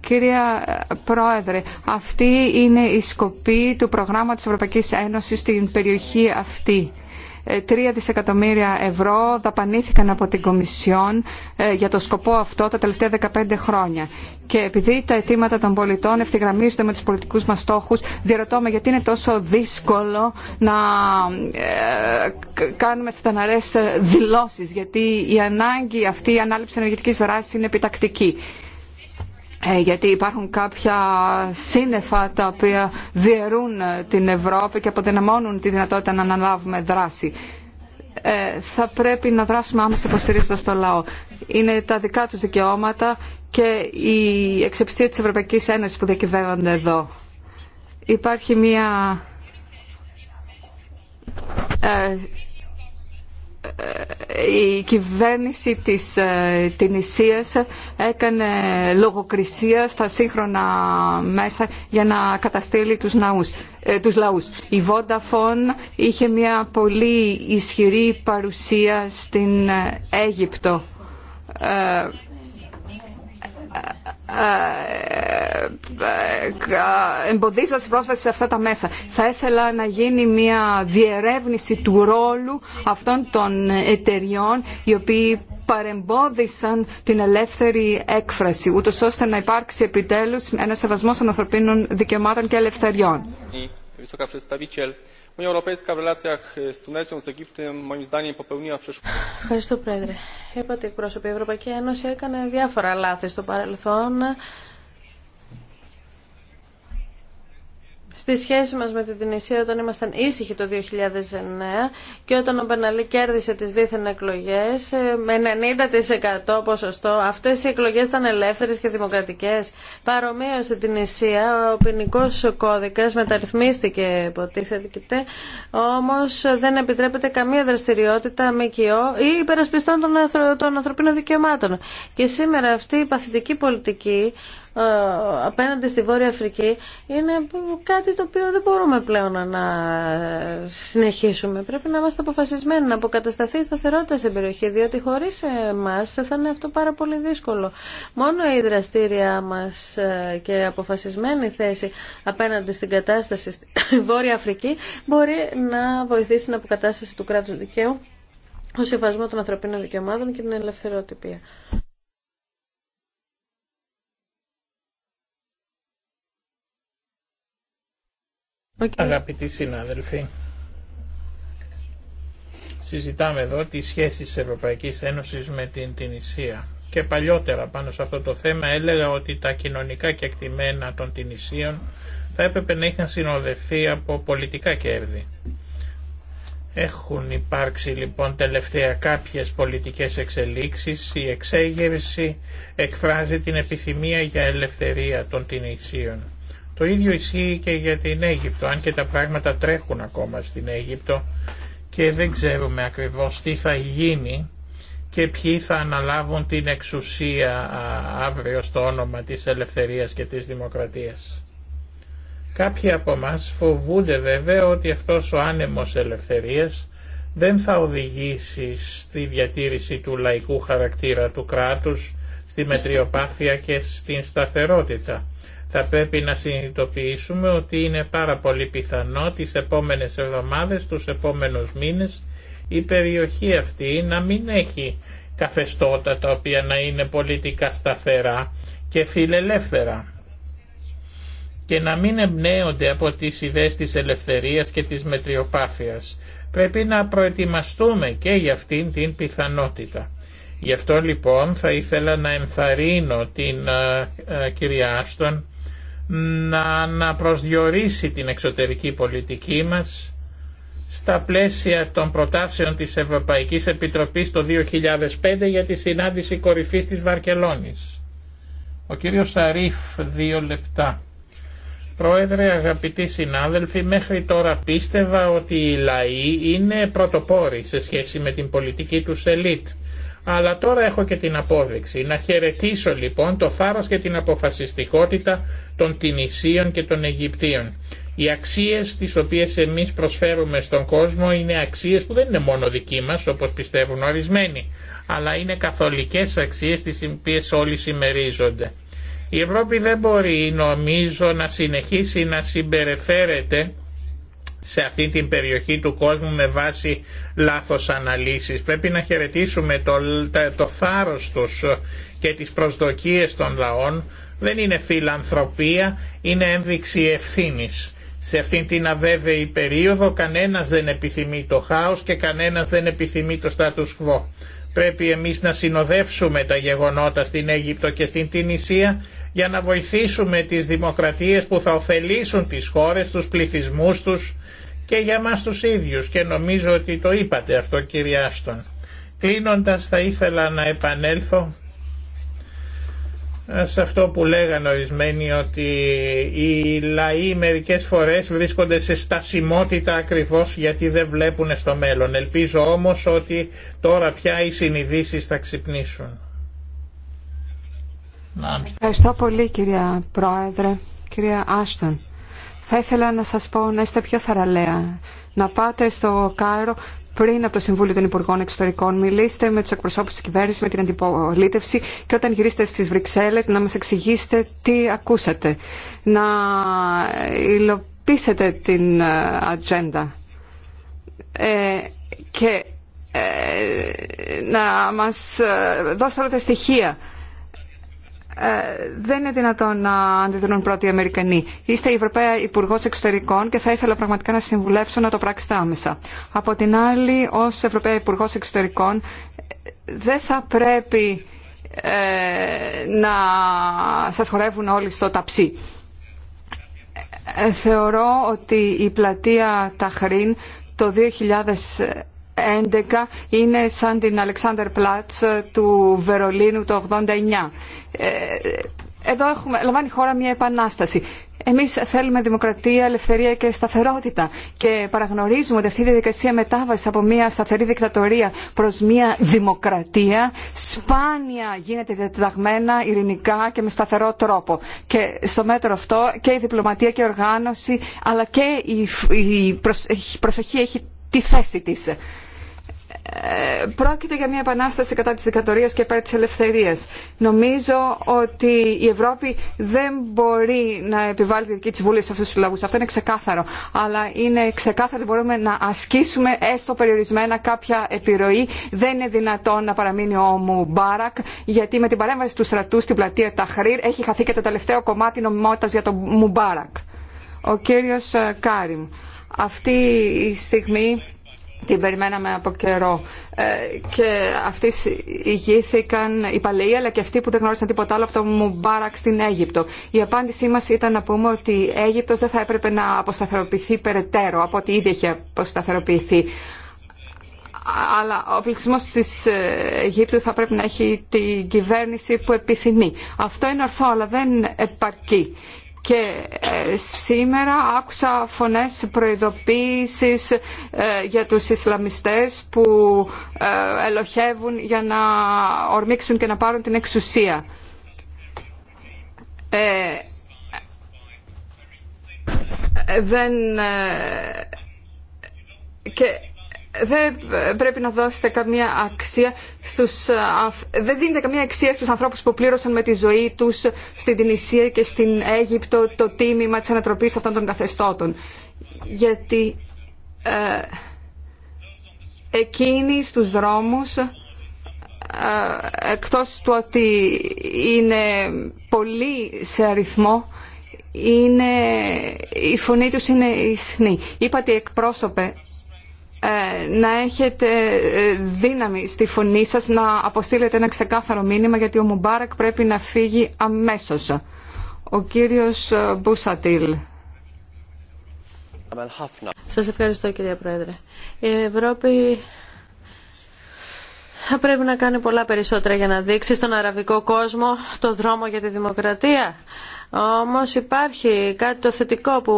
Κυρία Πρόεδρε, αυτή είναι η σκοπή του προγράμματος Ευρωπαϊκής Ένωσης στην περιοχή αυτή 3 ε, δισεκατομμύρια ευρώ δαπανήθηκαν από την Κομισιόν ε, για το σκοπό αυτό τα τελευταία 15 χρόνια. Και επειδή τα αιτήματα των πολιτών ευθυγραμμίζονται με τους πολιτικούς μας στόχους, διερωτώμε γιατί είναι τόσο δύσκολο να ε, κάνουμε στεναρές δηλώσεις, γιατί η ανάγκη αυτή η ανάληψη ενεργητικής δράσης είναι επιτακτική. Ε, γιατί υπάρχουν κάποια σύννεφα τα οποία διαιρούν ε, την Ευρώπη και αποδυναμώνουν τη δυνατότητα να αναλάβουμε δράση. Ε, θα πρέπει να δράσουμε άμεσα υποστηρίζοντα το λαό. Είναι τα δικά τους δικαιώματα και η εξεπιστία της Ευρωπαϊκής Ένωσης που διακυβεύονται εδώ. Υπάρχει μια... Ε, η κυβέρνηση της ε, την Ισίας έκανε λογοκρισία στα σύγχρονα μέσα για να καταστήλει τους, ναούς, ε, τους λαούς. Η Vodafone είχε μια πολύ ισχυρή παρουσία στην Αίγυπτο εμποδίζοντας πρόσβαση σε αυτά τα μέσα. Θα ήθελα να γίνει μια διερεύνηση του ρόλου αυτών των εταιριών οι οποίοι παρεμπόδισαν την ελεύθερη έκφραση ούτως ώστε να υπάρξει επιτέλους ένα σεβασμό των ανθρωπίνων δικαιωμάτων και ελευθεριών.
Unia Europejska w relacjach e, z Tunezją, z Egiptem, moim zdaniem,
Ευχαριστώ, Πρόεδρε. Είπατε η Ευρωπαϊκή Ένωση έκανε διάφορα λάθη στο παρελθόν στη σχέση μας με την Τινησία όταν ήμασταν ήσυχοι το 2009 και όταν ο Μπεναλή κέρδισε τις δίθεν εκλογές ε, με 90% ποσοστό αυτές οι εκλογές ήταν ελεύθερες και δημοκρατικές παρομοίως στην Ισία, ο ποινικό κώδικας μεταρρυθμίστηκε υποτίθεται όμως δεν επιτρέπεται καμία δραστηριότητα κοιό ή υπερασπιστών των ανθρωπίνων δικαιωμάτων. Και σήμερα αυτή η παθητική πολιτική ε, απέναντι στη Βόρεια Αφρική είναι κάτι το οποίο δεν μπορούμε πλέον να συνεχίσουμε. Πρέπει να είμαστε αποφασισμένοι να αποκατασταθεί η σταθερότητα στην περιοχή, διότι χωρίς εμάς θα είναι αυτό πάρα πολύ δύσκολο. Μόνο η δραστήριά μας ε, και αποφασισμένη θέση απέναντι στην κατάσταση στη Βόρεια Αφρική μπορεί να βοηθήσει την αποκατάσταση του κράτους δικαίου ο σεβασμό των ανθρωπίνων δικαιωμάτων και την ελευθεροτυπία.
Okay. Αγαπητοί συνάδελφοι, συζητάμε εδώ τις σχέσεις της Ευρωπαϊκής Ένωσης με την Τινησία. Και παλιότερα πάνω σε αυτό το θέμα έλεγα ότι τα κοινωνικά κεκτημένα των Τινησίων θα έπρεπε να είχαν συνοδευτεί από πολιτικά κέρδη. Έχουν υπάρξει λοιπόν τελευταία κάποιες πολιτικές εξελίξεις. Η εξέγερση εκφράζει την επιθυμία για ελευθερία των Τινησίων το ίδιο ισχύει και για την Αίγυπτο, αν και τα πράγματα τρέχουν ακόμα στην Αίγυπτο και δεν ξέρουμε ακριβώς τι θα γίνει και ποιοι θα αναλάβουν την εξουσία αύριο στο όνομα της ελευθερίας και της δημοκρατίας. Κάποιοι από μας φοβούνται βέβαια ότι αυτός ο άνεμος ελευθερίας δεν θα οδηγήσει στη διατήρηση του λαϊκού χαρακτήρα του κράτους, στη μετριοπάθεια και στην σταθερότητα θα πρέπει να συνειδητοποιήσουμε ότι είναι πάρα πολύ πιθανό τις επόμενες εβδομάδες, τους επόμενους μήνες η περιοχή αυτή να μην έχει καθεστώτα τα οποία να είναι πολιτικά σταθερά και φιλελεύθερα και να μην εμπνέονται από τις ιδέες της ελευθερίας και της μετριοπάθειας. Πρέπει να προετοιμαστούμε και για αυτήν την πιθανότητα. Γι' αυτό λοιπόν θα ήθελα να ενθαρρύνω την ε, ε, κυρία Άστον να, να προσδιορίσει την εξωτερική πολιτική μας στα πλαίσια των προτάσεων της Ευρωπαϊκής Επιτροπής το 2005 για τη συνάντηση κορυφής της Βαρκελόνης. Ο κύριος Σαρίφ, δύο λεπτά. Πρόεδρε, αγαπητοί συνάδελφοι, μέχρι τώρα πίστευα ότι οι λαοί είναι πρωτοπόροι σε σχέση με την πολιτική του ελίτ αλλά τώρα έχω και την απόδειξη. Να χαιρετήσω λοιπόν το θάρρος και την αποφασιστικότητα των Τινησίων και των Αιγυπτίων. Οι αξίες τις οποίες εμείς προσφέρουμε στον κόσμο είναι αξίες που δεν είναι μόνο δική μας όπως πιστεύουν ορισμένοι, αλλά είναι καθολικές αξίες τις οποίες όλοι συμμερίζονται. Η Ευρώπη δεν μπορεί νομίζω να συνεχίσει να συμπεριφέρεται σε αυτή την περιοχή του κόσμου με βάση λάθος αναλύσεις. Πρέπει να χαιρετήσουμε το, το θάρρος τους και τις προσδοκίες των λαών. Δεν είναι φιλανθρωπία, είναι ένδειξη ευθύνης. Σε αυτήν την αβέβαιη περίοδο κανένας δεν επιθυμεί το χάος και κανένας δεν επιθυμεί το status quo. Πρέπει εμείς να συνοδεύσουμε τα γεγονότα στην Αίγυπτο και στην Τινησία για να βοηθήσουμε τις δημοκρατίες που θα ωφελήσουν τις χώρες, τους πληθυσμούς τους και για μας τους ίδιους και νομίζω ότι το είπατε αυτό κυρία Άστον. Κλείνοντας θα ήθελα να επανέλθω σε αυτό που λέγανε ορισμένοι ότι οι λαοί μερικές φορές βρίσκονται σε στασιμότητα ακριβώς γιατί δεν βλέπουν στο μέλλον. Ελπίζω όμως ότι τώρα πια οι συνειδήσεις θα ξυπνήσουν.
Ευχαριστώ πολύ κυρία Πρόεδρε, κυρία Άστον. Θα ήθελα να σας πω να είστε πιο θαραλέα, να πάτε στο Κάιρο πριν από το Συμβούλιο των Υπουργών Εξωτερικών. Μιλήστε με του εκπροσώπου τη κυβέρνηση, με την αντιπολίτευση και όταν γυρίσετε στι Βρυξέλλε να μα εξηγήσετε τι ακούσατε. Να υλοποιήσετε την ε, ατζέντα. Ε, και ε, να μας δώσετε όλα τα στοιχεία ε, δεν είναι δυνατόν να αντιδρούν πρώτοι οι Αμερικανοί. Είστε η Ευρωπαία Υπουργό Εξωτερικών και θα ήθελα πραγματικά να συμβουλεύσω να το πράξετε άμεσα. Από την άλλη, ω Ευρωπαία Υπουργό Εξωτερικών, δεν θα πρέπει ε, να σας χορεύουν όλοι στο ταψί. Ε, θεωρώ ότι η πλατεία Ταχρίν το 11 είναι σαν την Αλεξάνδερ Πλάτς ε, του Βερολίνου το 89. Ε, εδώ έχουμε, λαμβάνει η χώρα μια επανάσταση. Εμείς θέλουμε δημοκρατία, ελευθερία και σταθερότητα και παραγνωρίζουμε ότι αυτή η διαδικασία μετάβασης από μια σταθερή δικτατορία προς μια δημοκρατία σπάνια γίνεται διαταγμένα, ειρηνικά και με σταθερό τρόπο. Και στο μέτρο αυτό και η διπλωματία και η οργάνωση αλλά και η προσοχή έχει τη θέση της. Ε, πρόκειται για μια επανάσταση κατά τη δικατορίας και υπέρ τη ελευθερία. Νομίζω ότι η Ευρώπη δεν μπορεί να επιβάλλει τη δική τη βούλη σε αυτού του λαού. Αυτό είναι ξεκάθαρο. Αλλά είναι ξεκάθαρο ότι μπορούμε να ασκήσουμε έστω περιορισμένα κάποια επιρροή. Δεν είναι δυνατόν να παραμείνει ο Μουμπάρακ, γιατί με την παρέμβαση του στρατού στην πλατεία Ταχρήρ έχει χαθεί και το τελευταίο κομμάτι νομιμότητα για τον Μουμπάρακ. Ο κύριος ε, Κάριμ. Αυτή η στιγμή την περιμέναμε από καιρό ε, και αυτοί ηγήθηκαν οι παλαιοί αλλά και αυτοί που δεν γνώρισαν τίποτα άλλο από το Μουμπάρακ στην Αίγυπτο. Η απάντησή μας ήταν να πούμε ότι η Αίγυπτος δεν θα έπρεπε να αποσταθεροποιηθεί περαιτέρω από ό,τι ήδη έχει αποσταθεροποιηθεί. Αλλά ο πληθυσμό τη ε, Αιγύπτου θα πρέπει να έχει την κυβέρνηση που επιθυμεί. Αυτό είναι ορθό, αλλά δεν επαρκεί και ε, σήμερα άκουσα φωνές προειδοποίησης ε, για τους Ισλαμιστές που ε, ελοχεύουν για να ορμήξουν και να πάρουν την εξουσία. δεν... Και δεν πρέπει να δώσετε καμία αξία στους, δεν δίνετε καμία αξία στους ανθρώπους που πλήρωσαν με τη ζωή τους στην Τινησία και στην Αίγυπτο το τίμημα της ανατροπής αυτών των καθεστώτων. Γιατί ε, εκείνοι στους δρόμους ε, εκτός του ότι είναι πολύ σε αριθμό είναι, η φωνή τους είναι ισχνή. Είπατε εκπρόσωπε ε, να έχετε ε, δύναμη στη φωνή σας να αποστείλετε ένα ξεκάθαρο μήνυμα γιατί ο Μουμπάρακ πρέπει να φύγει αμέσως. Ο κύριος ε, Μπούσατιλ. Σας ευχαριστώ κυρία Πρόεδρε. Η Ευρώπη
θα πρέπει να κάνει πολλά περισσότερα για να δείξει στον αραβικό κόσμο το δρόμο για τη δημοκρατία. Όμως υπάρχει κάτι το θετικό που,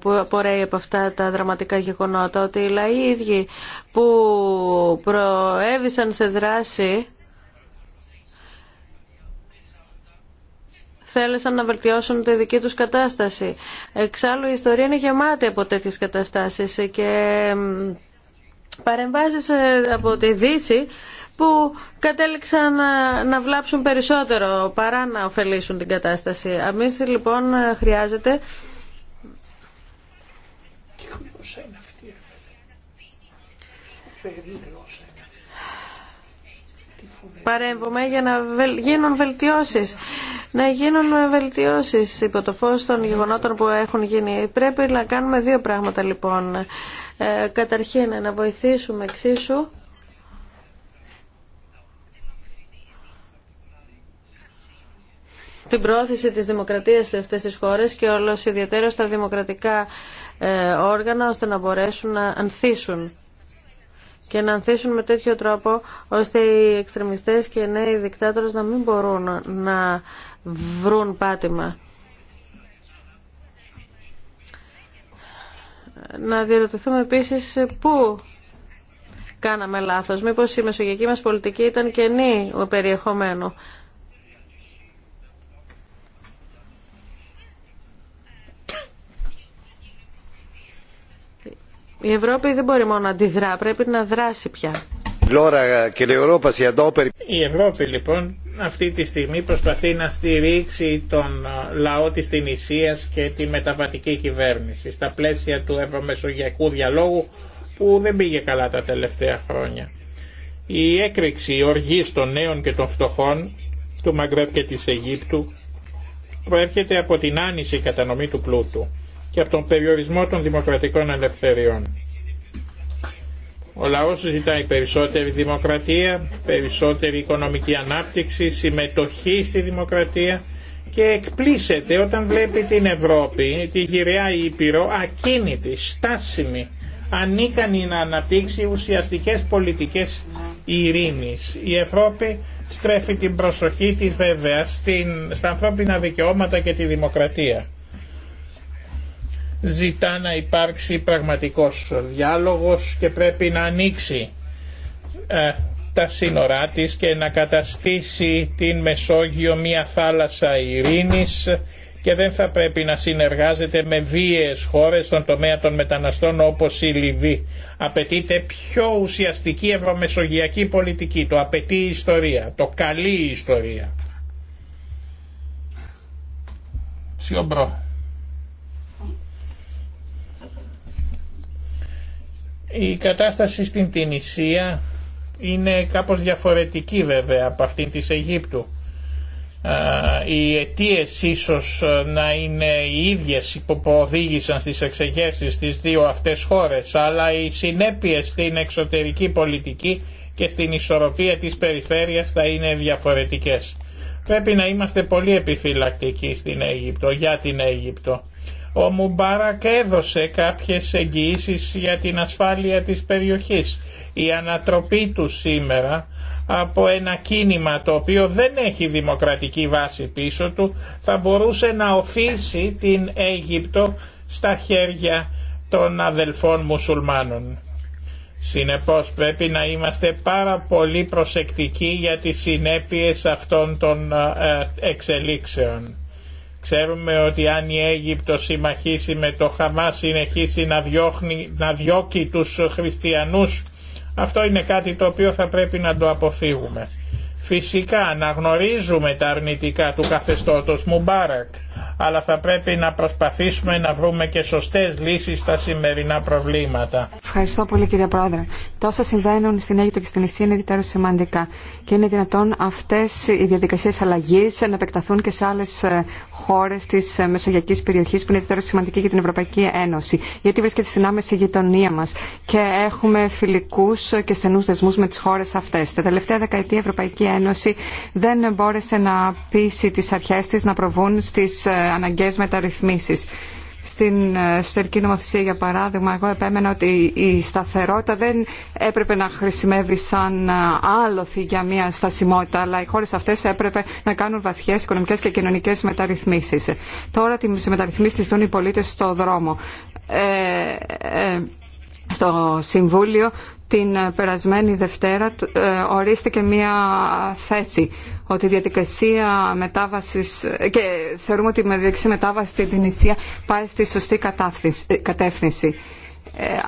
που απορρέει από αυτά τα δραματικά γεγονότα, ότι οι λαοί ίδιοι που προέβησαν σε δράση θέλησαν να βελτιώσουν τη δική τους κατάσταση. Εξάλλου η ιστορία είναι γεμάτη από τέτοιες καταστάσεις και παρεμβάσεις ε, από τη Δύση που κατέληξαν να, να βλάψουν περισσότερο παρά να ωφελήσουν την κατάσταση. Αμείς, λοιπόν χρειάζεται... Παρέμβουμε για να γίνουν βελτιώσεις. Να γίνουν βελτιώσεις υπό το φως των γεγονότων που έχουν γίνει. Πρέπει να κάνουμε δύο πράγματα λοιπόν. Ε, καταρχήν να βοηθήσουμε εξίσου την πρόθεση της δημοκρατίας σε αυτές τις χώρες και όλος ιδιαίτερα στα δημοκρατικά ε, όργανα ώστε να μπορέσουν να ανθίσουν και να ανθίσουν με τέτοιο τρόπο ώστε οι εξτρεμιστές και οι νέοι δικτάτορες να μην μπορούν να βρουν πάτημα. Να διερωτηθούμε επίσης πού κάναμε λάθος. Μήπως η μεσογειακή μας πολιτική ήταν κενή περιεχομένου. Η Ευρώπη δεν μπορεί μόνο να αντιδρά, πρέπει να δράσει πια.
Η Ευρώπη λοιπόν αυτή τη στιγμή προσπαθεί να στηρίξει τον ε, λαό της Τινησίας και τη μεταβατική κυβέρνηση στα πλαίσια του ευρωμεσογειακού διαλόγου που δεν πήγε καλά τα τελευταία χρόνια. Η έκρηξη οργής των νέων και των φτωχών του Μαγκρέπ και της Αιγύπτου προέρχεται από την άνηση κατανομή του πλούτου και από τον περιορισμό των δημοκρατικών ελευθεριών. Ο λαός ζητάει περισσότερη δημοκρατία, περισσότερη οικονομική ανάπτυξη, συμμετοχή στη δημοκρατία και εκπλήσεται όταν βλέπει την Ευρώπη, τη γυραιά Ήπειρο, ακίνητη, στάσιμη, ανίκανη να αναπτύξει ουσιαστικές πολιτικές ειρήνης. Η Ευρώπη στρέφει την προσοχή της βέβαια στην, στα ανθρώπινα δικαιώματα και τη δημοκρατία ζητά να υπάρξει πραγματικός διάλογος και πρέπει να ανοίξει ε, τα σύνορά της και να καταστήσει την Μεσόγειο μια θάλασσα ειρήνης και δεν θα πρέπει να συνεργάζεται με βίαιες χώρες στον τομέα των μεταναστών όπως η Λιβύη. Απαιτείται πιο ουσιαστική ευρωμεσογειακή πολιτική. Το απαιτεί η ιστορία. Το καλή η ιστορία. Σιωμπρό. Η κατάσταση στην Τινησία είναι κάπως διαφορετική βέβαια από αυτήν της Αιγύπτου. Οι αιτίε ίσως ε, να είναι οι ίδιες που οδήγησαν στις εξεγέρσεις στις δύο αυτές χώρες, αλλά οι συνέπειες στην εξωτερική πολιτική και στην ισορροπία της περιφέρειας θα είναι διαφορετικές. Πρέπει να είμαστε πολύ επιφυλακτικοί στην Αίγυπτο, για την Αίγυπτο. Ο Μουμπάρακ έδωσε κάποιες εγγυήσεις για την ασφάλεια της περιοχής. Η ανατροπή του σήμερα από ένα κίνημα το οποίο δεν έχει δημοκρατική βάση πίσω του θα μπορούσε να οφείσει την Αίγυπτο στα χέρια των αδελφών μουσουλμάνων. Συνεπώς πρέπει να είμαστε πάρα πολύ προσεκτικοί για τις συνέπειες αυτών των ε, εξελίξεων. Ξέρουμε ότι αν η Αίγυπτος συμμαχήσει με το Χαμά συνεχίσει να, διώχνει, να διώκει τους χριστιανούς αυτό είναι κάτι το οποίο θα πρέπει να το αποφύγουμε. Φυσικά αναγνωρίζουμε τα αρνητικά του καθεστώτος Μουμπάρακ, αλλά θα πρέπει να προσπαθήσουμε να βρούμε και σωστές λύσεις στα σημερινά προβλήματα.
Ευχαριστώ πολύ κύριε Πρόεδρε. Τόσα συμβαίνουν στην Αίγυπτο και στην Ισία είναι ιδιαίτερα σημαντικά και είναι δυνατόν αυτές οι διαδικασίες αλλαγής να επεκταθούν και σε άλλες ε, χώρες της ε, μεσογειακής περιοχής που είναι ιδιαίτερα σημαντική για την Ευρωπαϊκή Ένωση γιατί βρίσκεται στην άμεση γειτονία μας και έχουμε φιλικούς και στενούς δεσμούς με τις χώρες αυτές. Τα τελευταία δεκαετία Ευρωπαϊκή Ένωση Ένωση δεν μπόρεσε να πείσει τις αρχές της να προβούν στις ε, αναγκαίες μεταρρυθμίσεις. Στην ε, εσωτερική νομοθεσία, για παράδειγμα, εγώ επέμενα ότι η σταθερότητα δεν έπρεπε να χρησιμεύει σαν ε, άλοθη για μια στασιμότητα, αλλά οι χώρε αυτέ έπρεπε να κάνουν βαθιέ οικονομικέ και κοινωνικέ μεταρρυθμίσει. Τώρα τι μεταρρυθμίσει τι δουν οι πολίτε στο δρόμο. στο Συμβούλιο την ε, περασμένη Δευτέρα ε, ορίστηκε μία θέση ότι η διαδικασία μετάβασης ε, και θεωρούμε ότι η διαδικασία μετάβασης στην Τινησία πάει στη σωστή κατεύθυνση.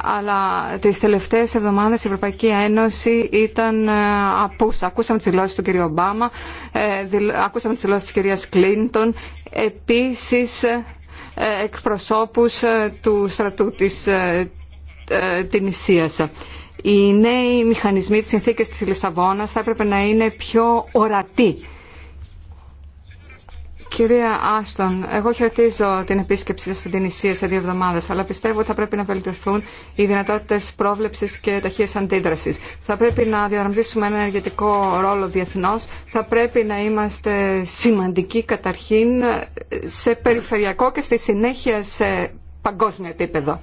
αλλά τις τελευταίες εβδομάδες η Ευρωπαϊκή Ένωση ήταν απούσα. Ακούσαμε τις δηλώσεις του κ. Ομπάμα, ακούσαμε τις δηλώσεις της κ. Κλίντον. Επίσης εκπροσώπους του στρατού της Τινησίας οι νέοι μηχανισμοί της συνθήκης της Λισαβόνας θα έπρεπε να είναι πιο ορατοί. Κυρία Άστον, εγώ χαιρετίζω την επίσκεψή σα στην Τινησία σε δύο εβδομάδε, αλλά πιστεύω ότι θα πρέπει να βελτιωθούν οι δυνατότητε πρόβλεψη και ταχεία αντίδραση. Θα πρέπει να διαδραματίσουμε ένα ενεργετικό ρόλο διεθνώ. Θα πρέπει να είμαστε σημαντικοί καταρχήν σε περιφερειακό και στη συνέχεια σε παγκόσμιο επίπεδο.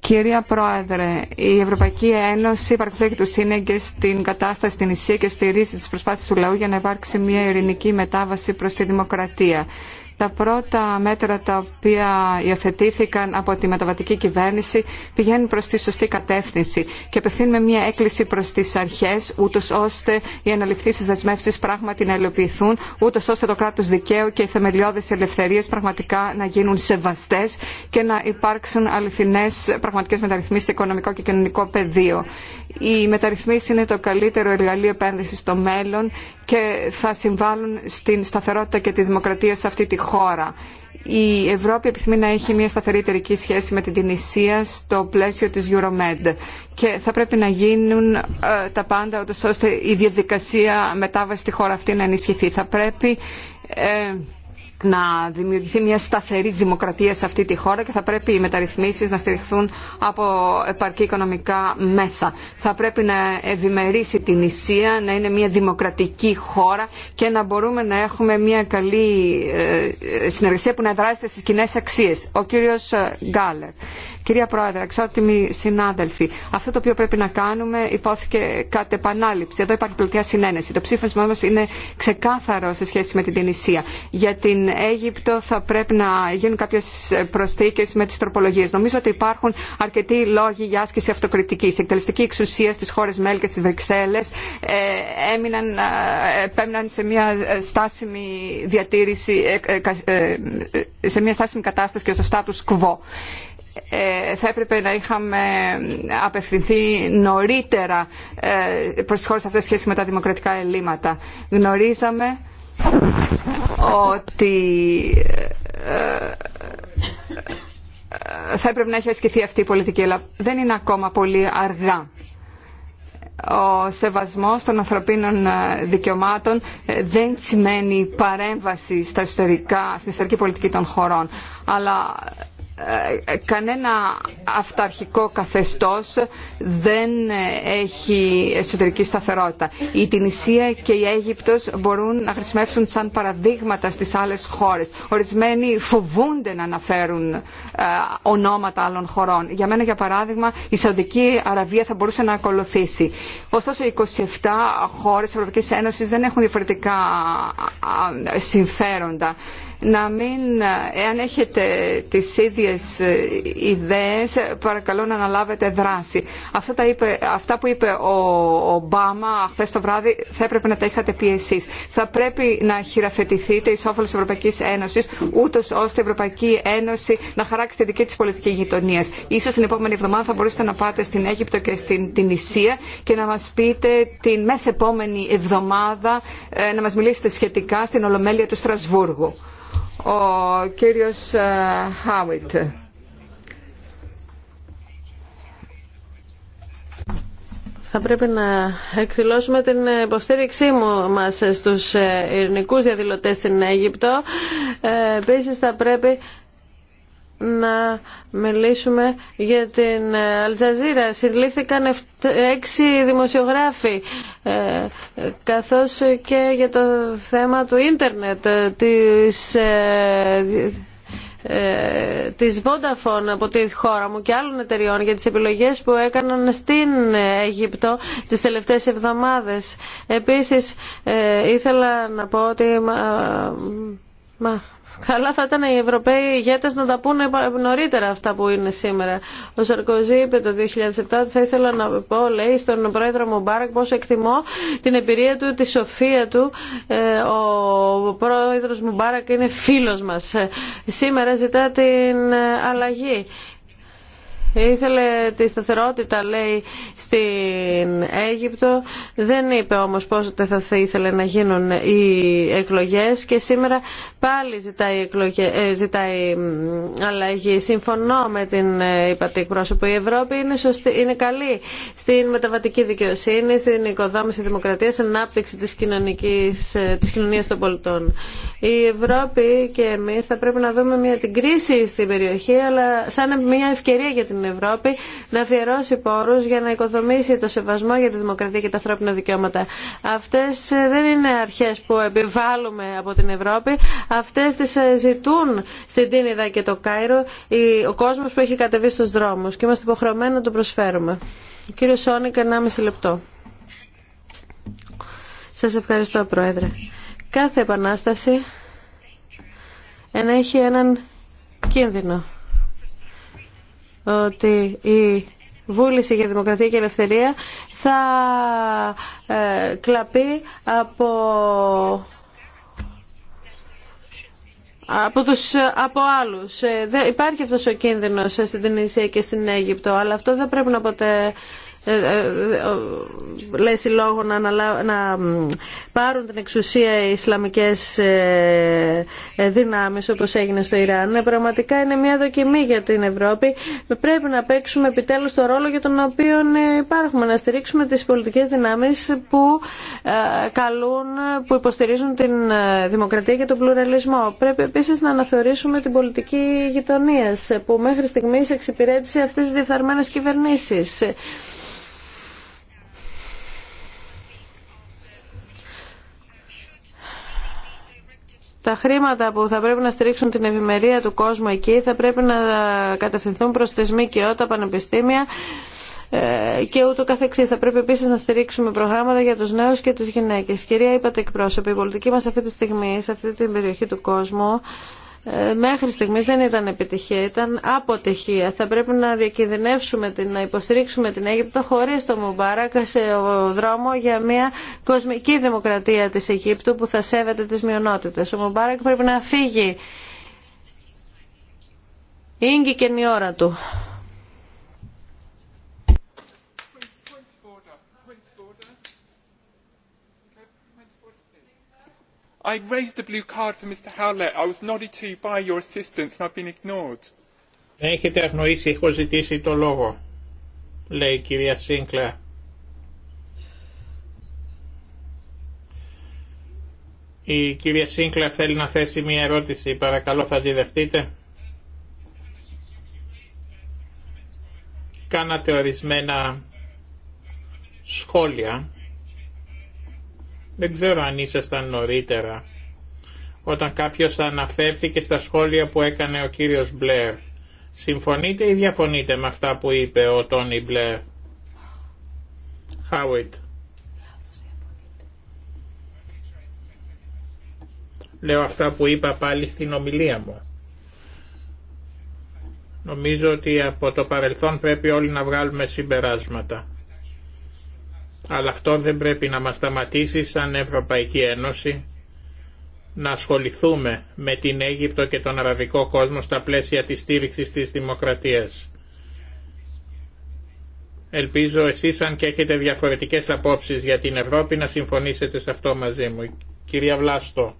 Κυρία Πρόεδρε, η Ευρωπαϊκή Ένωση παρακολουθεί του σύνεγγε στην κατάσταση στην Ισία και στηρίζει τι προσπάθειε του λαού για να υπάρξει μια ειρηνική μετάβαση προ τη δημοκρατία. Τα πρώτα μέτρα τα οποία υιοθετήθηκαν από τη μεταβατική κυβέρνηση πηγαίνουν προς τη σωστή κατεύθυνση και απευθύνουμε μια έκκληση προς τις αρχές ούτως ώστε οι αναληφθήσεις δεσμεύσεις πράγματι να υλοποιηθούν ούτως ώστε το κράτος δικαίου και οι θεμελιώδεις ελευθερίες πραγματικά να γίνουν σεβαστές και να υπάρξουν αληθινές πραγματικές μεταρρυθμίσεις σε οικονομικό και κοινωνικό πεδίο. Οι μεταρρυθμίσεις είναι το καλύτερο εργαλείο επένδυσης στο μέλλον και θα συμβάλλουν στην σταθερότητα και τη δημοκρατία σε αυτή τη χώρα. Η Ευρώπη επιθυμεί να έχει μια σταθερή εταιρική σχέση με την Τινησία στο πλαίσιο της Euromed και θα πρέπει να γίνουν ε, τα πάντα ώστε η διαδικασία μετάβαση στη χώρα αυτή να ενισχυθεί. Θα πρέπει ε, να δημιουργηθεί μια σταθερή δημοκρατία σε αυτή τη χώρα και θα πρέπει οι μεταρρυθμίσει να στηριχθούν από επαρκή οικονομικά μέσα. Θα πρέπει να ευημερήσει την Ισία, να είναι μια δημοκρατική χώρα και να μπορούμε να έχουμε μια καλή ε, συνεργασία που να δράσει στι κοινέ αξίε. Ο κύριο ε, Γκάλερ. Κυρία Πρόεδρε, εξότιμοι συνάδελφοι, αυτό το οποίο πρέπει να κάνουμε υπόθηκε κατ' επανάληψη. Εδώ υπάρχει πλουτιά συνένεση. Το ψήφισμά μα είναι ξεκάθαρο σε σχέση με την Τινησία. Για την Αίγυπτο θα πρέπει να γίνουν κάποιε προσθήκε με τι τροπολογίε. Νομίζω ότι υπάρχουν αρκετοί λόγοι για άσκηση αυτοκριτική. Η εκτελεστική εξουσία στι χώρε Μέλ και στι ε, έμειναν, ε, σε μια στάσιμη διατήρηση, ε, ε, σε μια στάσιμη κατάσταση και στο status quo θα έπρεπε να είχαμε απευθυνθεί νωρίτερα προς τις χώρες αυτές σχέση με τα δημοκρατικά ελλείμματα. Γνωρίζαμε ότι ε, ε, θα έπρεπε να έχει ασκηθεί αυτή η πολιτική, αλλά δεν είναι ακόμα πολύ αργά. Ο σεβασμός των ανθρωπίνων ε, δικαιωμάτων δεν σημαίνει παρέμβαση στα ιστορικά, στην ιστορική πολιτική των χωρών, αλλά ε, κανένα αυταρχικό καθεστώς δεν έχει εσωτερική σταθερότητα. Η Τινησία και η Αίγυπτος μπορούν να χρησιμεύσουν σαν παραδείγματα στις άλλες χώρες. Ορισμένοι φοβούνται να αναφέρουν ε, ονόματα άλλων χωρών. Για μένα, για παράδειγμα, η Σαουδική Αραβία θα μπορούσε να ακολουθήσει. Ωστόσο, οι 27 χώρες της Ευρωπαϊκής Ένωσης δεν έχουν διαφορετικά συμφέροντα να μην, εάν έχετε τις ίδιες ε, ιδέες, παρακαλώ να αναλάβετε δράση. Αυτά, τα είπε, αυτά που είπε ο Ομπάμα χθε το βράδυ θα έπρεπε να τα είχατε πει εσείς. Θα πρέπει να χειραφετηθείτε εις όφελος Ευρωπαϊκής Ένωσης, ούτως ώστε η Ευρωπαϊκή Ένωση να χαράξει τη δική της πολιτική γειτονίας. Ίσως την επόμενη εβδομάδα θα μπορούσατε να πάτε στην Αίγυπτο και στην Ισία και να μας πείτε την μεθεπόμενη εβδομάδα ε, να μας μιλήσετε σχετικά στην Ολομέλεια του Στρασβούργου ο κύριος Χάουιτ. Ε,
θα πρέπει να εκδηλώσουμε την υποστήριξή μου μας στους ε, ειρηνικούς διαδηλωτές στην Αίγυπτο. Ε, επίσης θα πρέπει να μιλήσουμε για την Αλτζαζίρα. Συλλήφθηκαν έξι δημοσιογράφοι, ε, καθώς και για το θέμα του ίντερνετ, ε, της ε, της Vodafone από τη χώρα μου και άλλων εταιριών για τις επιλογές που έκαναν στην Αίγυπτο τις τελευταίες εβδομάδες. Επίσης ήθελα να πω ότι μα, Καλά θα ήταν οι Ευρωπαίοι ηγέτες να τα πούνε νωρίτερα αυτά που είναι σήμερα. Ο Σαρκοζή είπε το 2007 ότι θα ήθελα να πω, λέει, στον πρόεδρο Μουμπάρακ πω εκτιμώ την εμπειρία του, τη σοφία του. Ε, ο πρόεδρος Μουμπάρακ είναι φίλος μας. Ε, σήμερα ζητά την ε, αλλαγή. Ήθελε τη σταθερότητα, λέει, στην Αίγυπτο. Δεν είπε όμως πόσο θα ήθελε να γίνουν οι εκλογές και σήμερα πάλι ζητάει, εκλογε... Ε, ζητάει αλλαγή. Συμφωνώ με την υπατή ε, πρόσωπο. Η Ευρώπη είναι, σωστή, είναι καλή στην μεταβατική δικαιοσύνη, στην οικοδόμηση δημοκρατίας, στην ανάπτυξη της, κοινωνικής, ε, της κοινωνίας των πολιτών. Η Ευρώπη και εμείς θα πρέπει να δούμε μια, την κρίση στην περιοχή, αλλά σαν μια ευκαιρία για την Ευρώπη να αφιερώσει πόρου για να οικοδομήσει το σεβασμό για τη δημοκρατία και τα ανθρώπινα δικαιώματα. Αυτές ε, δεν είναι αρχές που επιβάλλουμε από την Ευρώπη. Αυτές τις ε, ζητούν στην Τίνιδα και το Κάιρο ο κόσμος που έχει κατεβεί στους δρόμους και είμαστε υποχρεωμένοι να το προσφέρουμε. Κύριο Σόνικ, 1,5 λεπτό. Σα ευχαριστώ, Πρόεδρε. Κάθε επανάσταση ενέχει έναν κίνδυνο ότι η βούληση για δημοκρατία και ελευθερία θα ε, κλαπεί από από, τους, από άλλους. Ε, υπάρχει αυτός ο κίνδυνος στην Τινησία και στην Αίγυπτο, αλλά αυτό δεν πρέπει να, ποτέ ε, ε, ε, Λέσει λόγω να, να πάρουν την εξουσία οι Ισλαμικές δυνάμεις όπως έγινε στο Ιράν. Πραγματικά είναι μια δοκιμή για την Ευρώπη. Πρέπει να παίξουμε επιτέλους το ρόλο για τον οποίο υπάρχουμε. Να στηρίξουμε τις πολιτικές δυνάμεις που καλούν, που υποστηρίζουν την δημοκρατία και τον πλουραλισμό. Πρέπει επίσης να αναθεωρήσουμε την πολιτική γειτονία που μέχρι στιγμής εξυπηρέτησε αυτές τις διεφθαρμένες κυβερνήσεις. τα χρήματα που θα πρέπει να στηρίξουν την ευημερία του κόσμου εκεί θα πρέπει να κατευθυνθούν προς τις ΜΚΟ, τα πανεπιστήμια ε, και ούτω καθεξής. Θα πρέπει επίσης να στηρίξουμε προγράμματα για τους νέους και τις γυναίκες. Κυρία, είπατε εκπρόσωποι, η πολιτική μας αυτή τη στιγμή, σε αυτή την περιοχή του κόσμου, ε, μέχρι στιγμής δεν ήταν επιτυχία, ήταν αποτυχία. Θα πρέπει να διακινδυνεύσουμε, την, να υποστηρίξουμε την Αίγυπτο χωρίς το Μουμπάρακ σε δρόμο για μια κοσμική δημοκρατία της Αιγύπτου που θα σέβεται τις μειονότητες. Ο Μουμπάρακ πρέπει να φύγει. Είναι και η ώρα του.
I Έχετε αγνοήσει, έχω ζητήσει το λόγο, λέει η κυρία Σίνκλερ. Η κυρία Σίνκλερ θέλει να θέσει μία ερώτηση. Παρακαλώ θα τη δεχτείτε. Κάνατε ορισμένα σχόλια δεν ξέρω αν ήσασταν νωρίτερα όταν κάποιος αναφέρθηκε στα σχόλια που έκανε ο κύριος Μπλερ. Συμφωνείτε ή διαφωνείτε με αυτά που είπε ο Τόνι Μπλερ. Χάουιτ. Λέω αυτά που είπα πάλι στην ομιλία μου. Νομίζω ότι από το παρελθόν πρέπει όλοι να βγάλουμε συμπεράσματα. Αλλά αυτό δεν πρέπει να μας σταματήσει σαν Ευρωπαϊκή Ένωση να ασχοληθούμε με την Αίγυπτο και τον αραβικό κόσμο στα πλαίσια της στήριξης της δημοκρατίας. Ελπίζω εσείς αν και έχετε διαφορετικές απόψεις για την Ευρώπη να συμφωνήσετε σε αυτό μαζί μου. Κυρία Βλάστο,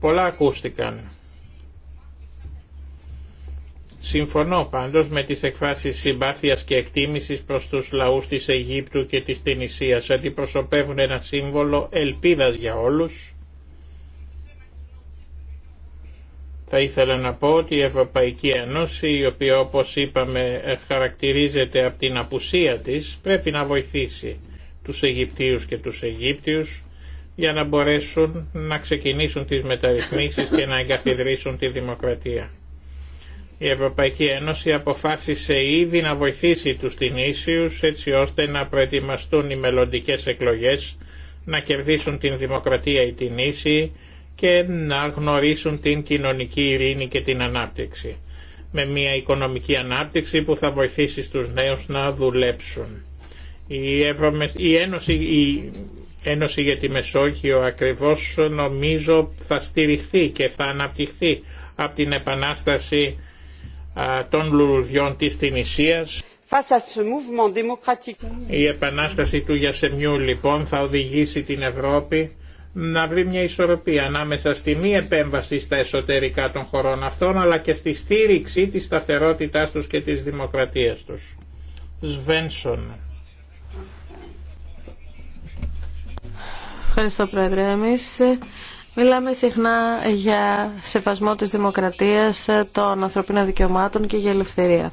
πολλά ακούστηκαν Συμφωνώ πάντως με τις εκφράσεις συμπάθειας και εκτίμησης προς τους λαούς της Αιγύπτου και της Τινησίας, αντιπροσωπεύουν ένα σύμβολο ελπίδας για όλους. Θα ήθελα να πω ότι η Ευρωπαϊκή Ένωση, η οποία όπως είπαμε χαρακτηρίζεται από την απουσία της, πρέπει να βοηθήσει τους Αιγυπτίους και τους Αιγύπτιους για να μπορέσουν να ξεκινήσουν τις μεταρρυθμίσεις και να εγκαθιδρύσουν τη δημοκρατία. Η Ευρωπαϊκή Ένωση αποφάσισε ήδη να βοηθήσει τους Τινήσιους έτσι ώστε να προετοιμαστούν οι μελλοντικέ εκλογές, να κερδίσουν την δημοκρατία οι Τινήσιοι και να γνωρίσουν την κοινωνική ειρήνη και την ανάπτυξη με μια οικονομική ανάπτυξη που θα βοηθήσει τους νέους να δουλέψουν. Η, Ένωση... η Ένωση για τη Μεσόγειο ακριβώς νομίζω θα στηριχθεί και θα αναπτυχθεί από την Επανάσταση των λουλουδιών της Τινησίας. Η επανάσταση του Γιασεμιού λοιπόν θα οδηγήσει την Ευρώπη να βρει μια ισορροπία ανάμεσα στη μη επέμβαση στα εσωτερικά των χωρών αυτών αλλά και στη στήριξη της σταθερότητάς τους και της δημοκρατίας τους. Σβένσον.
Ευχαριστώ Πρόεδρε. Εμείς ε, Μιλάμε συχνά για σεβασμό της δημοκρατίας, των ανθρωπίνων δικαιωμάτων και για ελευθερία.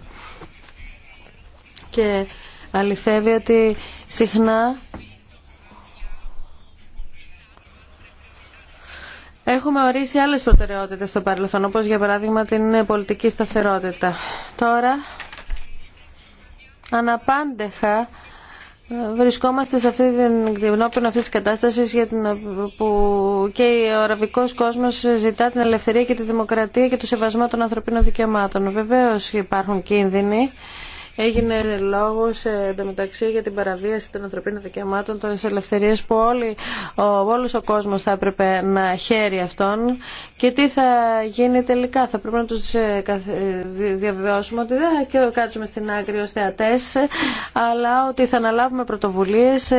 Και αληθεύει ότι συχνά Έχουμε ορίσει άλλες προτεραιότητες στο παρελθόν, όπως για παράδειγμα την πολιτική σταθερότητα. Τώρα, αναπάντεχα Βρισκόμαστε σε αυτή την κοινόπιν αυτή τη κατάσταση που και ο αραβικό κόσμο ζητά την ελευθερία και τη δημοκρατία και το σεβασμό των ανθρωπίνων δικαιωμάτων. Βεβαίω υπάρχουν κίνδυνοι έγινε λόγο ε, εντωμεταξύ για την παραβίαση των ανθρωπίνων δικαιωμάτων, των ελευθερίες που όλοι, ο, όλος ο κόσμος θα έπρεπε να χαίρει αυτών και τι θα γίνει τελικά. Θα πρέπει να τους ε, ε, διαβεβαιώσουμε ότι δεν θα κάτσουμε στην άκρη ως θεατές, αλλά ότι θα αναλάβουμε πρωτοβουλίες.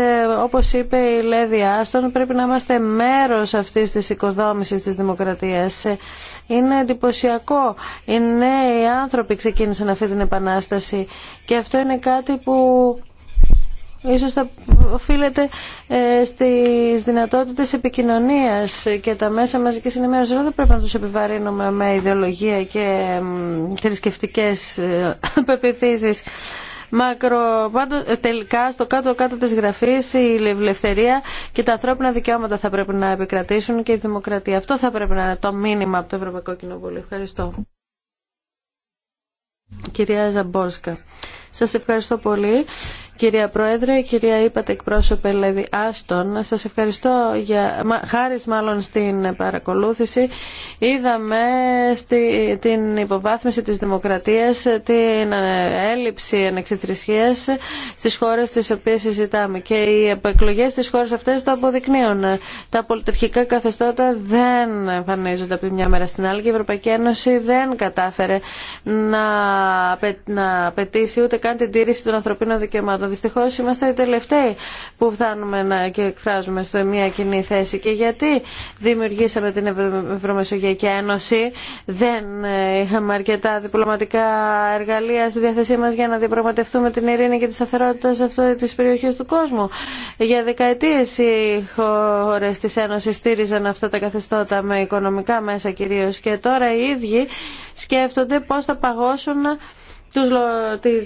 Όπως είπε η Λέδη Άστον, πρέπει να είμαστε μέρος αυτής της οικοδόμησης της δημοκρατίας. Είναι εντυπωσιακό. Οι νέοι άνθρωποι ξεκίνησαν αυτή την επανάσταση και αυτό είναι κάτι που ίσως θα οφείλεται ε, στις δυνατότητες επικοινωνίας και τα μέσα μαζικής ενημέρωσης. Δεν πρέπει να τους επιβαρύνουμε με ιδεολογία και θρησκευτικέ ε, πεπιθήσεις. Μακρο, ε, τελικά στο κάτω-κάτω της γραφής η ελευθερία και τα ανθρώπινα δικαιώματα θα πρέπει να επικρατήσουν και η δημοκρατία. Αυτό θα πρέπει να είναι το μήνυμα από το Ευρωπαϊκό Κοινοβούλιο. Ευχαριστώ. Κυρία Ζαμπόρσκα, σας ευχαριστώ πολύ. Κυρία Πρόεδρε, κυρία είπατε εκπρόσωπε Λέδη Άστον, σας ευχαριστώ για χάρη μάλλον στην παρακολούθηση. Είδαμε στη, την υποβάθμιση της δημοκρατίας, την ε, έλλειψη ανεξιθρησίας στις χώρες τις οποίες συζητάμε και οι εκλογέ στις χώρες αυτές το αποδεικνύουν. Τα πολιτερχικά καθεστώτα δεν εμφανίζονται από μια μέρα στην άλλη και η Ευρωπαϊκή Ένωση δεν κατάφερε να, να απαιτήσει ούτε καν την τήρηση των ανθρωπίνων δικαιωμάτων. Δυστυχώ είμαστε οι τελευταίοι που φτάνουμε να και εκφράζουμε σε μια κοινή θέση. Και γιατί δημιουργήσαμε την Ευρωμεσογειακή Ένωση, δεν ε, είχαμε αρκετά διπλωματικά εργαλεία στη διάθεσή μα για να διαπραγματευτούμε την ειρήνη και τη σταθερότητα σε αυτό τι περιοχέ του κόσμου. Για δεκαετίε οι χώρε τη Ένωση στήριζαν αυτά τα καθεστώτα με οικονομικά μέσα κυρίω και τώρα οι ίδιοι σκέφτονται πώ θα παγώσουν τους,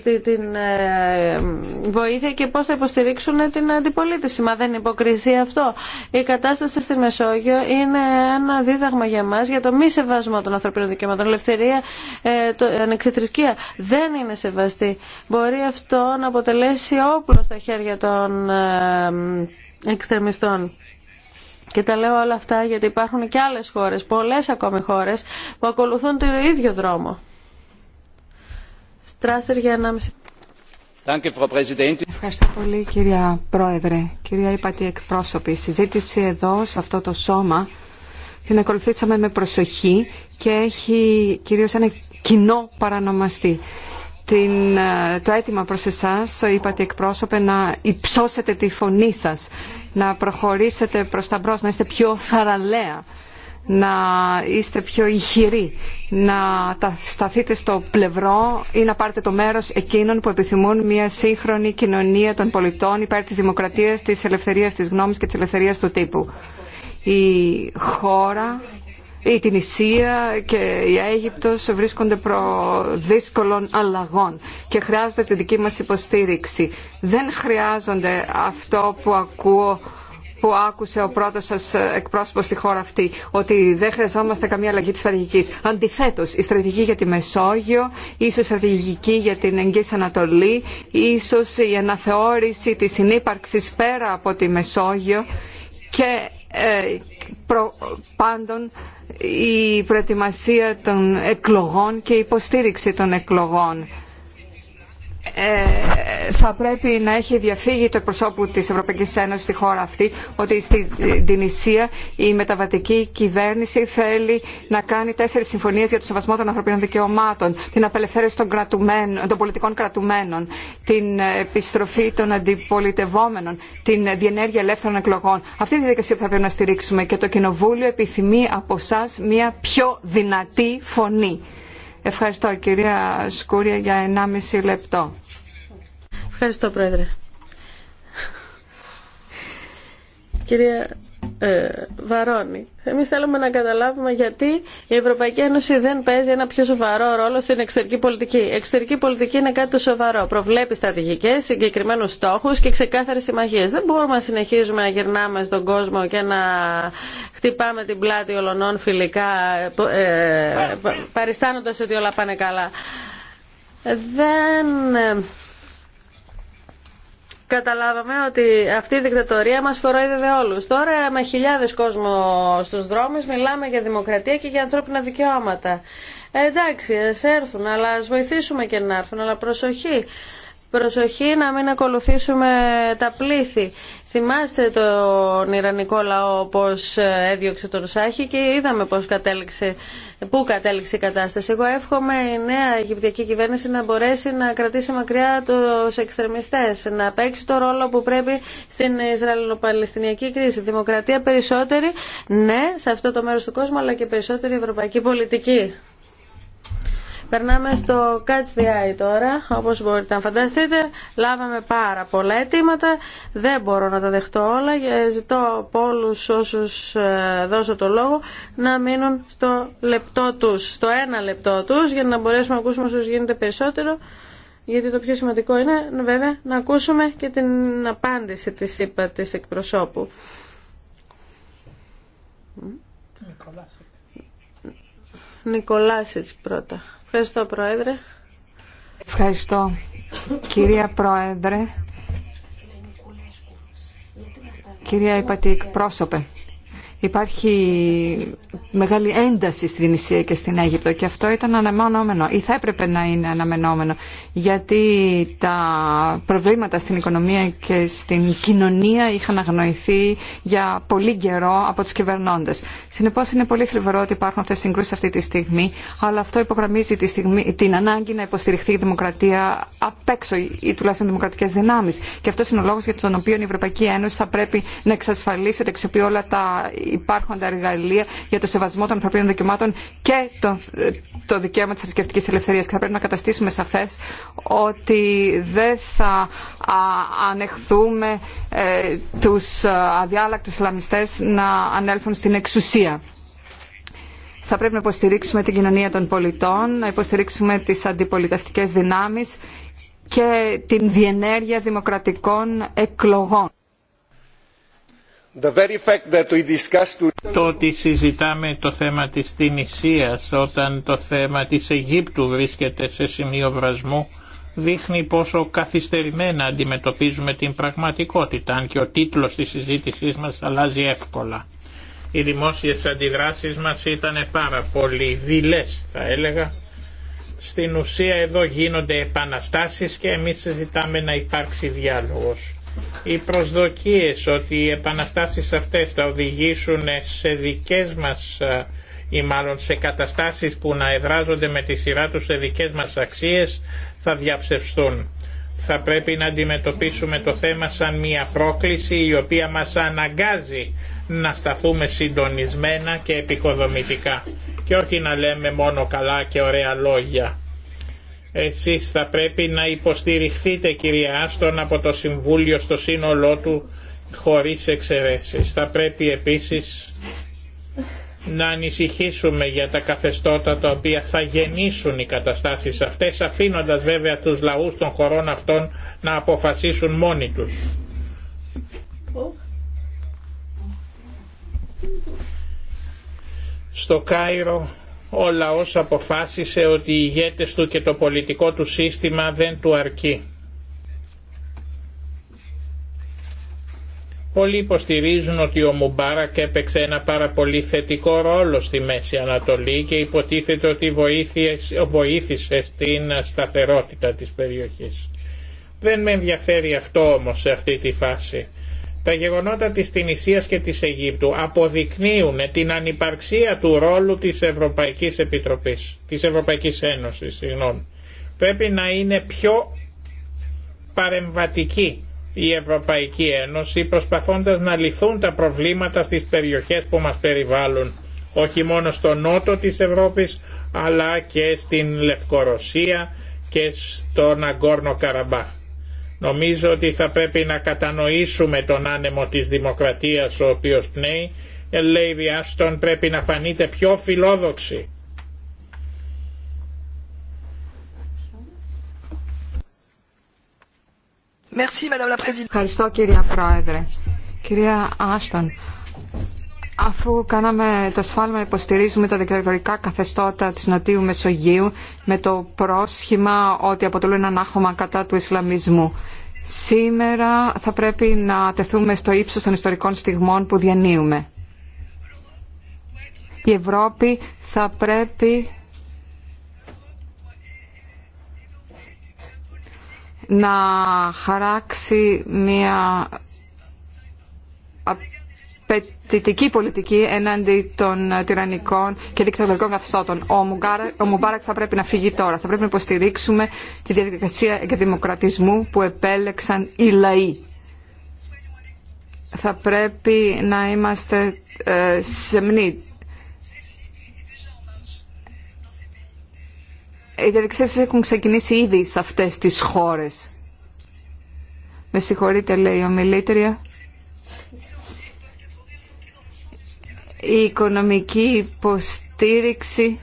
τη, την ε, βοήθεια και πώς θα υποστηρίξουν την αντιπολίτευση. Μα δεν είναι υποκρισία αυτό. Η κατάσταση στη Μεσόγειο είναι ένα δίδαγμα για μας για το μη σεβασμό των ανθρωπίνων δικαιωμάτων. Ελευθερία, ε, το, ανεξιθρησκεία δεν είναι σεβαστή. Μπορεί αυτό να αποτελέσει όπλο στα χέρια των ε, εξτρεμιστών. Και τα λέω όλα αυτά γιατί υπάρχουν και άλλες χώρες, πολλές ακόμη χώρες, που ακολουθούν
το ίδιο δρόμο. Ευχαριστώ πολύ κυρία Πρόεδρε. Κυρία Υπατή εκπρόσωπη, η συζήτηση εδώ σε αυτό το σώμα την ακολουθήσαμε με προσοχή και έχει κυρίως ένα κοινό παρανομαστή. Την, ε, το αίτημα προς εσάς, είπατε εκπρόσωπε, να υψώσετε τη φωνή σας, να προχωρήσετε προς τα μπρος, να είστε πιο θαραλέα να είστε πιο ηχηροί, να σταθείτε στο πλευρό ή να πάρετε το μέρος εκείνων που επιθυμούν μια σύγχρονη κοινωνία των πολιτών υπέρ της δημοκρατίας, της ελευθερίας της γνώμης και της ελευθερίας του τύπου. Η χώρα, η Τινησία και η Αίγυπτος βρίσκονται προ δύσκολων αλλαγών και χρειάζονται τη δική μας υποστήριξη. Δεν χρειάζονται αυτό που ακούω που άκουσε ο πρώτο σα εκπρόσωπο στη χώρα αυτή, ότι δεν χρειαζόμαστε καμία αλλαγή τη στρατηγική. Αντιθέτω, η στρατηγική για τη Μεσόγειο, ίσω η στρατηγική για την Εγγύη Ανατολή, ίσω η αναθεώρηση τη συνύπαρξη πέρα από τη Μεσόγειο και ε, πάντων η προετοιμασία των εκλογών και η υποστήριξη των εκλογών ε, θα πρέπει να έχει διαφύγει το εκπροσώπου της Ευρωπαϊκής Ένωσης στη χώρα αυτή ότι στην Ισία η μεταβατική κυβέρνηση θέλει να κάνει τέσσερις συμφωνίες για το σεβασμό των ανθρωπίνων δικαιωμάτων, την απελευθέρωση των, των πολιτικών κρατουμένων, την επιστροφή των αντιπολιτευόμενων, την διενέργεια ελεύθερων εκλογών. Αυτή είναι η διαδικασία που θα πρέπει να στηρίξουμε και το Κοινοβούλιο επιθυμεί από εσά μια πιο δυνατή φωνή. Ευχαριστώ κυρία Σκούρια για 1,5 λεπτό. Ευχαριστώ πρόεδρε. Κυρία
ε, βαρώνει. Εμείς θέλουμε να καταλάβουμε γιατί η Ευρωπαϊκή Ένωση δεν παίζει ένα πιο σοβαρό ρόλο στην εξωτερική πολιτική. Η εξωτερική πολιτική είναι κάτι το σοβαρό. Προβλέπει στρατηγικές, συγκεκριμένους στόχους και ξεκάθαρες συμμαχίες. Δεν μπορούμε να συνεχίζουμε να γυρνάμε στον κόσμο και να χτυπάμε την πλάτη ολονών φιλικά ε, ε, παριστάνοντας ότι όλα πάνε καλά. Δεν καταλάβαμε ότι αυτή η δικτατορία μας κοροϊδεύε όλους. Τώρα με χιλιάδες κόσμο στους δρόμους μιλάμε για δημοκρατία και για ανθρώπινα δικαιώματα. Ε, εντάξει, ας έρθουν, αλλά ας βοηθήσουμε και να έρθουν, αλλά προσοχή. Προσοχή να μην ακολουθήσουμε τα πλήθη. Θυμάστε τον Ιρανικό λαό πώς ε, έδιωξε τον Σάχη και είδαμε πώς κατέληξε, πού κατέληξε η κατάσταση. Εγώ εύχομαι η νέα Αιγυπτιακή κυβέρνηση να μπορέσει να κρατήσει μακριά τους εξτρεμιστές, να παίξει το ρόλο που πρέπει στην Ισραηλοπαλαιστινιακή κρίση. Δημοκρατία περισσότερη, ναι, σε αυτό το μέρος του κόσμου, αλλά και περισσότερη ευρωπαϊκή πολιτική. Περνάμε στο Catch the Eye τώρα, όπως μπορείτε να φανταστείτε. Λάβαμε πάρα πολλά αιτήματα, δεν μπορώ να τα δεχτώ όλα. Ζητώ από όλους όσους ε, δώσω το λόγο να μείνουν στο λεπτό τους, στο ένα λεπτό τους, για να μπορέσουμε να ακούσουμε όσους γίνεται περισσότερο. Γιατί το πιο σημαντικό είναι βέβαια να ακούσουμε και την απάντηση της είπα της εκπροσώπου. Νικολάσιτς πρώτα. Ευχαριστώ, Πρόεδρε.
Ευχαριστώ, κυρία Πρόεδρε. Κυρία Υπατή, πρόσωπε υπάρχει μεγάλη ένταση στην Ισία και στην Αίγυπτο και αυτό ήταν αναμενόμενο ή θα έπρεπε να είναι αναμενόμενο γιατί τα προβλήματα στην οικονομία και στην κοινωνία είχαν αγνοηθεί για πολύ καιρό από τους κυβερνώντες. Συνεπώς είναι πολύ θλιβερό ότι υπάρχουν αυτές τις συγκρούσεις αυτή τη στιγμή αλλά αυτό υπογραμμίζει τη στιγμή, την ανάγκη να υποστηριχθεί η δημοκρατία απ' έξω ή τουλάχιστον δημοκρατικές δυνάμεις και αυτό είναι ο λόγος για τον οποίο η Ευρωπαϊκή Ένωση θα πρέπει να εξασφαλίσει ότι όλα τα υπάρχοντα εργαλεία για το σεβασμό των ανθρωπίνων δικαιωμάτων και το, το δικαίωμα της θρησκευτική ελευθερίας. Και θα πρέπει να καταστήσουμε σαφές ότι δεν θα ανεχθούμε ε, τους ε, αδιάλακτους Ισλαμιστέ να ανέλθουν στην εξουσία. Θα πρέπει να υποστηρίξουμε την κοινωνία των πολιτών, να υποστηρίξουμε τις αντιπολιτευτικέ δυνάμεις και την διενέργεια δημοκρατικών εκλογών.
Το ότι συζητάμε το θέμα της Τινησίας όταν το θέμα της Αιγύπτου βρίσκεται σε σημείο βρασμού δείχνει πόσο καθυστερημένα αντιμετωπίζουμε την πραγματικότητα αν και ο τίτλος της συζήτησής μας αλλάζει εύκολα. Οι δημόσιες αντιδράσεις μας ήταν πάρα πολύ δειλές θα έλεγα. Στην ουσία εδώ γίνονται επαναστάσεις και εμείς συζητάμε να υπάρξει διάλογος. Οι προσδοκίες ότι οι επαναστάσεις αυτές θα οδηγήσουν σε δικές μας ε, ή μάλλον σε καταστάσεις που να εδράζονται με τη σειρά τους σε δικές μας αξίες θα διαψευστούν. Θα πρέπει να αντιμετωπίσουμε το θέμα σαν μια πρόκληση η οποία μας αναγκάζει να σταθούμε συντονισμένα και επικοδομητικά και όχι να λέμε μόνο καλά και ωραία λόγια. Εσείς θα πρέπει να υποστηριχθείτε κυρία Άστον από το Συμβούλιο στο σύνολό του χωρίς εξαιρέσεις. Θα πρέπει επίσης να ανησυχήσουμε για τα καθεστώτα τα οποία θα γεννήσουν οι καταστάσεις αυτές αφήνοντας βέβαια τους λαούς των χωρών αυτών να αποφασίσουν μόνοι τους. Στο Κάιρο ο λαός αποφάσισε ότι οι ηγέτες του και το πολιτικό του σύστημα δεν του αρκεί. Πολλοί υποστηρίζουν ότι ο Μουμπάρακ έπαιξε ένα πάρα πολύ θετικό ρόλο στη Μέση Ανατολή και υποτίθεται ότι βοήθησε στην σταθερότητα της περιοχής. Δεν με ενδιαφέρει αυτό όμως σε αυτή τη φάση. Τα γεγονότα της Τινησίας και της Αιγύπτου αποδεικνύουν την ανυπαρξία του ρόλου της Ευρωπαϊκής Επιτροπής, της Ευρωπαϊκής Ένωσης, συγγνώμη. Πρέπει να είναι πιο παρεμβατική η Ευρωπαϊκή Ένωση προσπαθώντας να λυθούν τα προβλήματα στις περιοχές που μας περιβάλλουν όχι μόνο στο νότο της Ευρώπης αλλά και στην Λευκορωσία και στον Αγκόρνο Καραμπάχ. Νομίζω ότι θα πρέπει να κατανοήσουμε τον άνεμο της δημοκρατίας ο οποίος πνέει. Λέει Άστον πρέπει να φανείτε πιο φιλόδοξη.
Ευχαριστώ κυρία Πρόεδρε. Κυρία Άστον, Αφού κάναμε το σφάλμα να υποστηρίζουμε τα δικτατορικά καθεστώτα της Νοτιού Μεσογείου με το πρόσχημα ότι αποτελούν έναν άχωμα κατά του Ισλαμισμού. Σήμερα θα πρέπει να τεθούμε στο ύψος των ιστορικών στιγμών που διανύουμε. Η Ευρώπη θα πρέπει να χαράξει μια απαιτητική πολιτική εναντί των τυραννικών και δικτατορικών καθεστώτων. Ο Μουμπάρακ θα πρέπει να φύγει τώρα. Θα πρέπει να υποστηρίξουμε τη διαδικασία δημοκρατισμού που επέλεξαν οι λαοί. Θα πρέπει να είμαστε ε, σεμνοί. Οι διαδικασίες έχουν ξεκινήσει ήδη σε αυτές τις χώρες. Με συγχωρείτε λέει η ομιλήτρια. η οικονομική υποστήριξη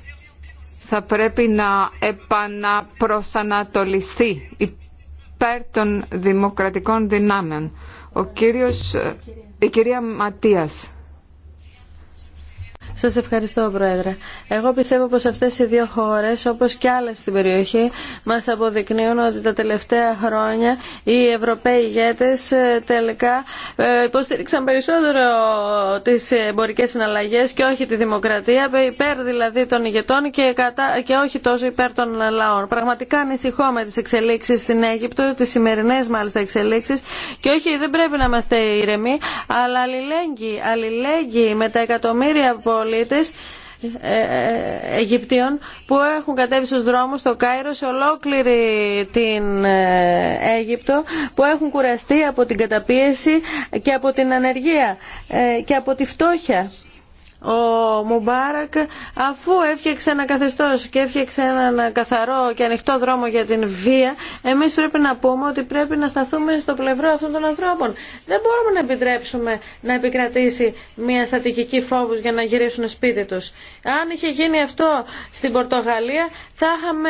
θα πρέπει να επαναπροσανατολιστεί υπέρ των δημοκρατικών δυνάμεων. Ο κύριος, η κυρία Ματίας. Σα ευχαριστώ, Πρόεδρε. Εγώ πιστεύω πω αυτέ οι δύο
χώρε, όπω και άλλε στην περιοχή, μα αποδεικνύουν ότι τα τελευταία χρόνια οι Ευρωπαίοι ηγέτε ε, τελικά ε, υποστήριξαν περισσότερο τι εμπορικέ συναλλαγέ και όχι τη δημοκρατία, υπέρ δηλαδή των ηγετών και, κατά, και όχι τόσο υπέρ των λαών. Πραγματικά ανησυχώ με τι εξελίξει στην Αίγυπτο, τι σημερινέ μάλιστα εξελίξει και όχι δεν πρέπει να είμαστε ηρεμοί, αλλά αλληλέγγυοι, αλληλέγγυοι με τα εκατομμύρια πολίτες ε, ε, Αιγυπτίων που έχουν κατέβει στους δρόμους στο Κάιρο σε ολόκληρη την ε, Αίγυπτο που έχουν κουραστεί από την καταπίεση και από την ανεργία και από τη φτώχεια ο Μουμπάρακ αφού έφτιαξε ένα καθεστώς και έφτιαξε έναν καθαρό και ανοιχτό δρόμο για την βία εμείς πρέπει να πούμε ότι πρέπει να σταθούμε στο πλευρό αυτών των ανθρώπων δεν μπορούμε να επιτρέψουμε να επικρατήσει μια στατικική φόβους για να γυρίσουν σπίτι τους αν είχε γίνει αυτό στην Πορτογαλία θα είχαμε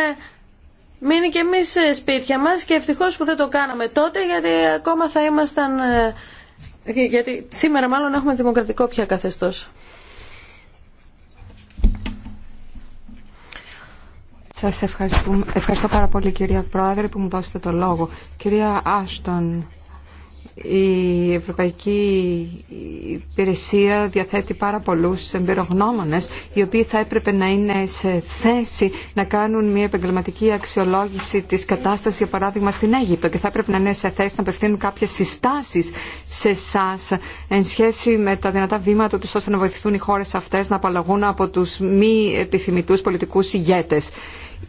μείνει και εμείς σπίτια μας και ευτυχώς που δεν το κάναμε τότε γιατί ακόμα θα ήμασταν ε, γιατί σήμερα μάλλον έχουμε δημοκρατικό
πια καθεστώς. Σας ευχαριστώ πάρα πολύ κυρία Πρόεδρε που μου δώσετε το λόγο. Κυρία Άστον, η Ευρωπαϊκή Υπηρεσία διαθέτει πάρα πολλούς εμπειρογνώμονες οι οποίοι θα έπρεπε να είναι σε θέση να κάνουν μια επαγγελματική αξιολόγηση της κατάστασης για παράδειγμα στην Αίγυπτο και θα έπρεπε να είναι σε θέση να απευθύνουν κάποιες συστάσεις σε εσά εν σχέση με τα δυνατά βήματα τους ώστε να βοηθηθούν οι χώρες αυτές να απαλλαγούν από τους μη επιθυμητούς πολιτικούς ηγέτες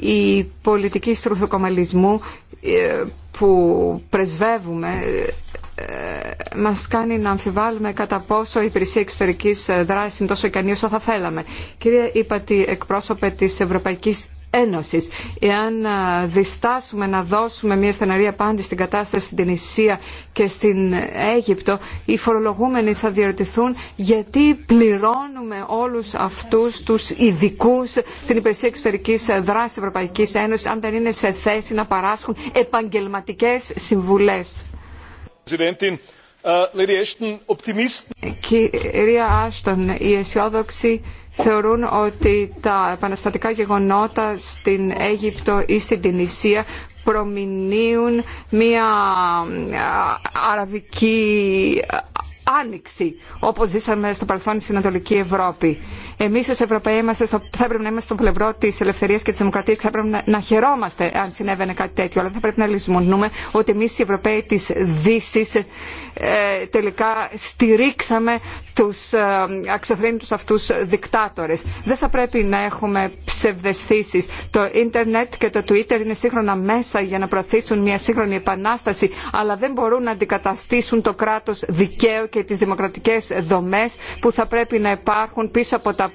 η πολιτική στρουθοκομαλισμού ε, που πρεσβεύουμε ε, ε, μας κάνει να αμφιβάλλουμε κατά πόσο η υπηρεσία εξωτερικής δράσης είναι τόσο ικανή όσο θα θέλαμε. Κυρία Ήπατη, εκπρόσωπε της Ευρωπαϊκής Εάν διστάσουμε να δώσουμε μια στεναρή απάντηση στην κατάσταση στην Ισία και στην Αίγυπτο, οι φορολογούμενοι θα διαρωτηθούν γιατί πληρώνουμε όλους αυτούς τους ειδικού στην υπηρεσία εξωτερική δράση Ευρωπαϊκή Ένωση, αν δεν είναι σε θέση να παράσχουν επαγγελματικέ συμβουλές.
Uh,
Κυρία Άστον, οι αισιόδοξοι θεωρούν ότι τα επαναστατικά γεγονότα στην Αίγυπτο ή στην Τινησία προμηνύουν μια αραβική άνοιξη όπως ζήσαμε στο παρελθόν στην Ανατολική Ευρώπη. Εμείς ως Ευρωπαίοι στο, θα έπρεπε να είμαστε στο πλευρό της ελευθερίας και της δημοκρατίας και θα έπρεπε να, να χαιρόμαστε αν συνέβαινε κάτι τέτοιο. Αλλά θα πρέπει να λησμονούμε ότι εμείς οι Ευρωπαίοι της Δύσης ε, τελικά στηρίξαμε τους ε, αξιοθρύνητους αυτούς δικτάτορες. Δεν θα πρέπει να έχουμε ψευδεστήσεις. Το ίντερνετ και το Twitter είναι σύγχρονα μέσα για να προωθήσουν μια σύγχρονη επανάσταση αλλά δεν μπορούν να αντικαταστήσουν το κράτος δικαίου και και τις δημοκρατικές δομές που θα πρέπει να υπάρχουν πίσω από τα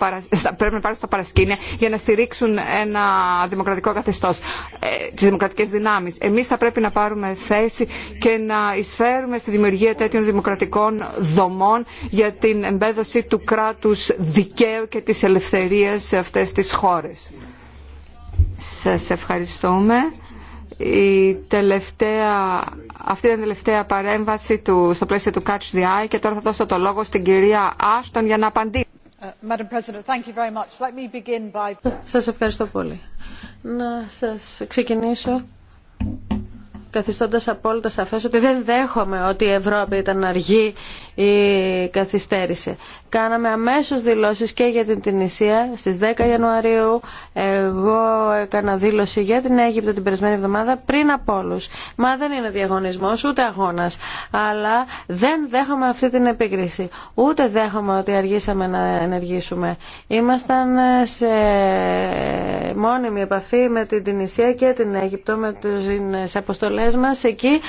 πρέπει να στα παρασκήνια για να στηρίξουν ένα δημοκρατικό καθεστώς, ε, τις δημοκρατικές δυνάμεις. Εμείς θα πρέπει να πάρουμε θέση και να εισφέρουμε στη δημιουργία τέτοιων δημοκρατικών δομών για την εμπέδωση του κράτους δικαίου και της ελευθερίας σε αυτές τις χώρες. Σας ευχαριστούμε η τελευταία, αυτή ήταν η τελευταία παρέμβαση του, στο πλαίσιο του Catch the Eye και τώρα θα δώσω το λόγο στην κυρία Άστον για να απαντήσει. Σας ευχαριστώ πολύ.
Να σας ξεκινήσω Καθιστώντα απόλυτα σαφές ότι δεν δέχομαι ότι η Ευρώπη ήταν αργή ή καθυστέρησε. Κάναμε αμέσω δηλώσεις και για την Τινησία στις 10 Ιανουαρίου. Εγώ έκανα δήλωση για την Αίγυπτο την περασμένη εβδομάδα πριν από όλου. Μα δεν είναι διαγωνισμός ούτε αγώνας. Αλλά δεν δέχομαι αυτή την επίκριση. Ούτε δέχομαι ότι αργήσαμε να ενεργήσουμε. Ήμασταν σε μόνιμη επαφή με την Τινησία και την Αίγυπτο με αποστολέ γραμμές μας εκεί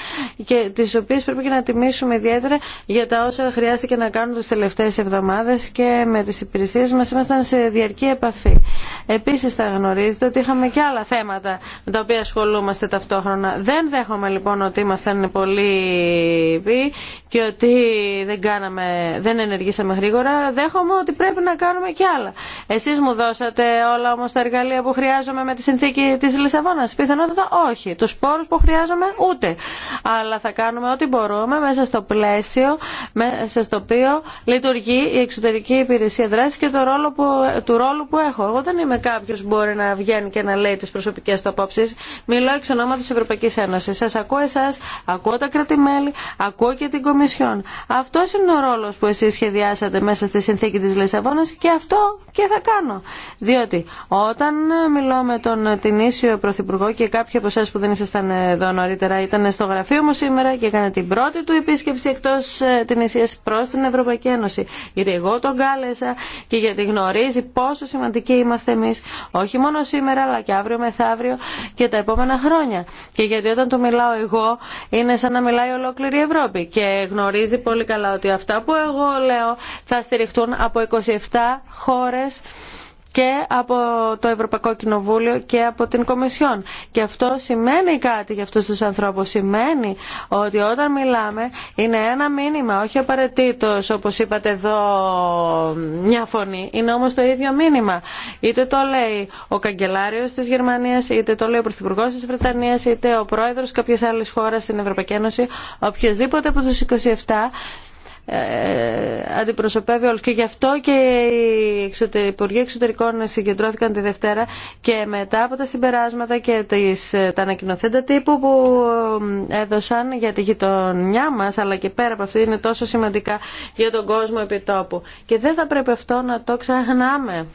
και τις οποίες πρέπει και να τιμήσουμε ιδιαίτερα για τα όσα χρειάστηκε να κάνουν τις τελευταίες εβδομάδες και με τις υπηρεσίες μας ήμασταν σε διαρκή επαφή. Επίσης θα γνωρίζετε ότι είχαμε και άλλα θέματα με τα οποία ασχολούμαστε ταυτόχρονα. Δεν δέχομαι λοιπόν ότι ήμασταν πολύ ποιοι και ότι δεν, κάναμε, δεν ενεργήσαμε γρήγορα. Δέχομαι ότι πρέπει να κάνουμε και άλλα. Εσείς μου δώσατε όλα όμως τα εργαλεία που χρειάζομαι με τη συνθήκη της Λισαβόνας. Πιθανότατα όχι. Τους πόρους που χρειάζομαι ούτε. Αλλά θα κάνουμε ό,τι μπορούμε μέσα στο πλαίσιο μέσα στο οποίο λειτουργεί η εξωτερική υπηρεσία δράση και του ρόλου που έχω. Εγώ δεν είμαι κάποιο που μπορεί να βγαίνει και να λέει τι προσωπικέ του απόψει. Μιλώ εξ ονόματο τη Ευρωπαϊκή Ένωση. Σα ακούω εσά, ακούω τα κρατημέλη, ακούω και την Κομισιόν. Αυτό είναι ο ρόλο που εσεί σχεδιάσατε μέσα στη συνθήκη τη Λισαβόνα και αυτό και θα κάνω. Διότι όταν μιλώ με τον Τινήσιο Πρωθυπουργό και κάποιοι από εσά που δεν ήσασταν εδώ νωρίτερα, ήταν στο γραφείο μου σήμερα και έκανε την πρώτη του επίσκεψη εκτός ε, την Ισία προς την Ευρωπαϊκή Ένωση. Γιατί εγώ τον κάλεσα και γιατί γνωρίζει πόσο σημαντικοί είμαστε εμείς, όχι μόνο σήμερα αλλά και αύριο μεθαύριο και τα επόμενα χρόνια. Και γιατί όταν του μιλάω εγώ είναι σαν να μιλάει ολόκληρη η Ευρώπη και γνωρίζει πολύ καλά ότι αυτά που εγώ λέω θα στηριχτούν από 27 χώρε και από το Ευρωπαϊκό Κοινοβούλιο και από την Κομισιόν. Και αυτό σημαίνει κάτι για αυτούς τους ανθρώπους. Σημαίνει ότι όταν μιλάμε είναι ένα μήνυμα, όχι απαραίτητο όπως είπατε εδώ μια φωνή. Είναι όμως το ίδιο μήνυμα. Είτε το λέει ο καγκελάριος της Γερμανίας, είτε το λέει ο Πρωθυπουργός της Βρετανίας, είτε ο πρόεδρος κάποιες άλλες χώρες στην Ευρωπαϊκή Ένωση, οποιοδήποτε από τους 27 ε, αντιπροσωπεύει όλους. Και γι' αυτό και οι Υπουργοί Εξωτερικών συγκεντρώθηκαν τη Δευτέρα και μετά από τα συμπεράσματα και τις, τα ανακοινοθέντα τύπου που έδωσαν για τη γειτονιά μας αλλά και πέρα από αυτή είναι τόσο σημαντικά για τον κόσμο επιτόπου. Και δεν θα πρέπει αυτό να το ξεχνάμε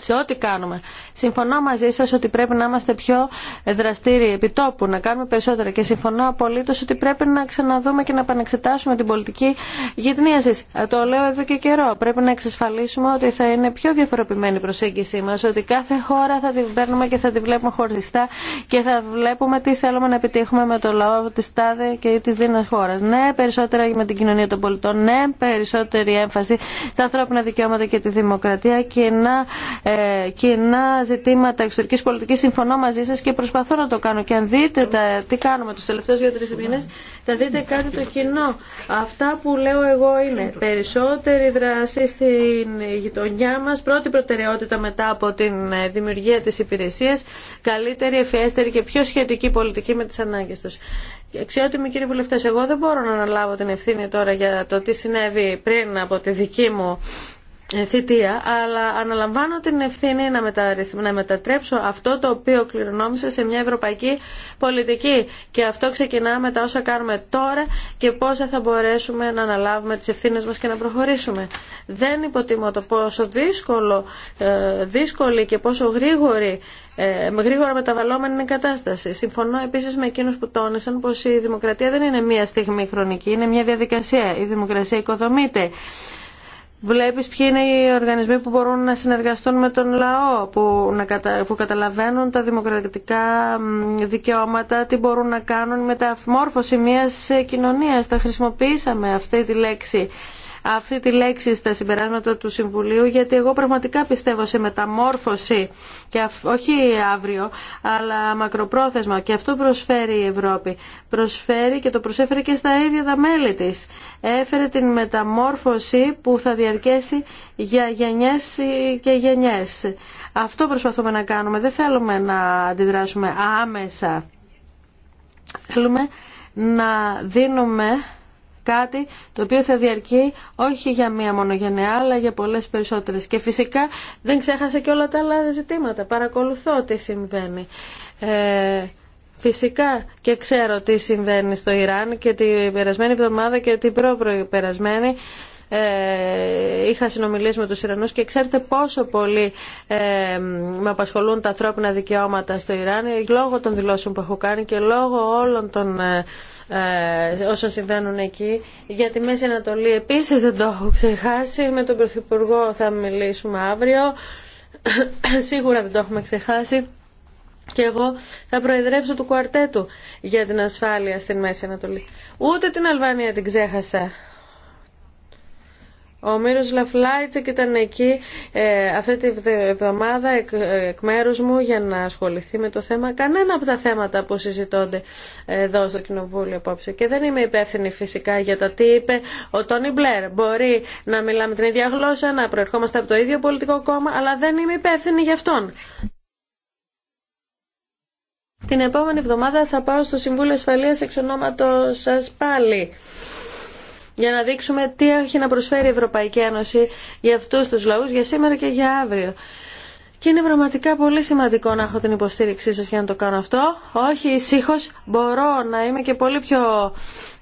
σε ό,τι κάνουμε. Συμφωνώ μαζί σα ότι πρέπει να είμαστε πιο δραστήριοι επιτόπου, να κάνουμε περισσότερα και συμφωνώ απολύτω ότι πρέπει να ξαναδούμε και να επανεξετάσουμε την πολιτική γυτνίασης. Το λέω εδώ και καιρό. Πρέπει να εξασφαλίσουμε ότι θα είναι πιο διαφοροποιημένη η προσέγγιση μα, ότι κάθε χώρα θα την παίρνουμε και θα την βλέπουμε χωριστά και θα βλέπουμε τι θέλουμε να επιτύχουμε με το λαό τη τάδε και τη δύνας χώρα. Ναι, περισσότερα με την κοινωνία των πολιτών, ναι, περισσότερη έμφαση στα ανθρώπινα δικαιώματα και τη δημοκρατία και να ε, ε, κοινά ζητήματα εξωτερική πολιτική συμφωνώ μαζί σα και προσπαθώ να το κάνω και αν δείτε τι κάνουμε του τελευταιου δυο τρει μήνε, θα δείτε κάτι το κοινό αυτά που λέω εγώ είναι περισσότερη δράση στην γειτονιά μα πρώτη προτεραιότητα μετά από την ε, δημιουργία τη Υπηρεσία. καλύτερη, ευφιέστερη και πιο σχετική πολιτική με τις ανάγκες τους Αξιότιμοι κύριε βουλευτέ, εγώ δεν μπορώ να αναλάβω την ευθύνη τώρα για το τι συνέβη πριν από τη δική μου ε, θητεία, αλλά αναλαμβάνω την ευθύνη να, να μετατρέψω αυτό το οποίο κληρονόμησα σε μια ευρωπαϊκή πολιτική. Και αυτό ξεκινά με τα όσα κάνουμε τώρα και πόσα θα μπορέσουμε να αναλάβουμε τις ευθύνες μας και να προχωρήσουμε. Δεν υποτιμώ το πόσο δύσκολο, ε, δύσκολη και πόσο γρήγορη ε, με γρήγορα μεταβαλλόμενη είναι η κατάσταση. Συμφωνώ επίσης με εκείνου που τόνισαν πως η δημοκρατία δεν είναι μία στιγμή χρονική, είναι μία διαδικασία. Η δημοκρασία οικοδομείται βλέπεις ποιοι είναι οι οργανισμοί που μπορούν να συνεργαστούν με τον λαό, που, να κατα... που καταλαβαίνουν τα δημοκρατικά δικαιώματα, τι μπορούν να κάνουν με τα μόρφωση μιας ε, κοινωνίας. Τα χρησιμοποίησαμε αυτή τη λέξη αυτή τη λέξη στα συμπεράσματα του Συμβουλίου γιατί εγώ πραγματικά πιστεύω σε μεταμόρφωση και όχι αύριο αλλά μακροπρόθεσμα και αυτό προσφέρει η Ευρώπη. Προσφέρει και το προσέφερε και στα ίδια τα μέλη της. Έφερε την μεταμόρφωση που θα διαρκέσει για γενιές και γενιές. Αυτό προσπαθούμε να κάνουμε. Δεν θέλουμε να αντιδράσουμε άμεσα. Θέλουμε να δίνουμε κάτι το οποίο θα διαρκεί όχι για μία μονογενεά αλλά για πολλές περισσότερες. Και φυσικά δεν ξέχασα και όλα τα άλλα ζητήματα. Παρακολουθώ τι συμβαίνει. Ε, Φυσικά και ξέρω τι συμβαίνει στο Ιράν και την περασμένη εβδομάδα και την προπερασμένη ε, είχα συνομιλήσει με τους Ιρανούς και ξέρετε πόσο πολύ ε, με απασχολούν τα ανθρώπινα δικαιώματα στο Ιράν λόγω των δηλώσεων που έχω κάνει και λόγω όλων των ε, ε, όσων συμβαίνουν εκεί. Για τη Μέση Ανατολή επίσης δεν το έχω ξεχάσει. Με τον Πρωθυπουργό θα μιλήσουμε αύριο. Σίγουρα δεν το έχουμε ξεχάσει. Και εγώ θα προεδρεύσω του κουαρτέτου για την ασφάλεια στην Μέση Ανατολή. Ούτε την Αλβανία την ξέχασα. Ο Μύρος Λαφλάιτσεκ ήταν εκεί ε, αυτή τη εβδομάδα εκ, εκ μέρου μου για να ασχοληθεί με το θέμα. Κανένα από τα θέματα που συζητώνται εδώ στο Κοινοβούλιο απόψε. Και δεν είμαι υπεύθυνη φυσικά για τα τι είπε ο Τόνι Μπλερ. Μπορεί να μιλάμε την ίδια γλώσσα, να προερχόμαστε από το ίδιο πολιτικό κόμμα, αλλά δεν είμαι υπεύθυνη για αυτόν. Την επόμενη εβδομάδα θα πάω στο Συμβούλιο Ασφαλείας εξ ονόματος σας πάλι για να δείξουμε τι έχει να προσφέρει η Ευρωπαϊκή Ένωση για αυτούς τους λαούς για σήμερα και για αύριο. Και είναι πραγματικά πολύ σημαντικό να έχω την υποστήριξή σας για να το κάνω αυτό. Όχι, ησύχω μπορώ να είμαι και πολύ πιο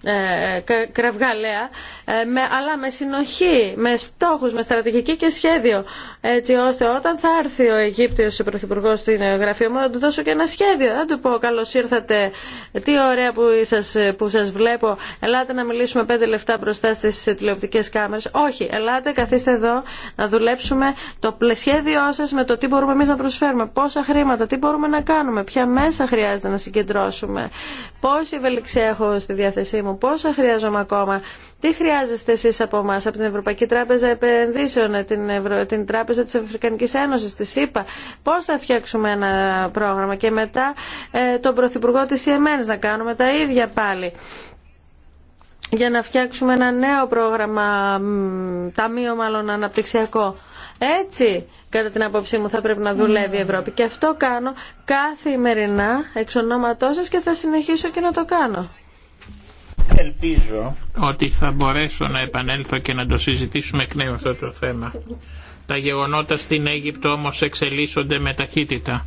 ε, κραυγαλαία, ε, με, αλλά με συνοχή, με στόχους, με στρατηγική και σχέδιο. Έτσι ώστε όταν θα έρθει ο Αιγύπτιος Πρωθυπουργό στην γραφείο μου, να του δώσω και ένα σχέδιο. Δεν του πω καλώ ήρθατε, τι ωραία που σας, που σας βλέπω, ελάτε να μιλήσουμε πέντε λεφτά μπροστά στις τηλεοπτικές κάμερες. Όχι, ελάτε, καθίστε εδώ να δουλέψουμε το σχέδιό σας με το τι μπορούμε εμείς να προσφέρουμε, πόσα χρήματα, τι μπορούμε να κάνουμε, ποια μέσα χρειάζεται να συγκεντρώσουμε, πόση ευελιξία έχω στη διάθεσή μου, πόσα χρειάζομαι ακόμα, τι χρειάζεστε εσείς από εμά, από την Ευρωπαϊκή Τράπεζα Επενδύσεων, την, την Τράπεζα της Αφρικανικής Ένωσης, τη ΣΥΠΑ, πώς θα φτιάξουμε ένα πρόγραμμα και μετά ε, τον Πρωθυπουργό της ΕΜΕΝΣ να κάνουμε τα ίδια πάλι για να φτιάξουμε ένα νέο πρόγραμμα, ταμείο μάλλον αναπτυξιακό. Έτσι, κατά την άποψή μου, θα πρέπει να δουλεύει η Ευρώπη. Και αυτό κάνω καθημερινά εξ ονόματός σας και θα συνεχίσω και να το κάνω.
Ελπίζω ότι θα μπορέσω να επανέλθω και να το συζητήσουμε εκ νέου αυτό το θέμα. Τα γεγονότα στην Αίγυπτο όμως εξελίσσονται με ταχύτητα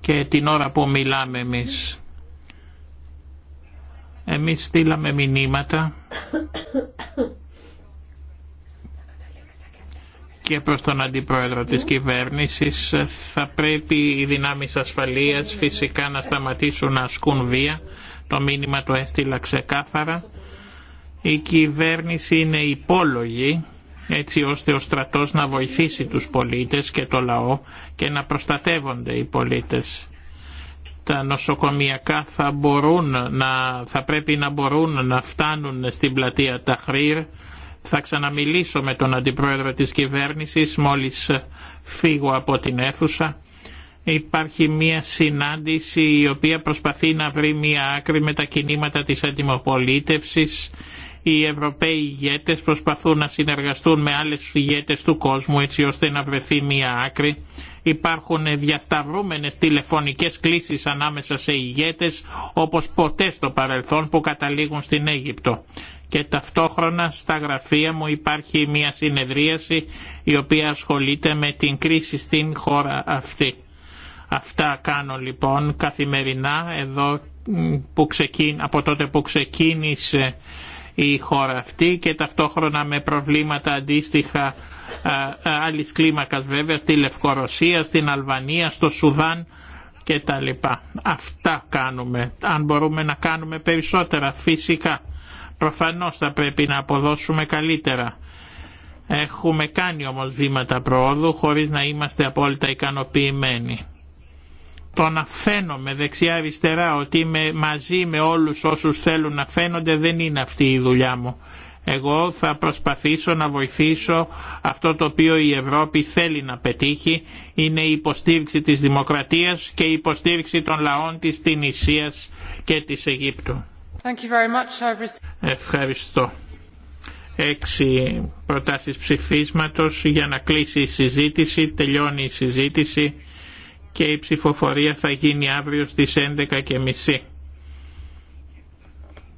και την ώρα που μιλάμε εμείς. Εμείς στείλαμε μηνύματα και προς τον Αντιπρόεδρο της ναι. Κυβέρνησης θα πρέπει οι δυνάμεις ασφαλείας ναι. φυσικά να σταματήσουν να ασκούν βία. Το μήνυμα το έστειλα ξεκάθαρα. Η κυβέρνηση είναι υπόλογη έτσι ώστε ο στρατός να βοηθήσει τους πολίτες και το λαό και να προστατεύονται οι πολίτες. Τα νοσοκομιακά θα, μπορούν να, θα πρέπει να μπορούν να φτάνουν στην πλατεία Ταχρήρ θα ξαναμιλήσω με τον αντιπρόεδρο της κυβέρνησης μόλις φύγω από την αίθουσα. Υπάρχει μια συνάντηση η οποία προσπαθεί να βρει μια άκρη με τα κινήματα της αντιμοπολίτευσης. Οι Ευρωπαίοι ηγέτες προσπαθούν να συνεργαστούν με άλλες ηγέτες του κόσμου έτσι ώστε να βρεθεί μια άκρη. Υπάρχουν διασταυρούμενες τηλεφωνικές κλήσεις ανάμεσα σε ηγέτες όπως ποτέ στο παρελθόν που καταλήγουν στην Αίγυπτο και ταυτόχρονα στα γραφεία μου υπάρχει μια συνεδρίαση η οποία ασχολείται με την κρίση στην χώρα αυτή. Αυτά κάνω λοιπόν καθημερινά εδώ από τότε που ξεκίνησε η χώρα αυτή και ταυτόχρονα με προβλήματα αντίστοιχα άλλη κλίμακας βέβαια στη Λευκορωσία, στην Αλβανία, στο Σουδάν και τα λοιπά. Αυτά κάνουμε. Αν μπορούμε να κάνουμε περισσότερα φυσικά. Προφανώς θα πρέπει να αποδώσουμε καλύτερα. Έχουμε κάνει όμως βήματα προόδου χωρίς να είμαστε απόλυτα ικανοποιημένοι. Το να φαίνομαι δεξιά-αριστερά ότι είμαι μαζί με όλους όσους θέλουν να φαίνονται δεν είναι αυτή η δουλειά μου. Εγώ θα προσπαθήσω να βοηθήσω αυτό το οποίο η Ευρώπη θέλει να πετύχει είναι η υποστήριξη της δημοκρατίας και η υποστήριξη των λαών της Τινησίας και της Αιγύπτου. Ευχαριστώ. Έξι προτάσεις ψηφίσματος για να κλείσει η συζήτηση, τελειώνει η συζήτηση
και η ψηφοφορία θα γίνει αύριο στις 11.30.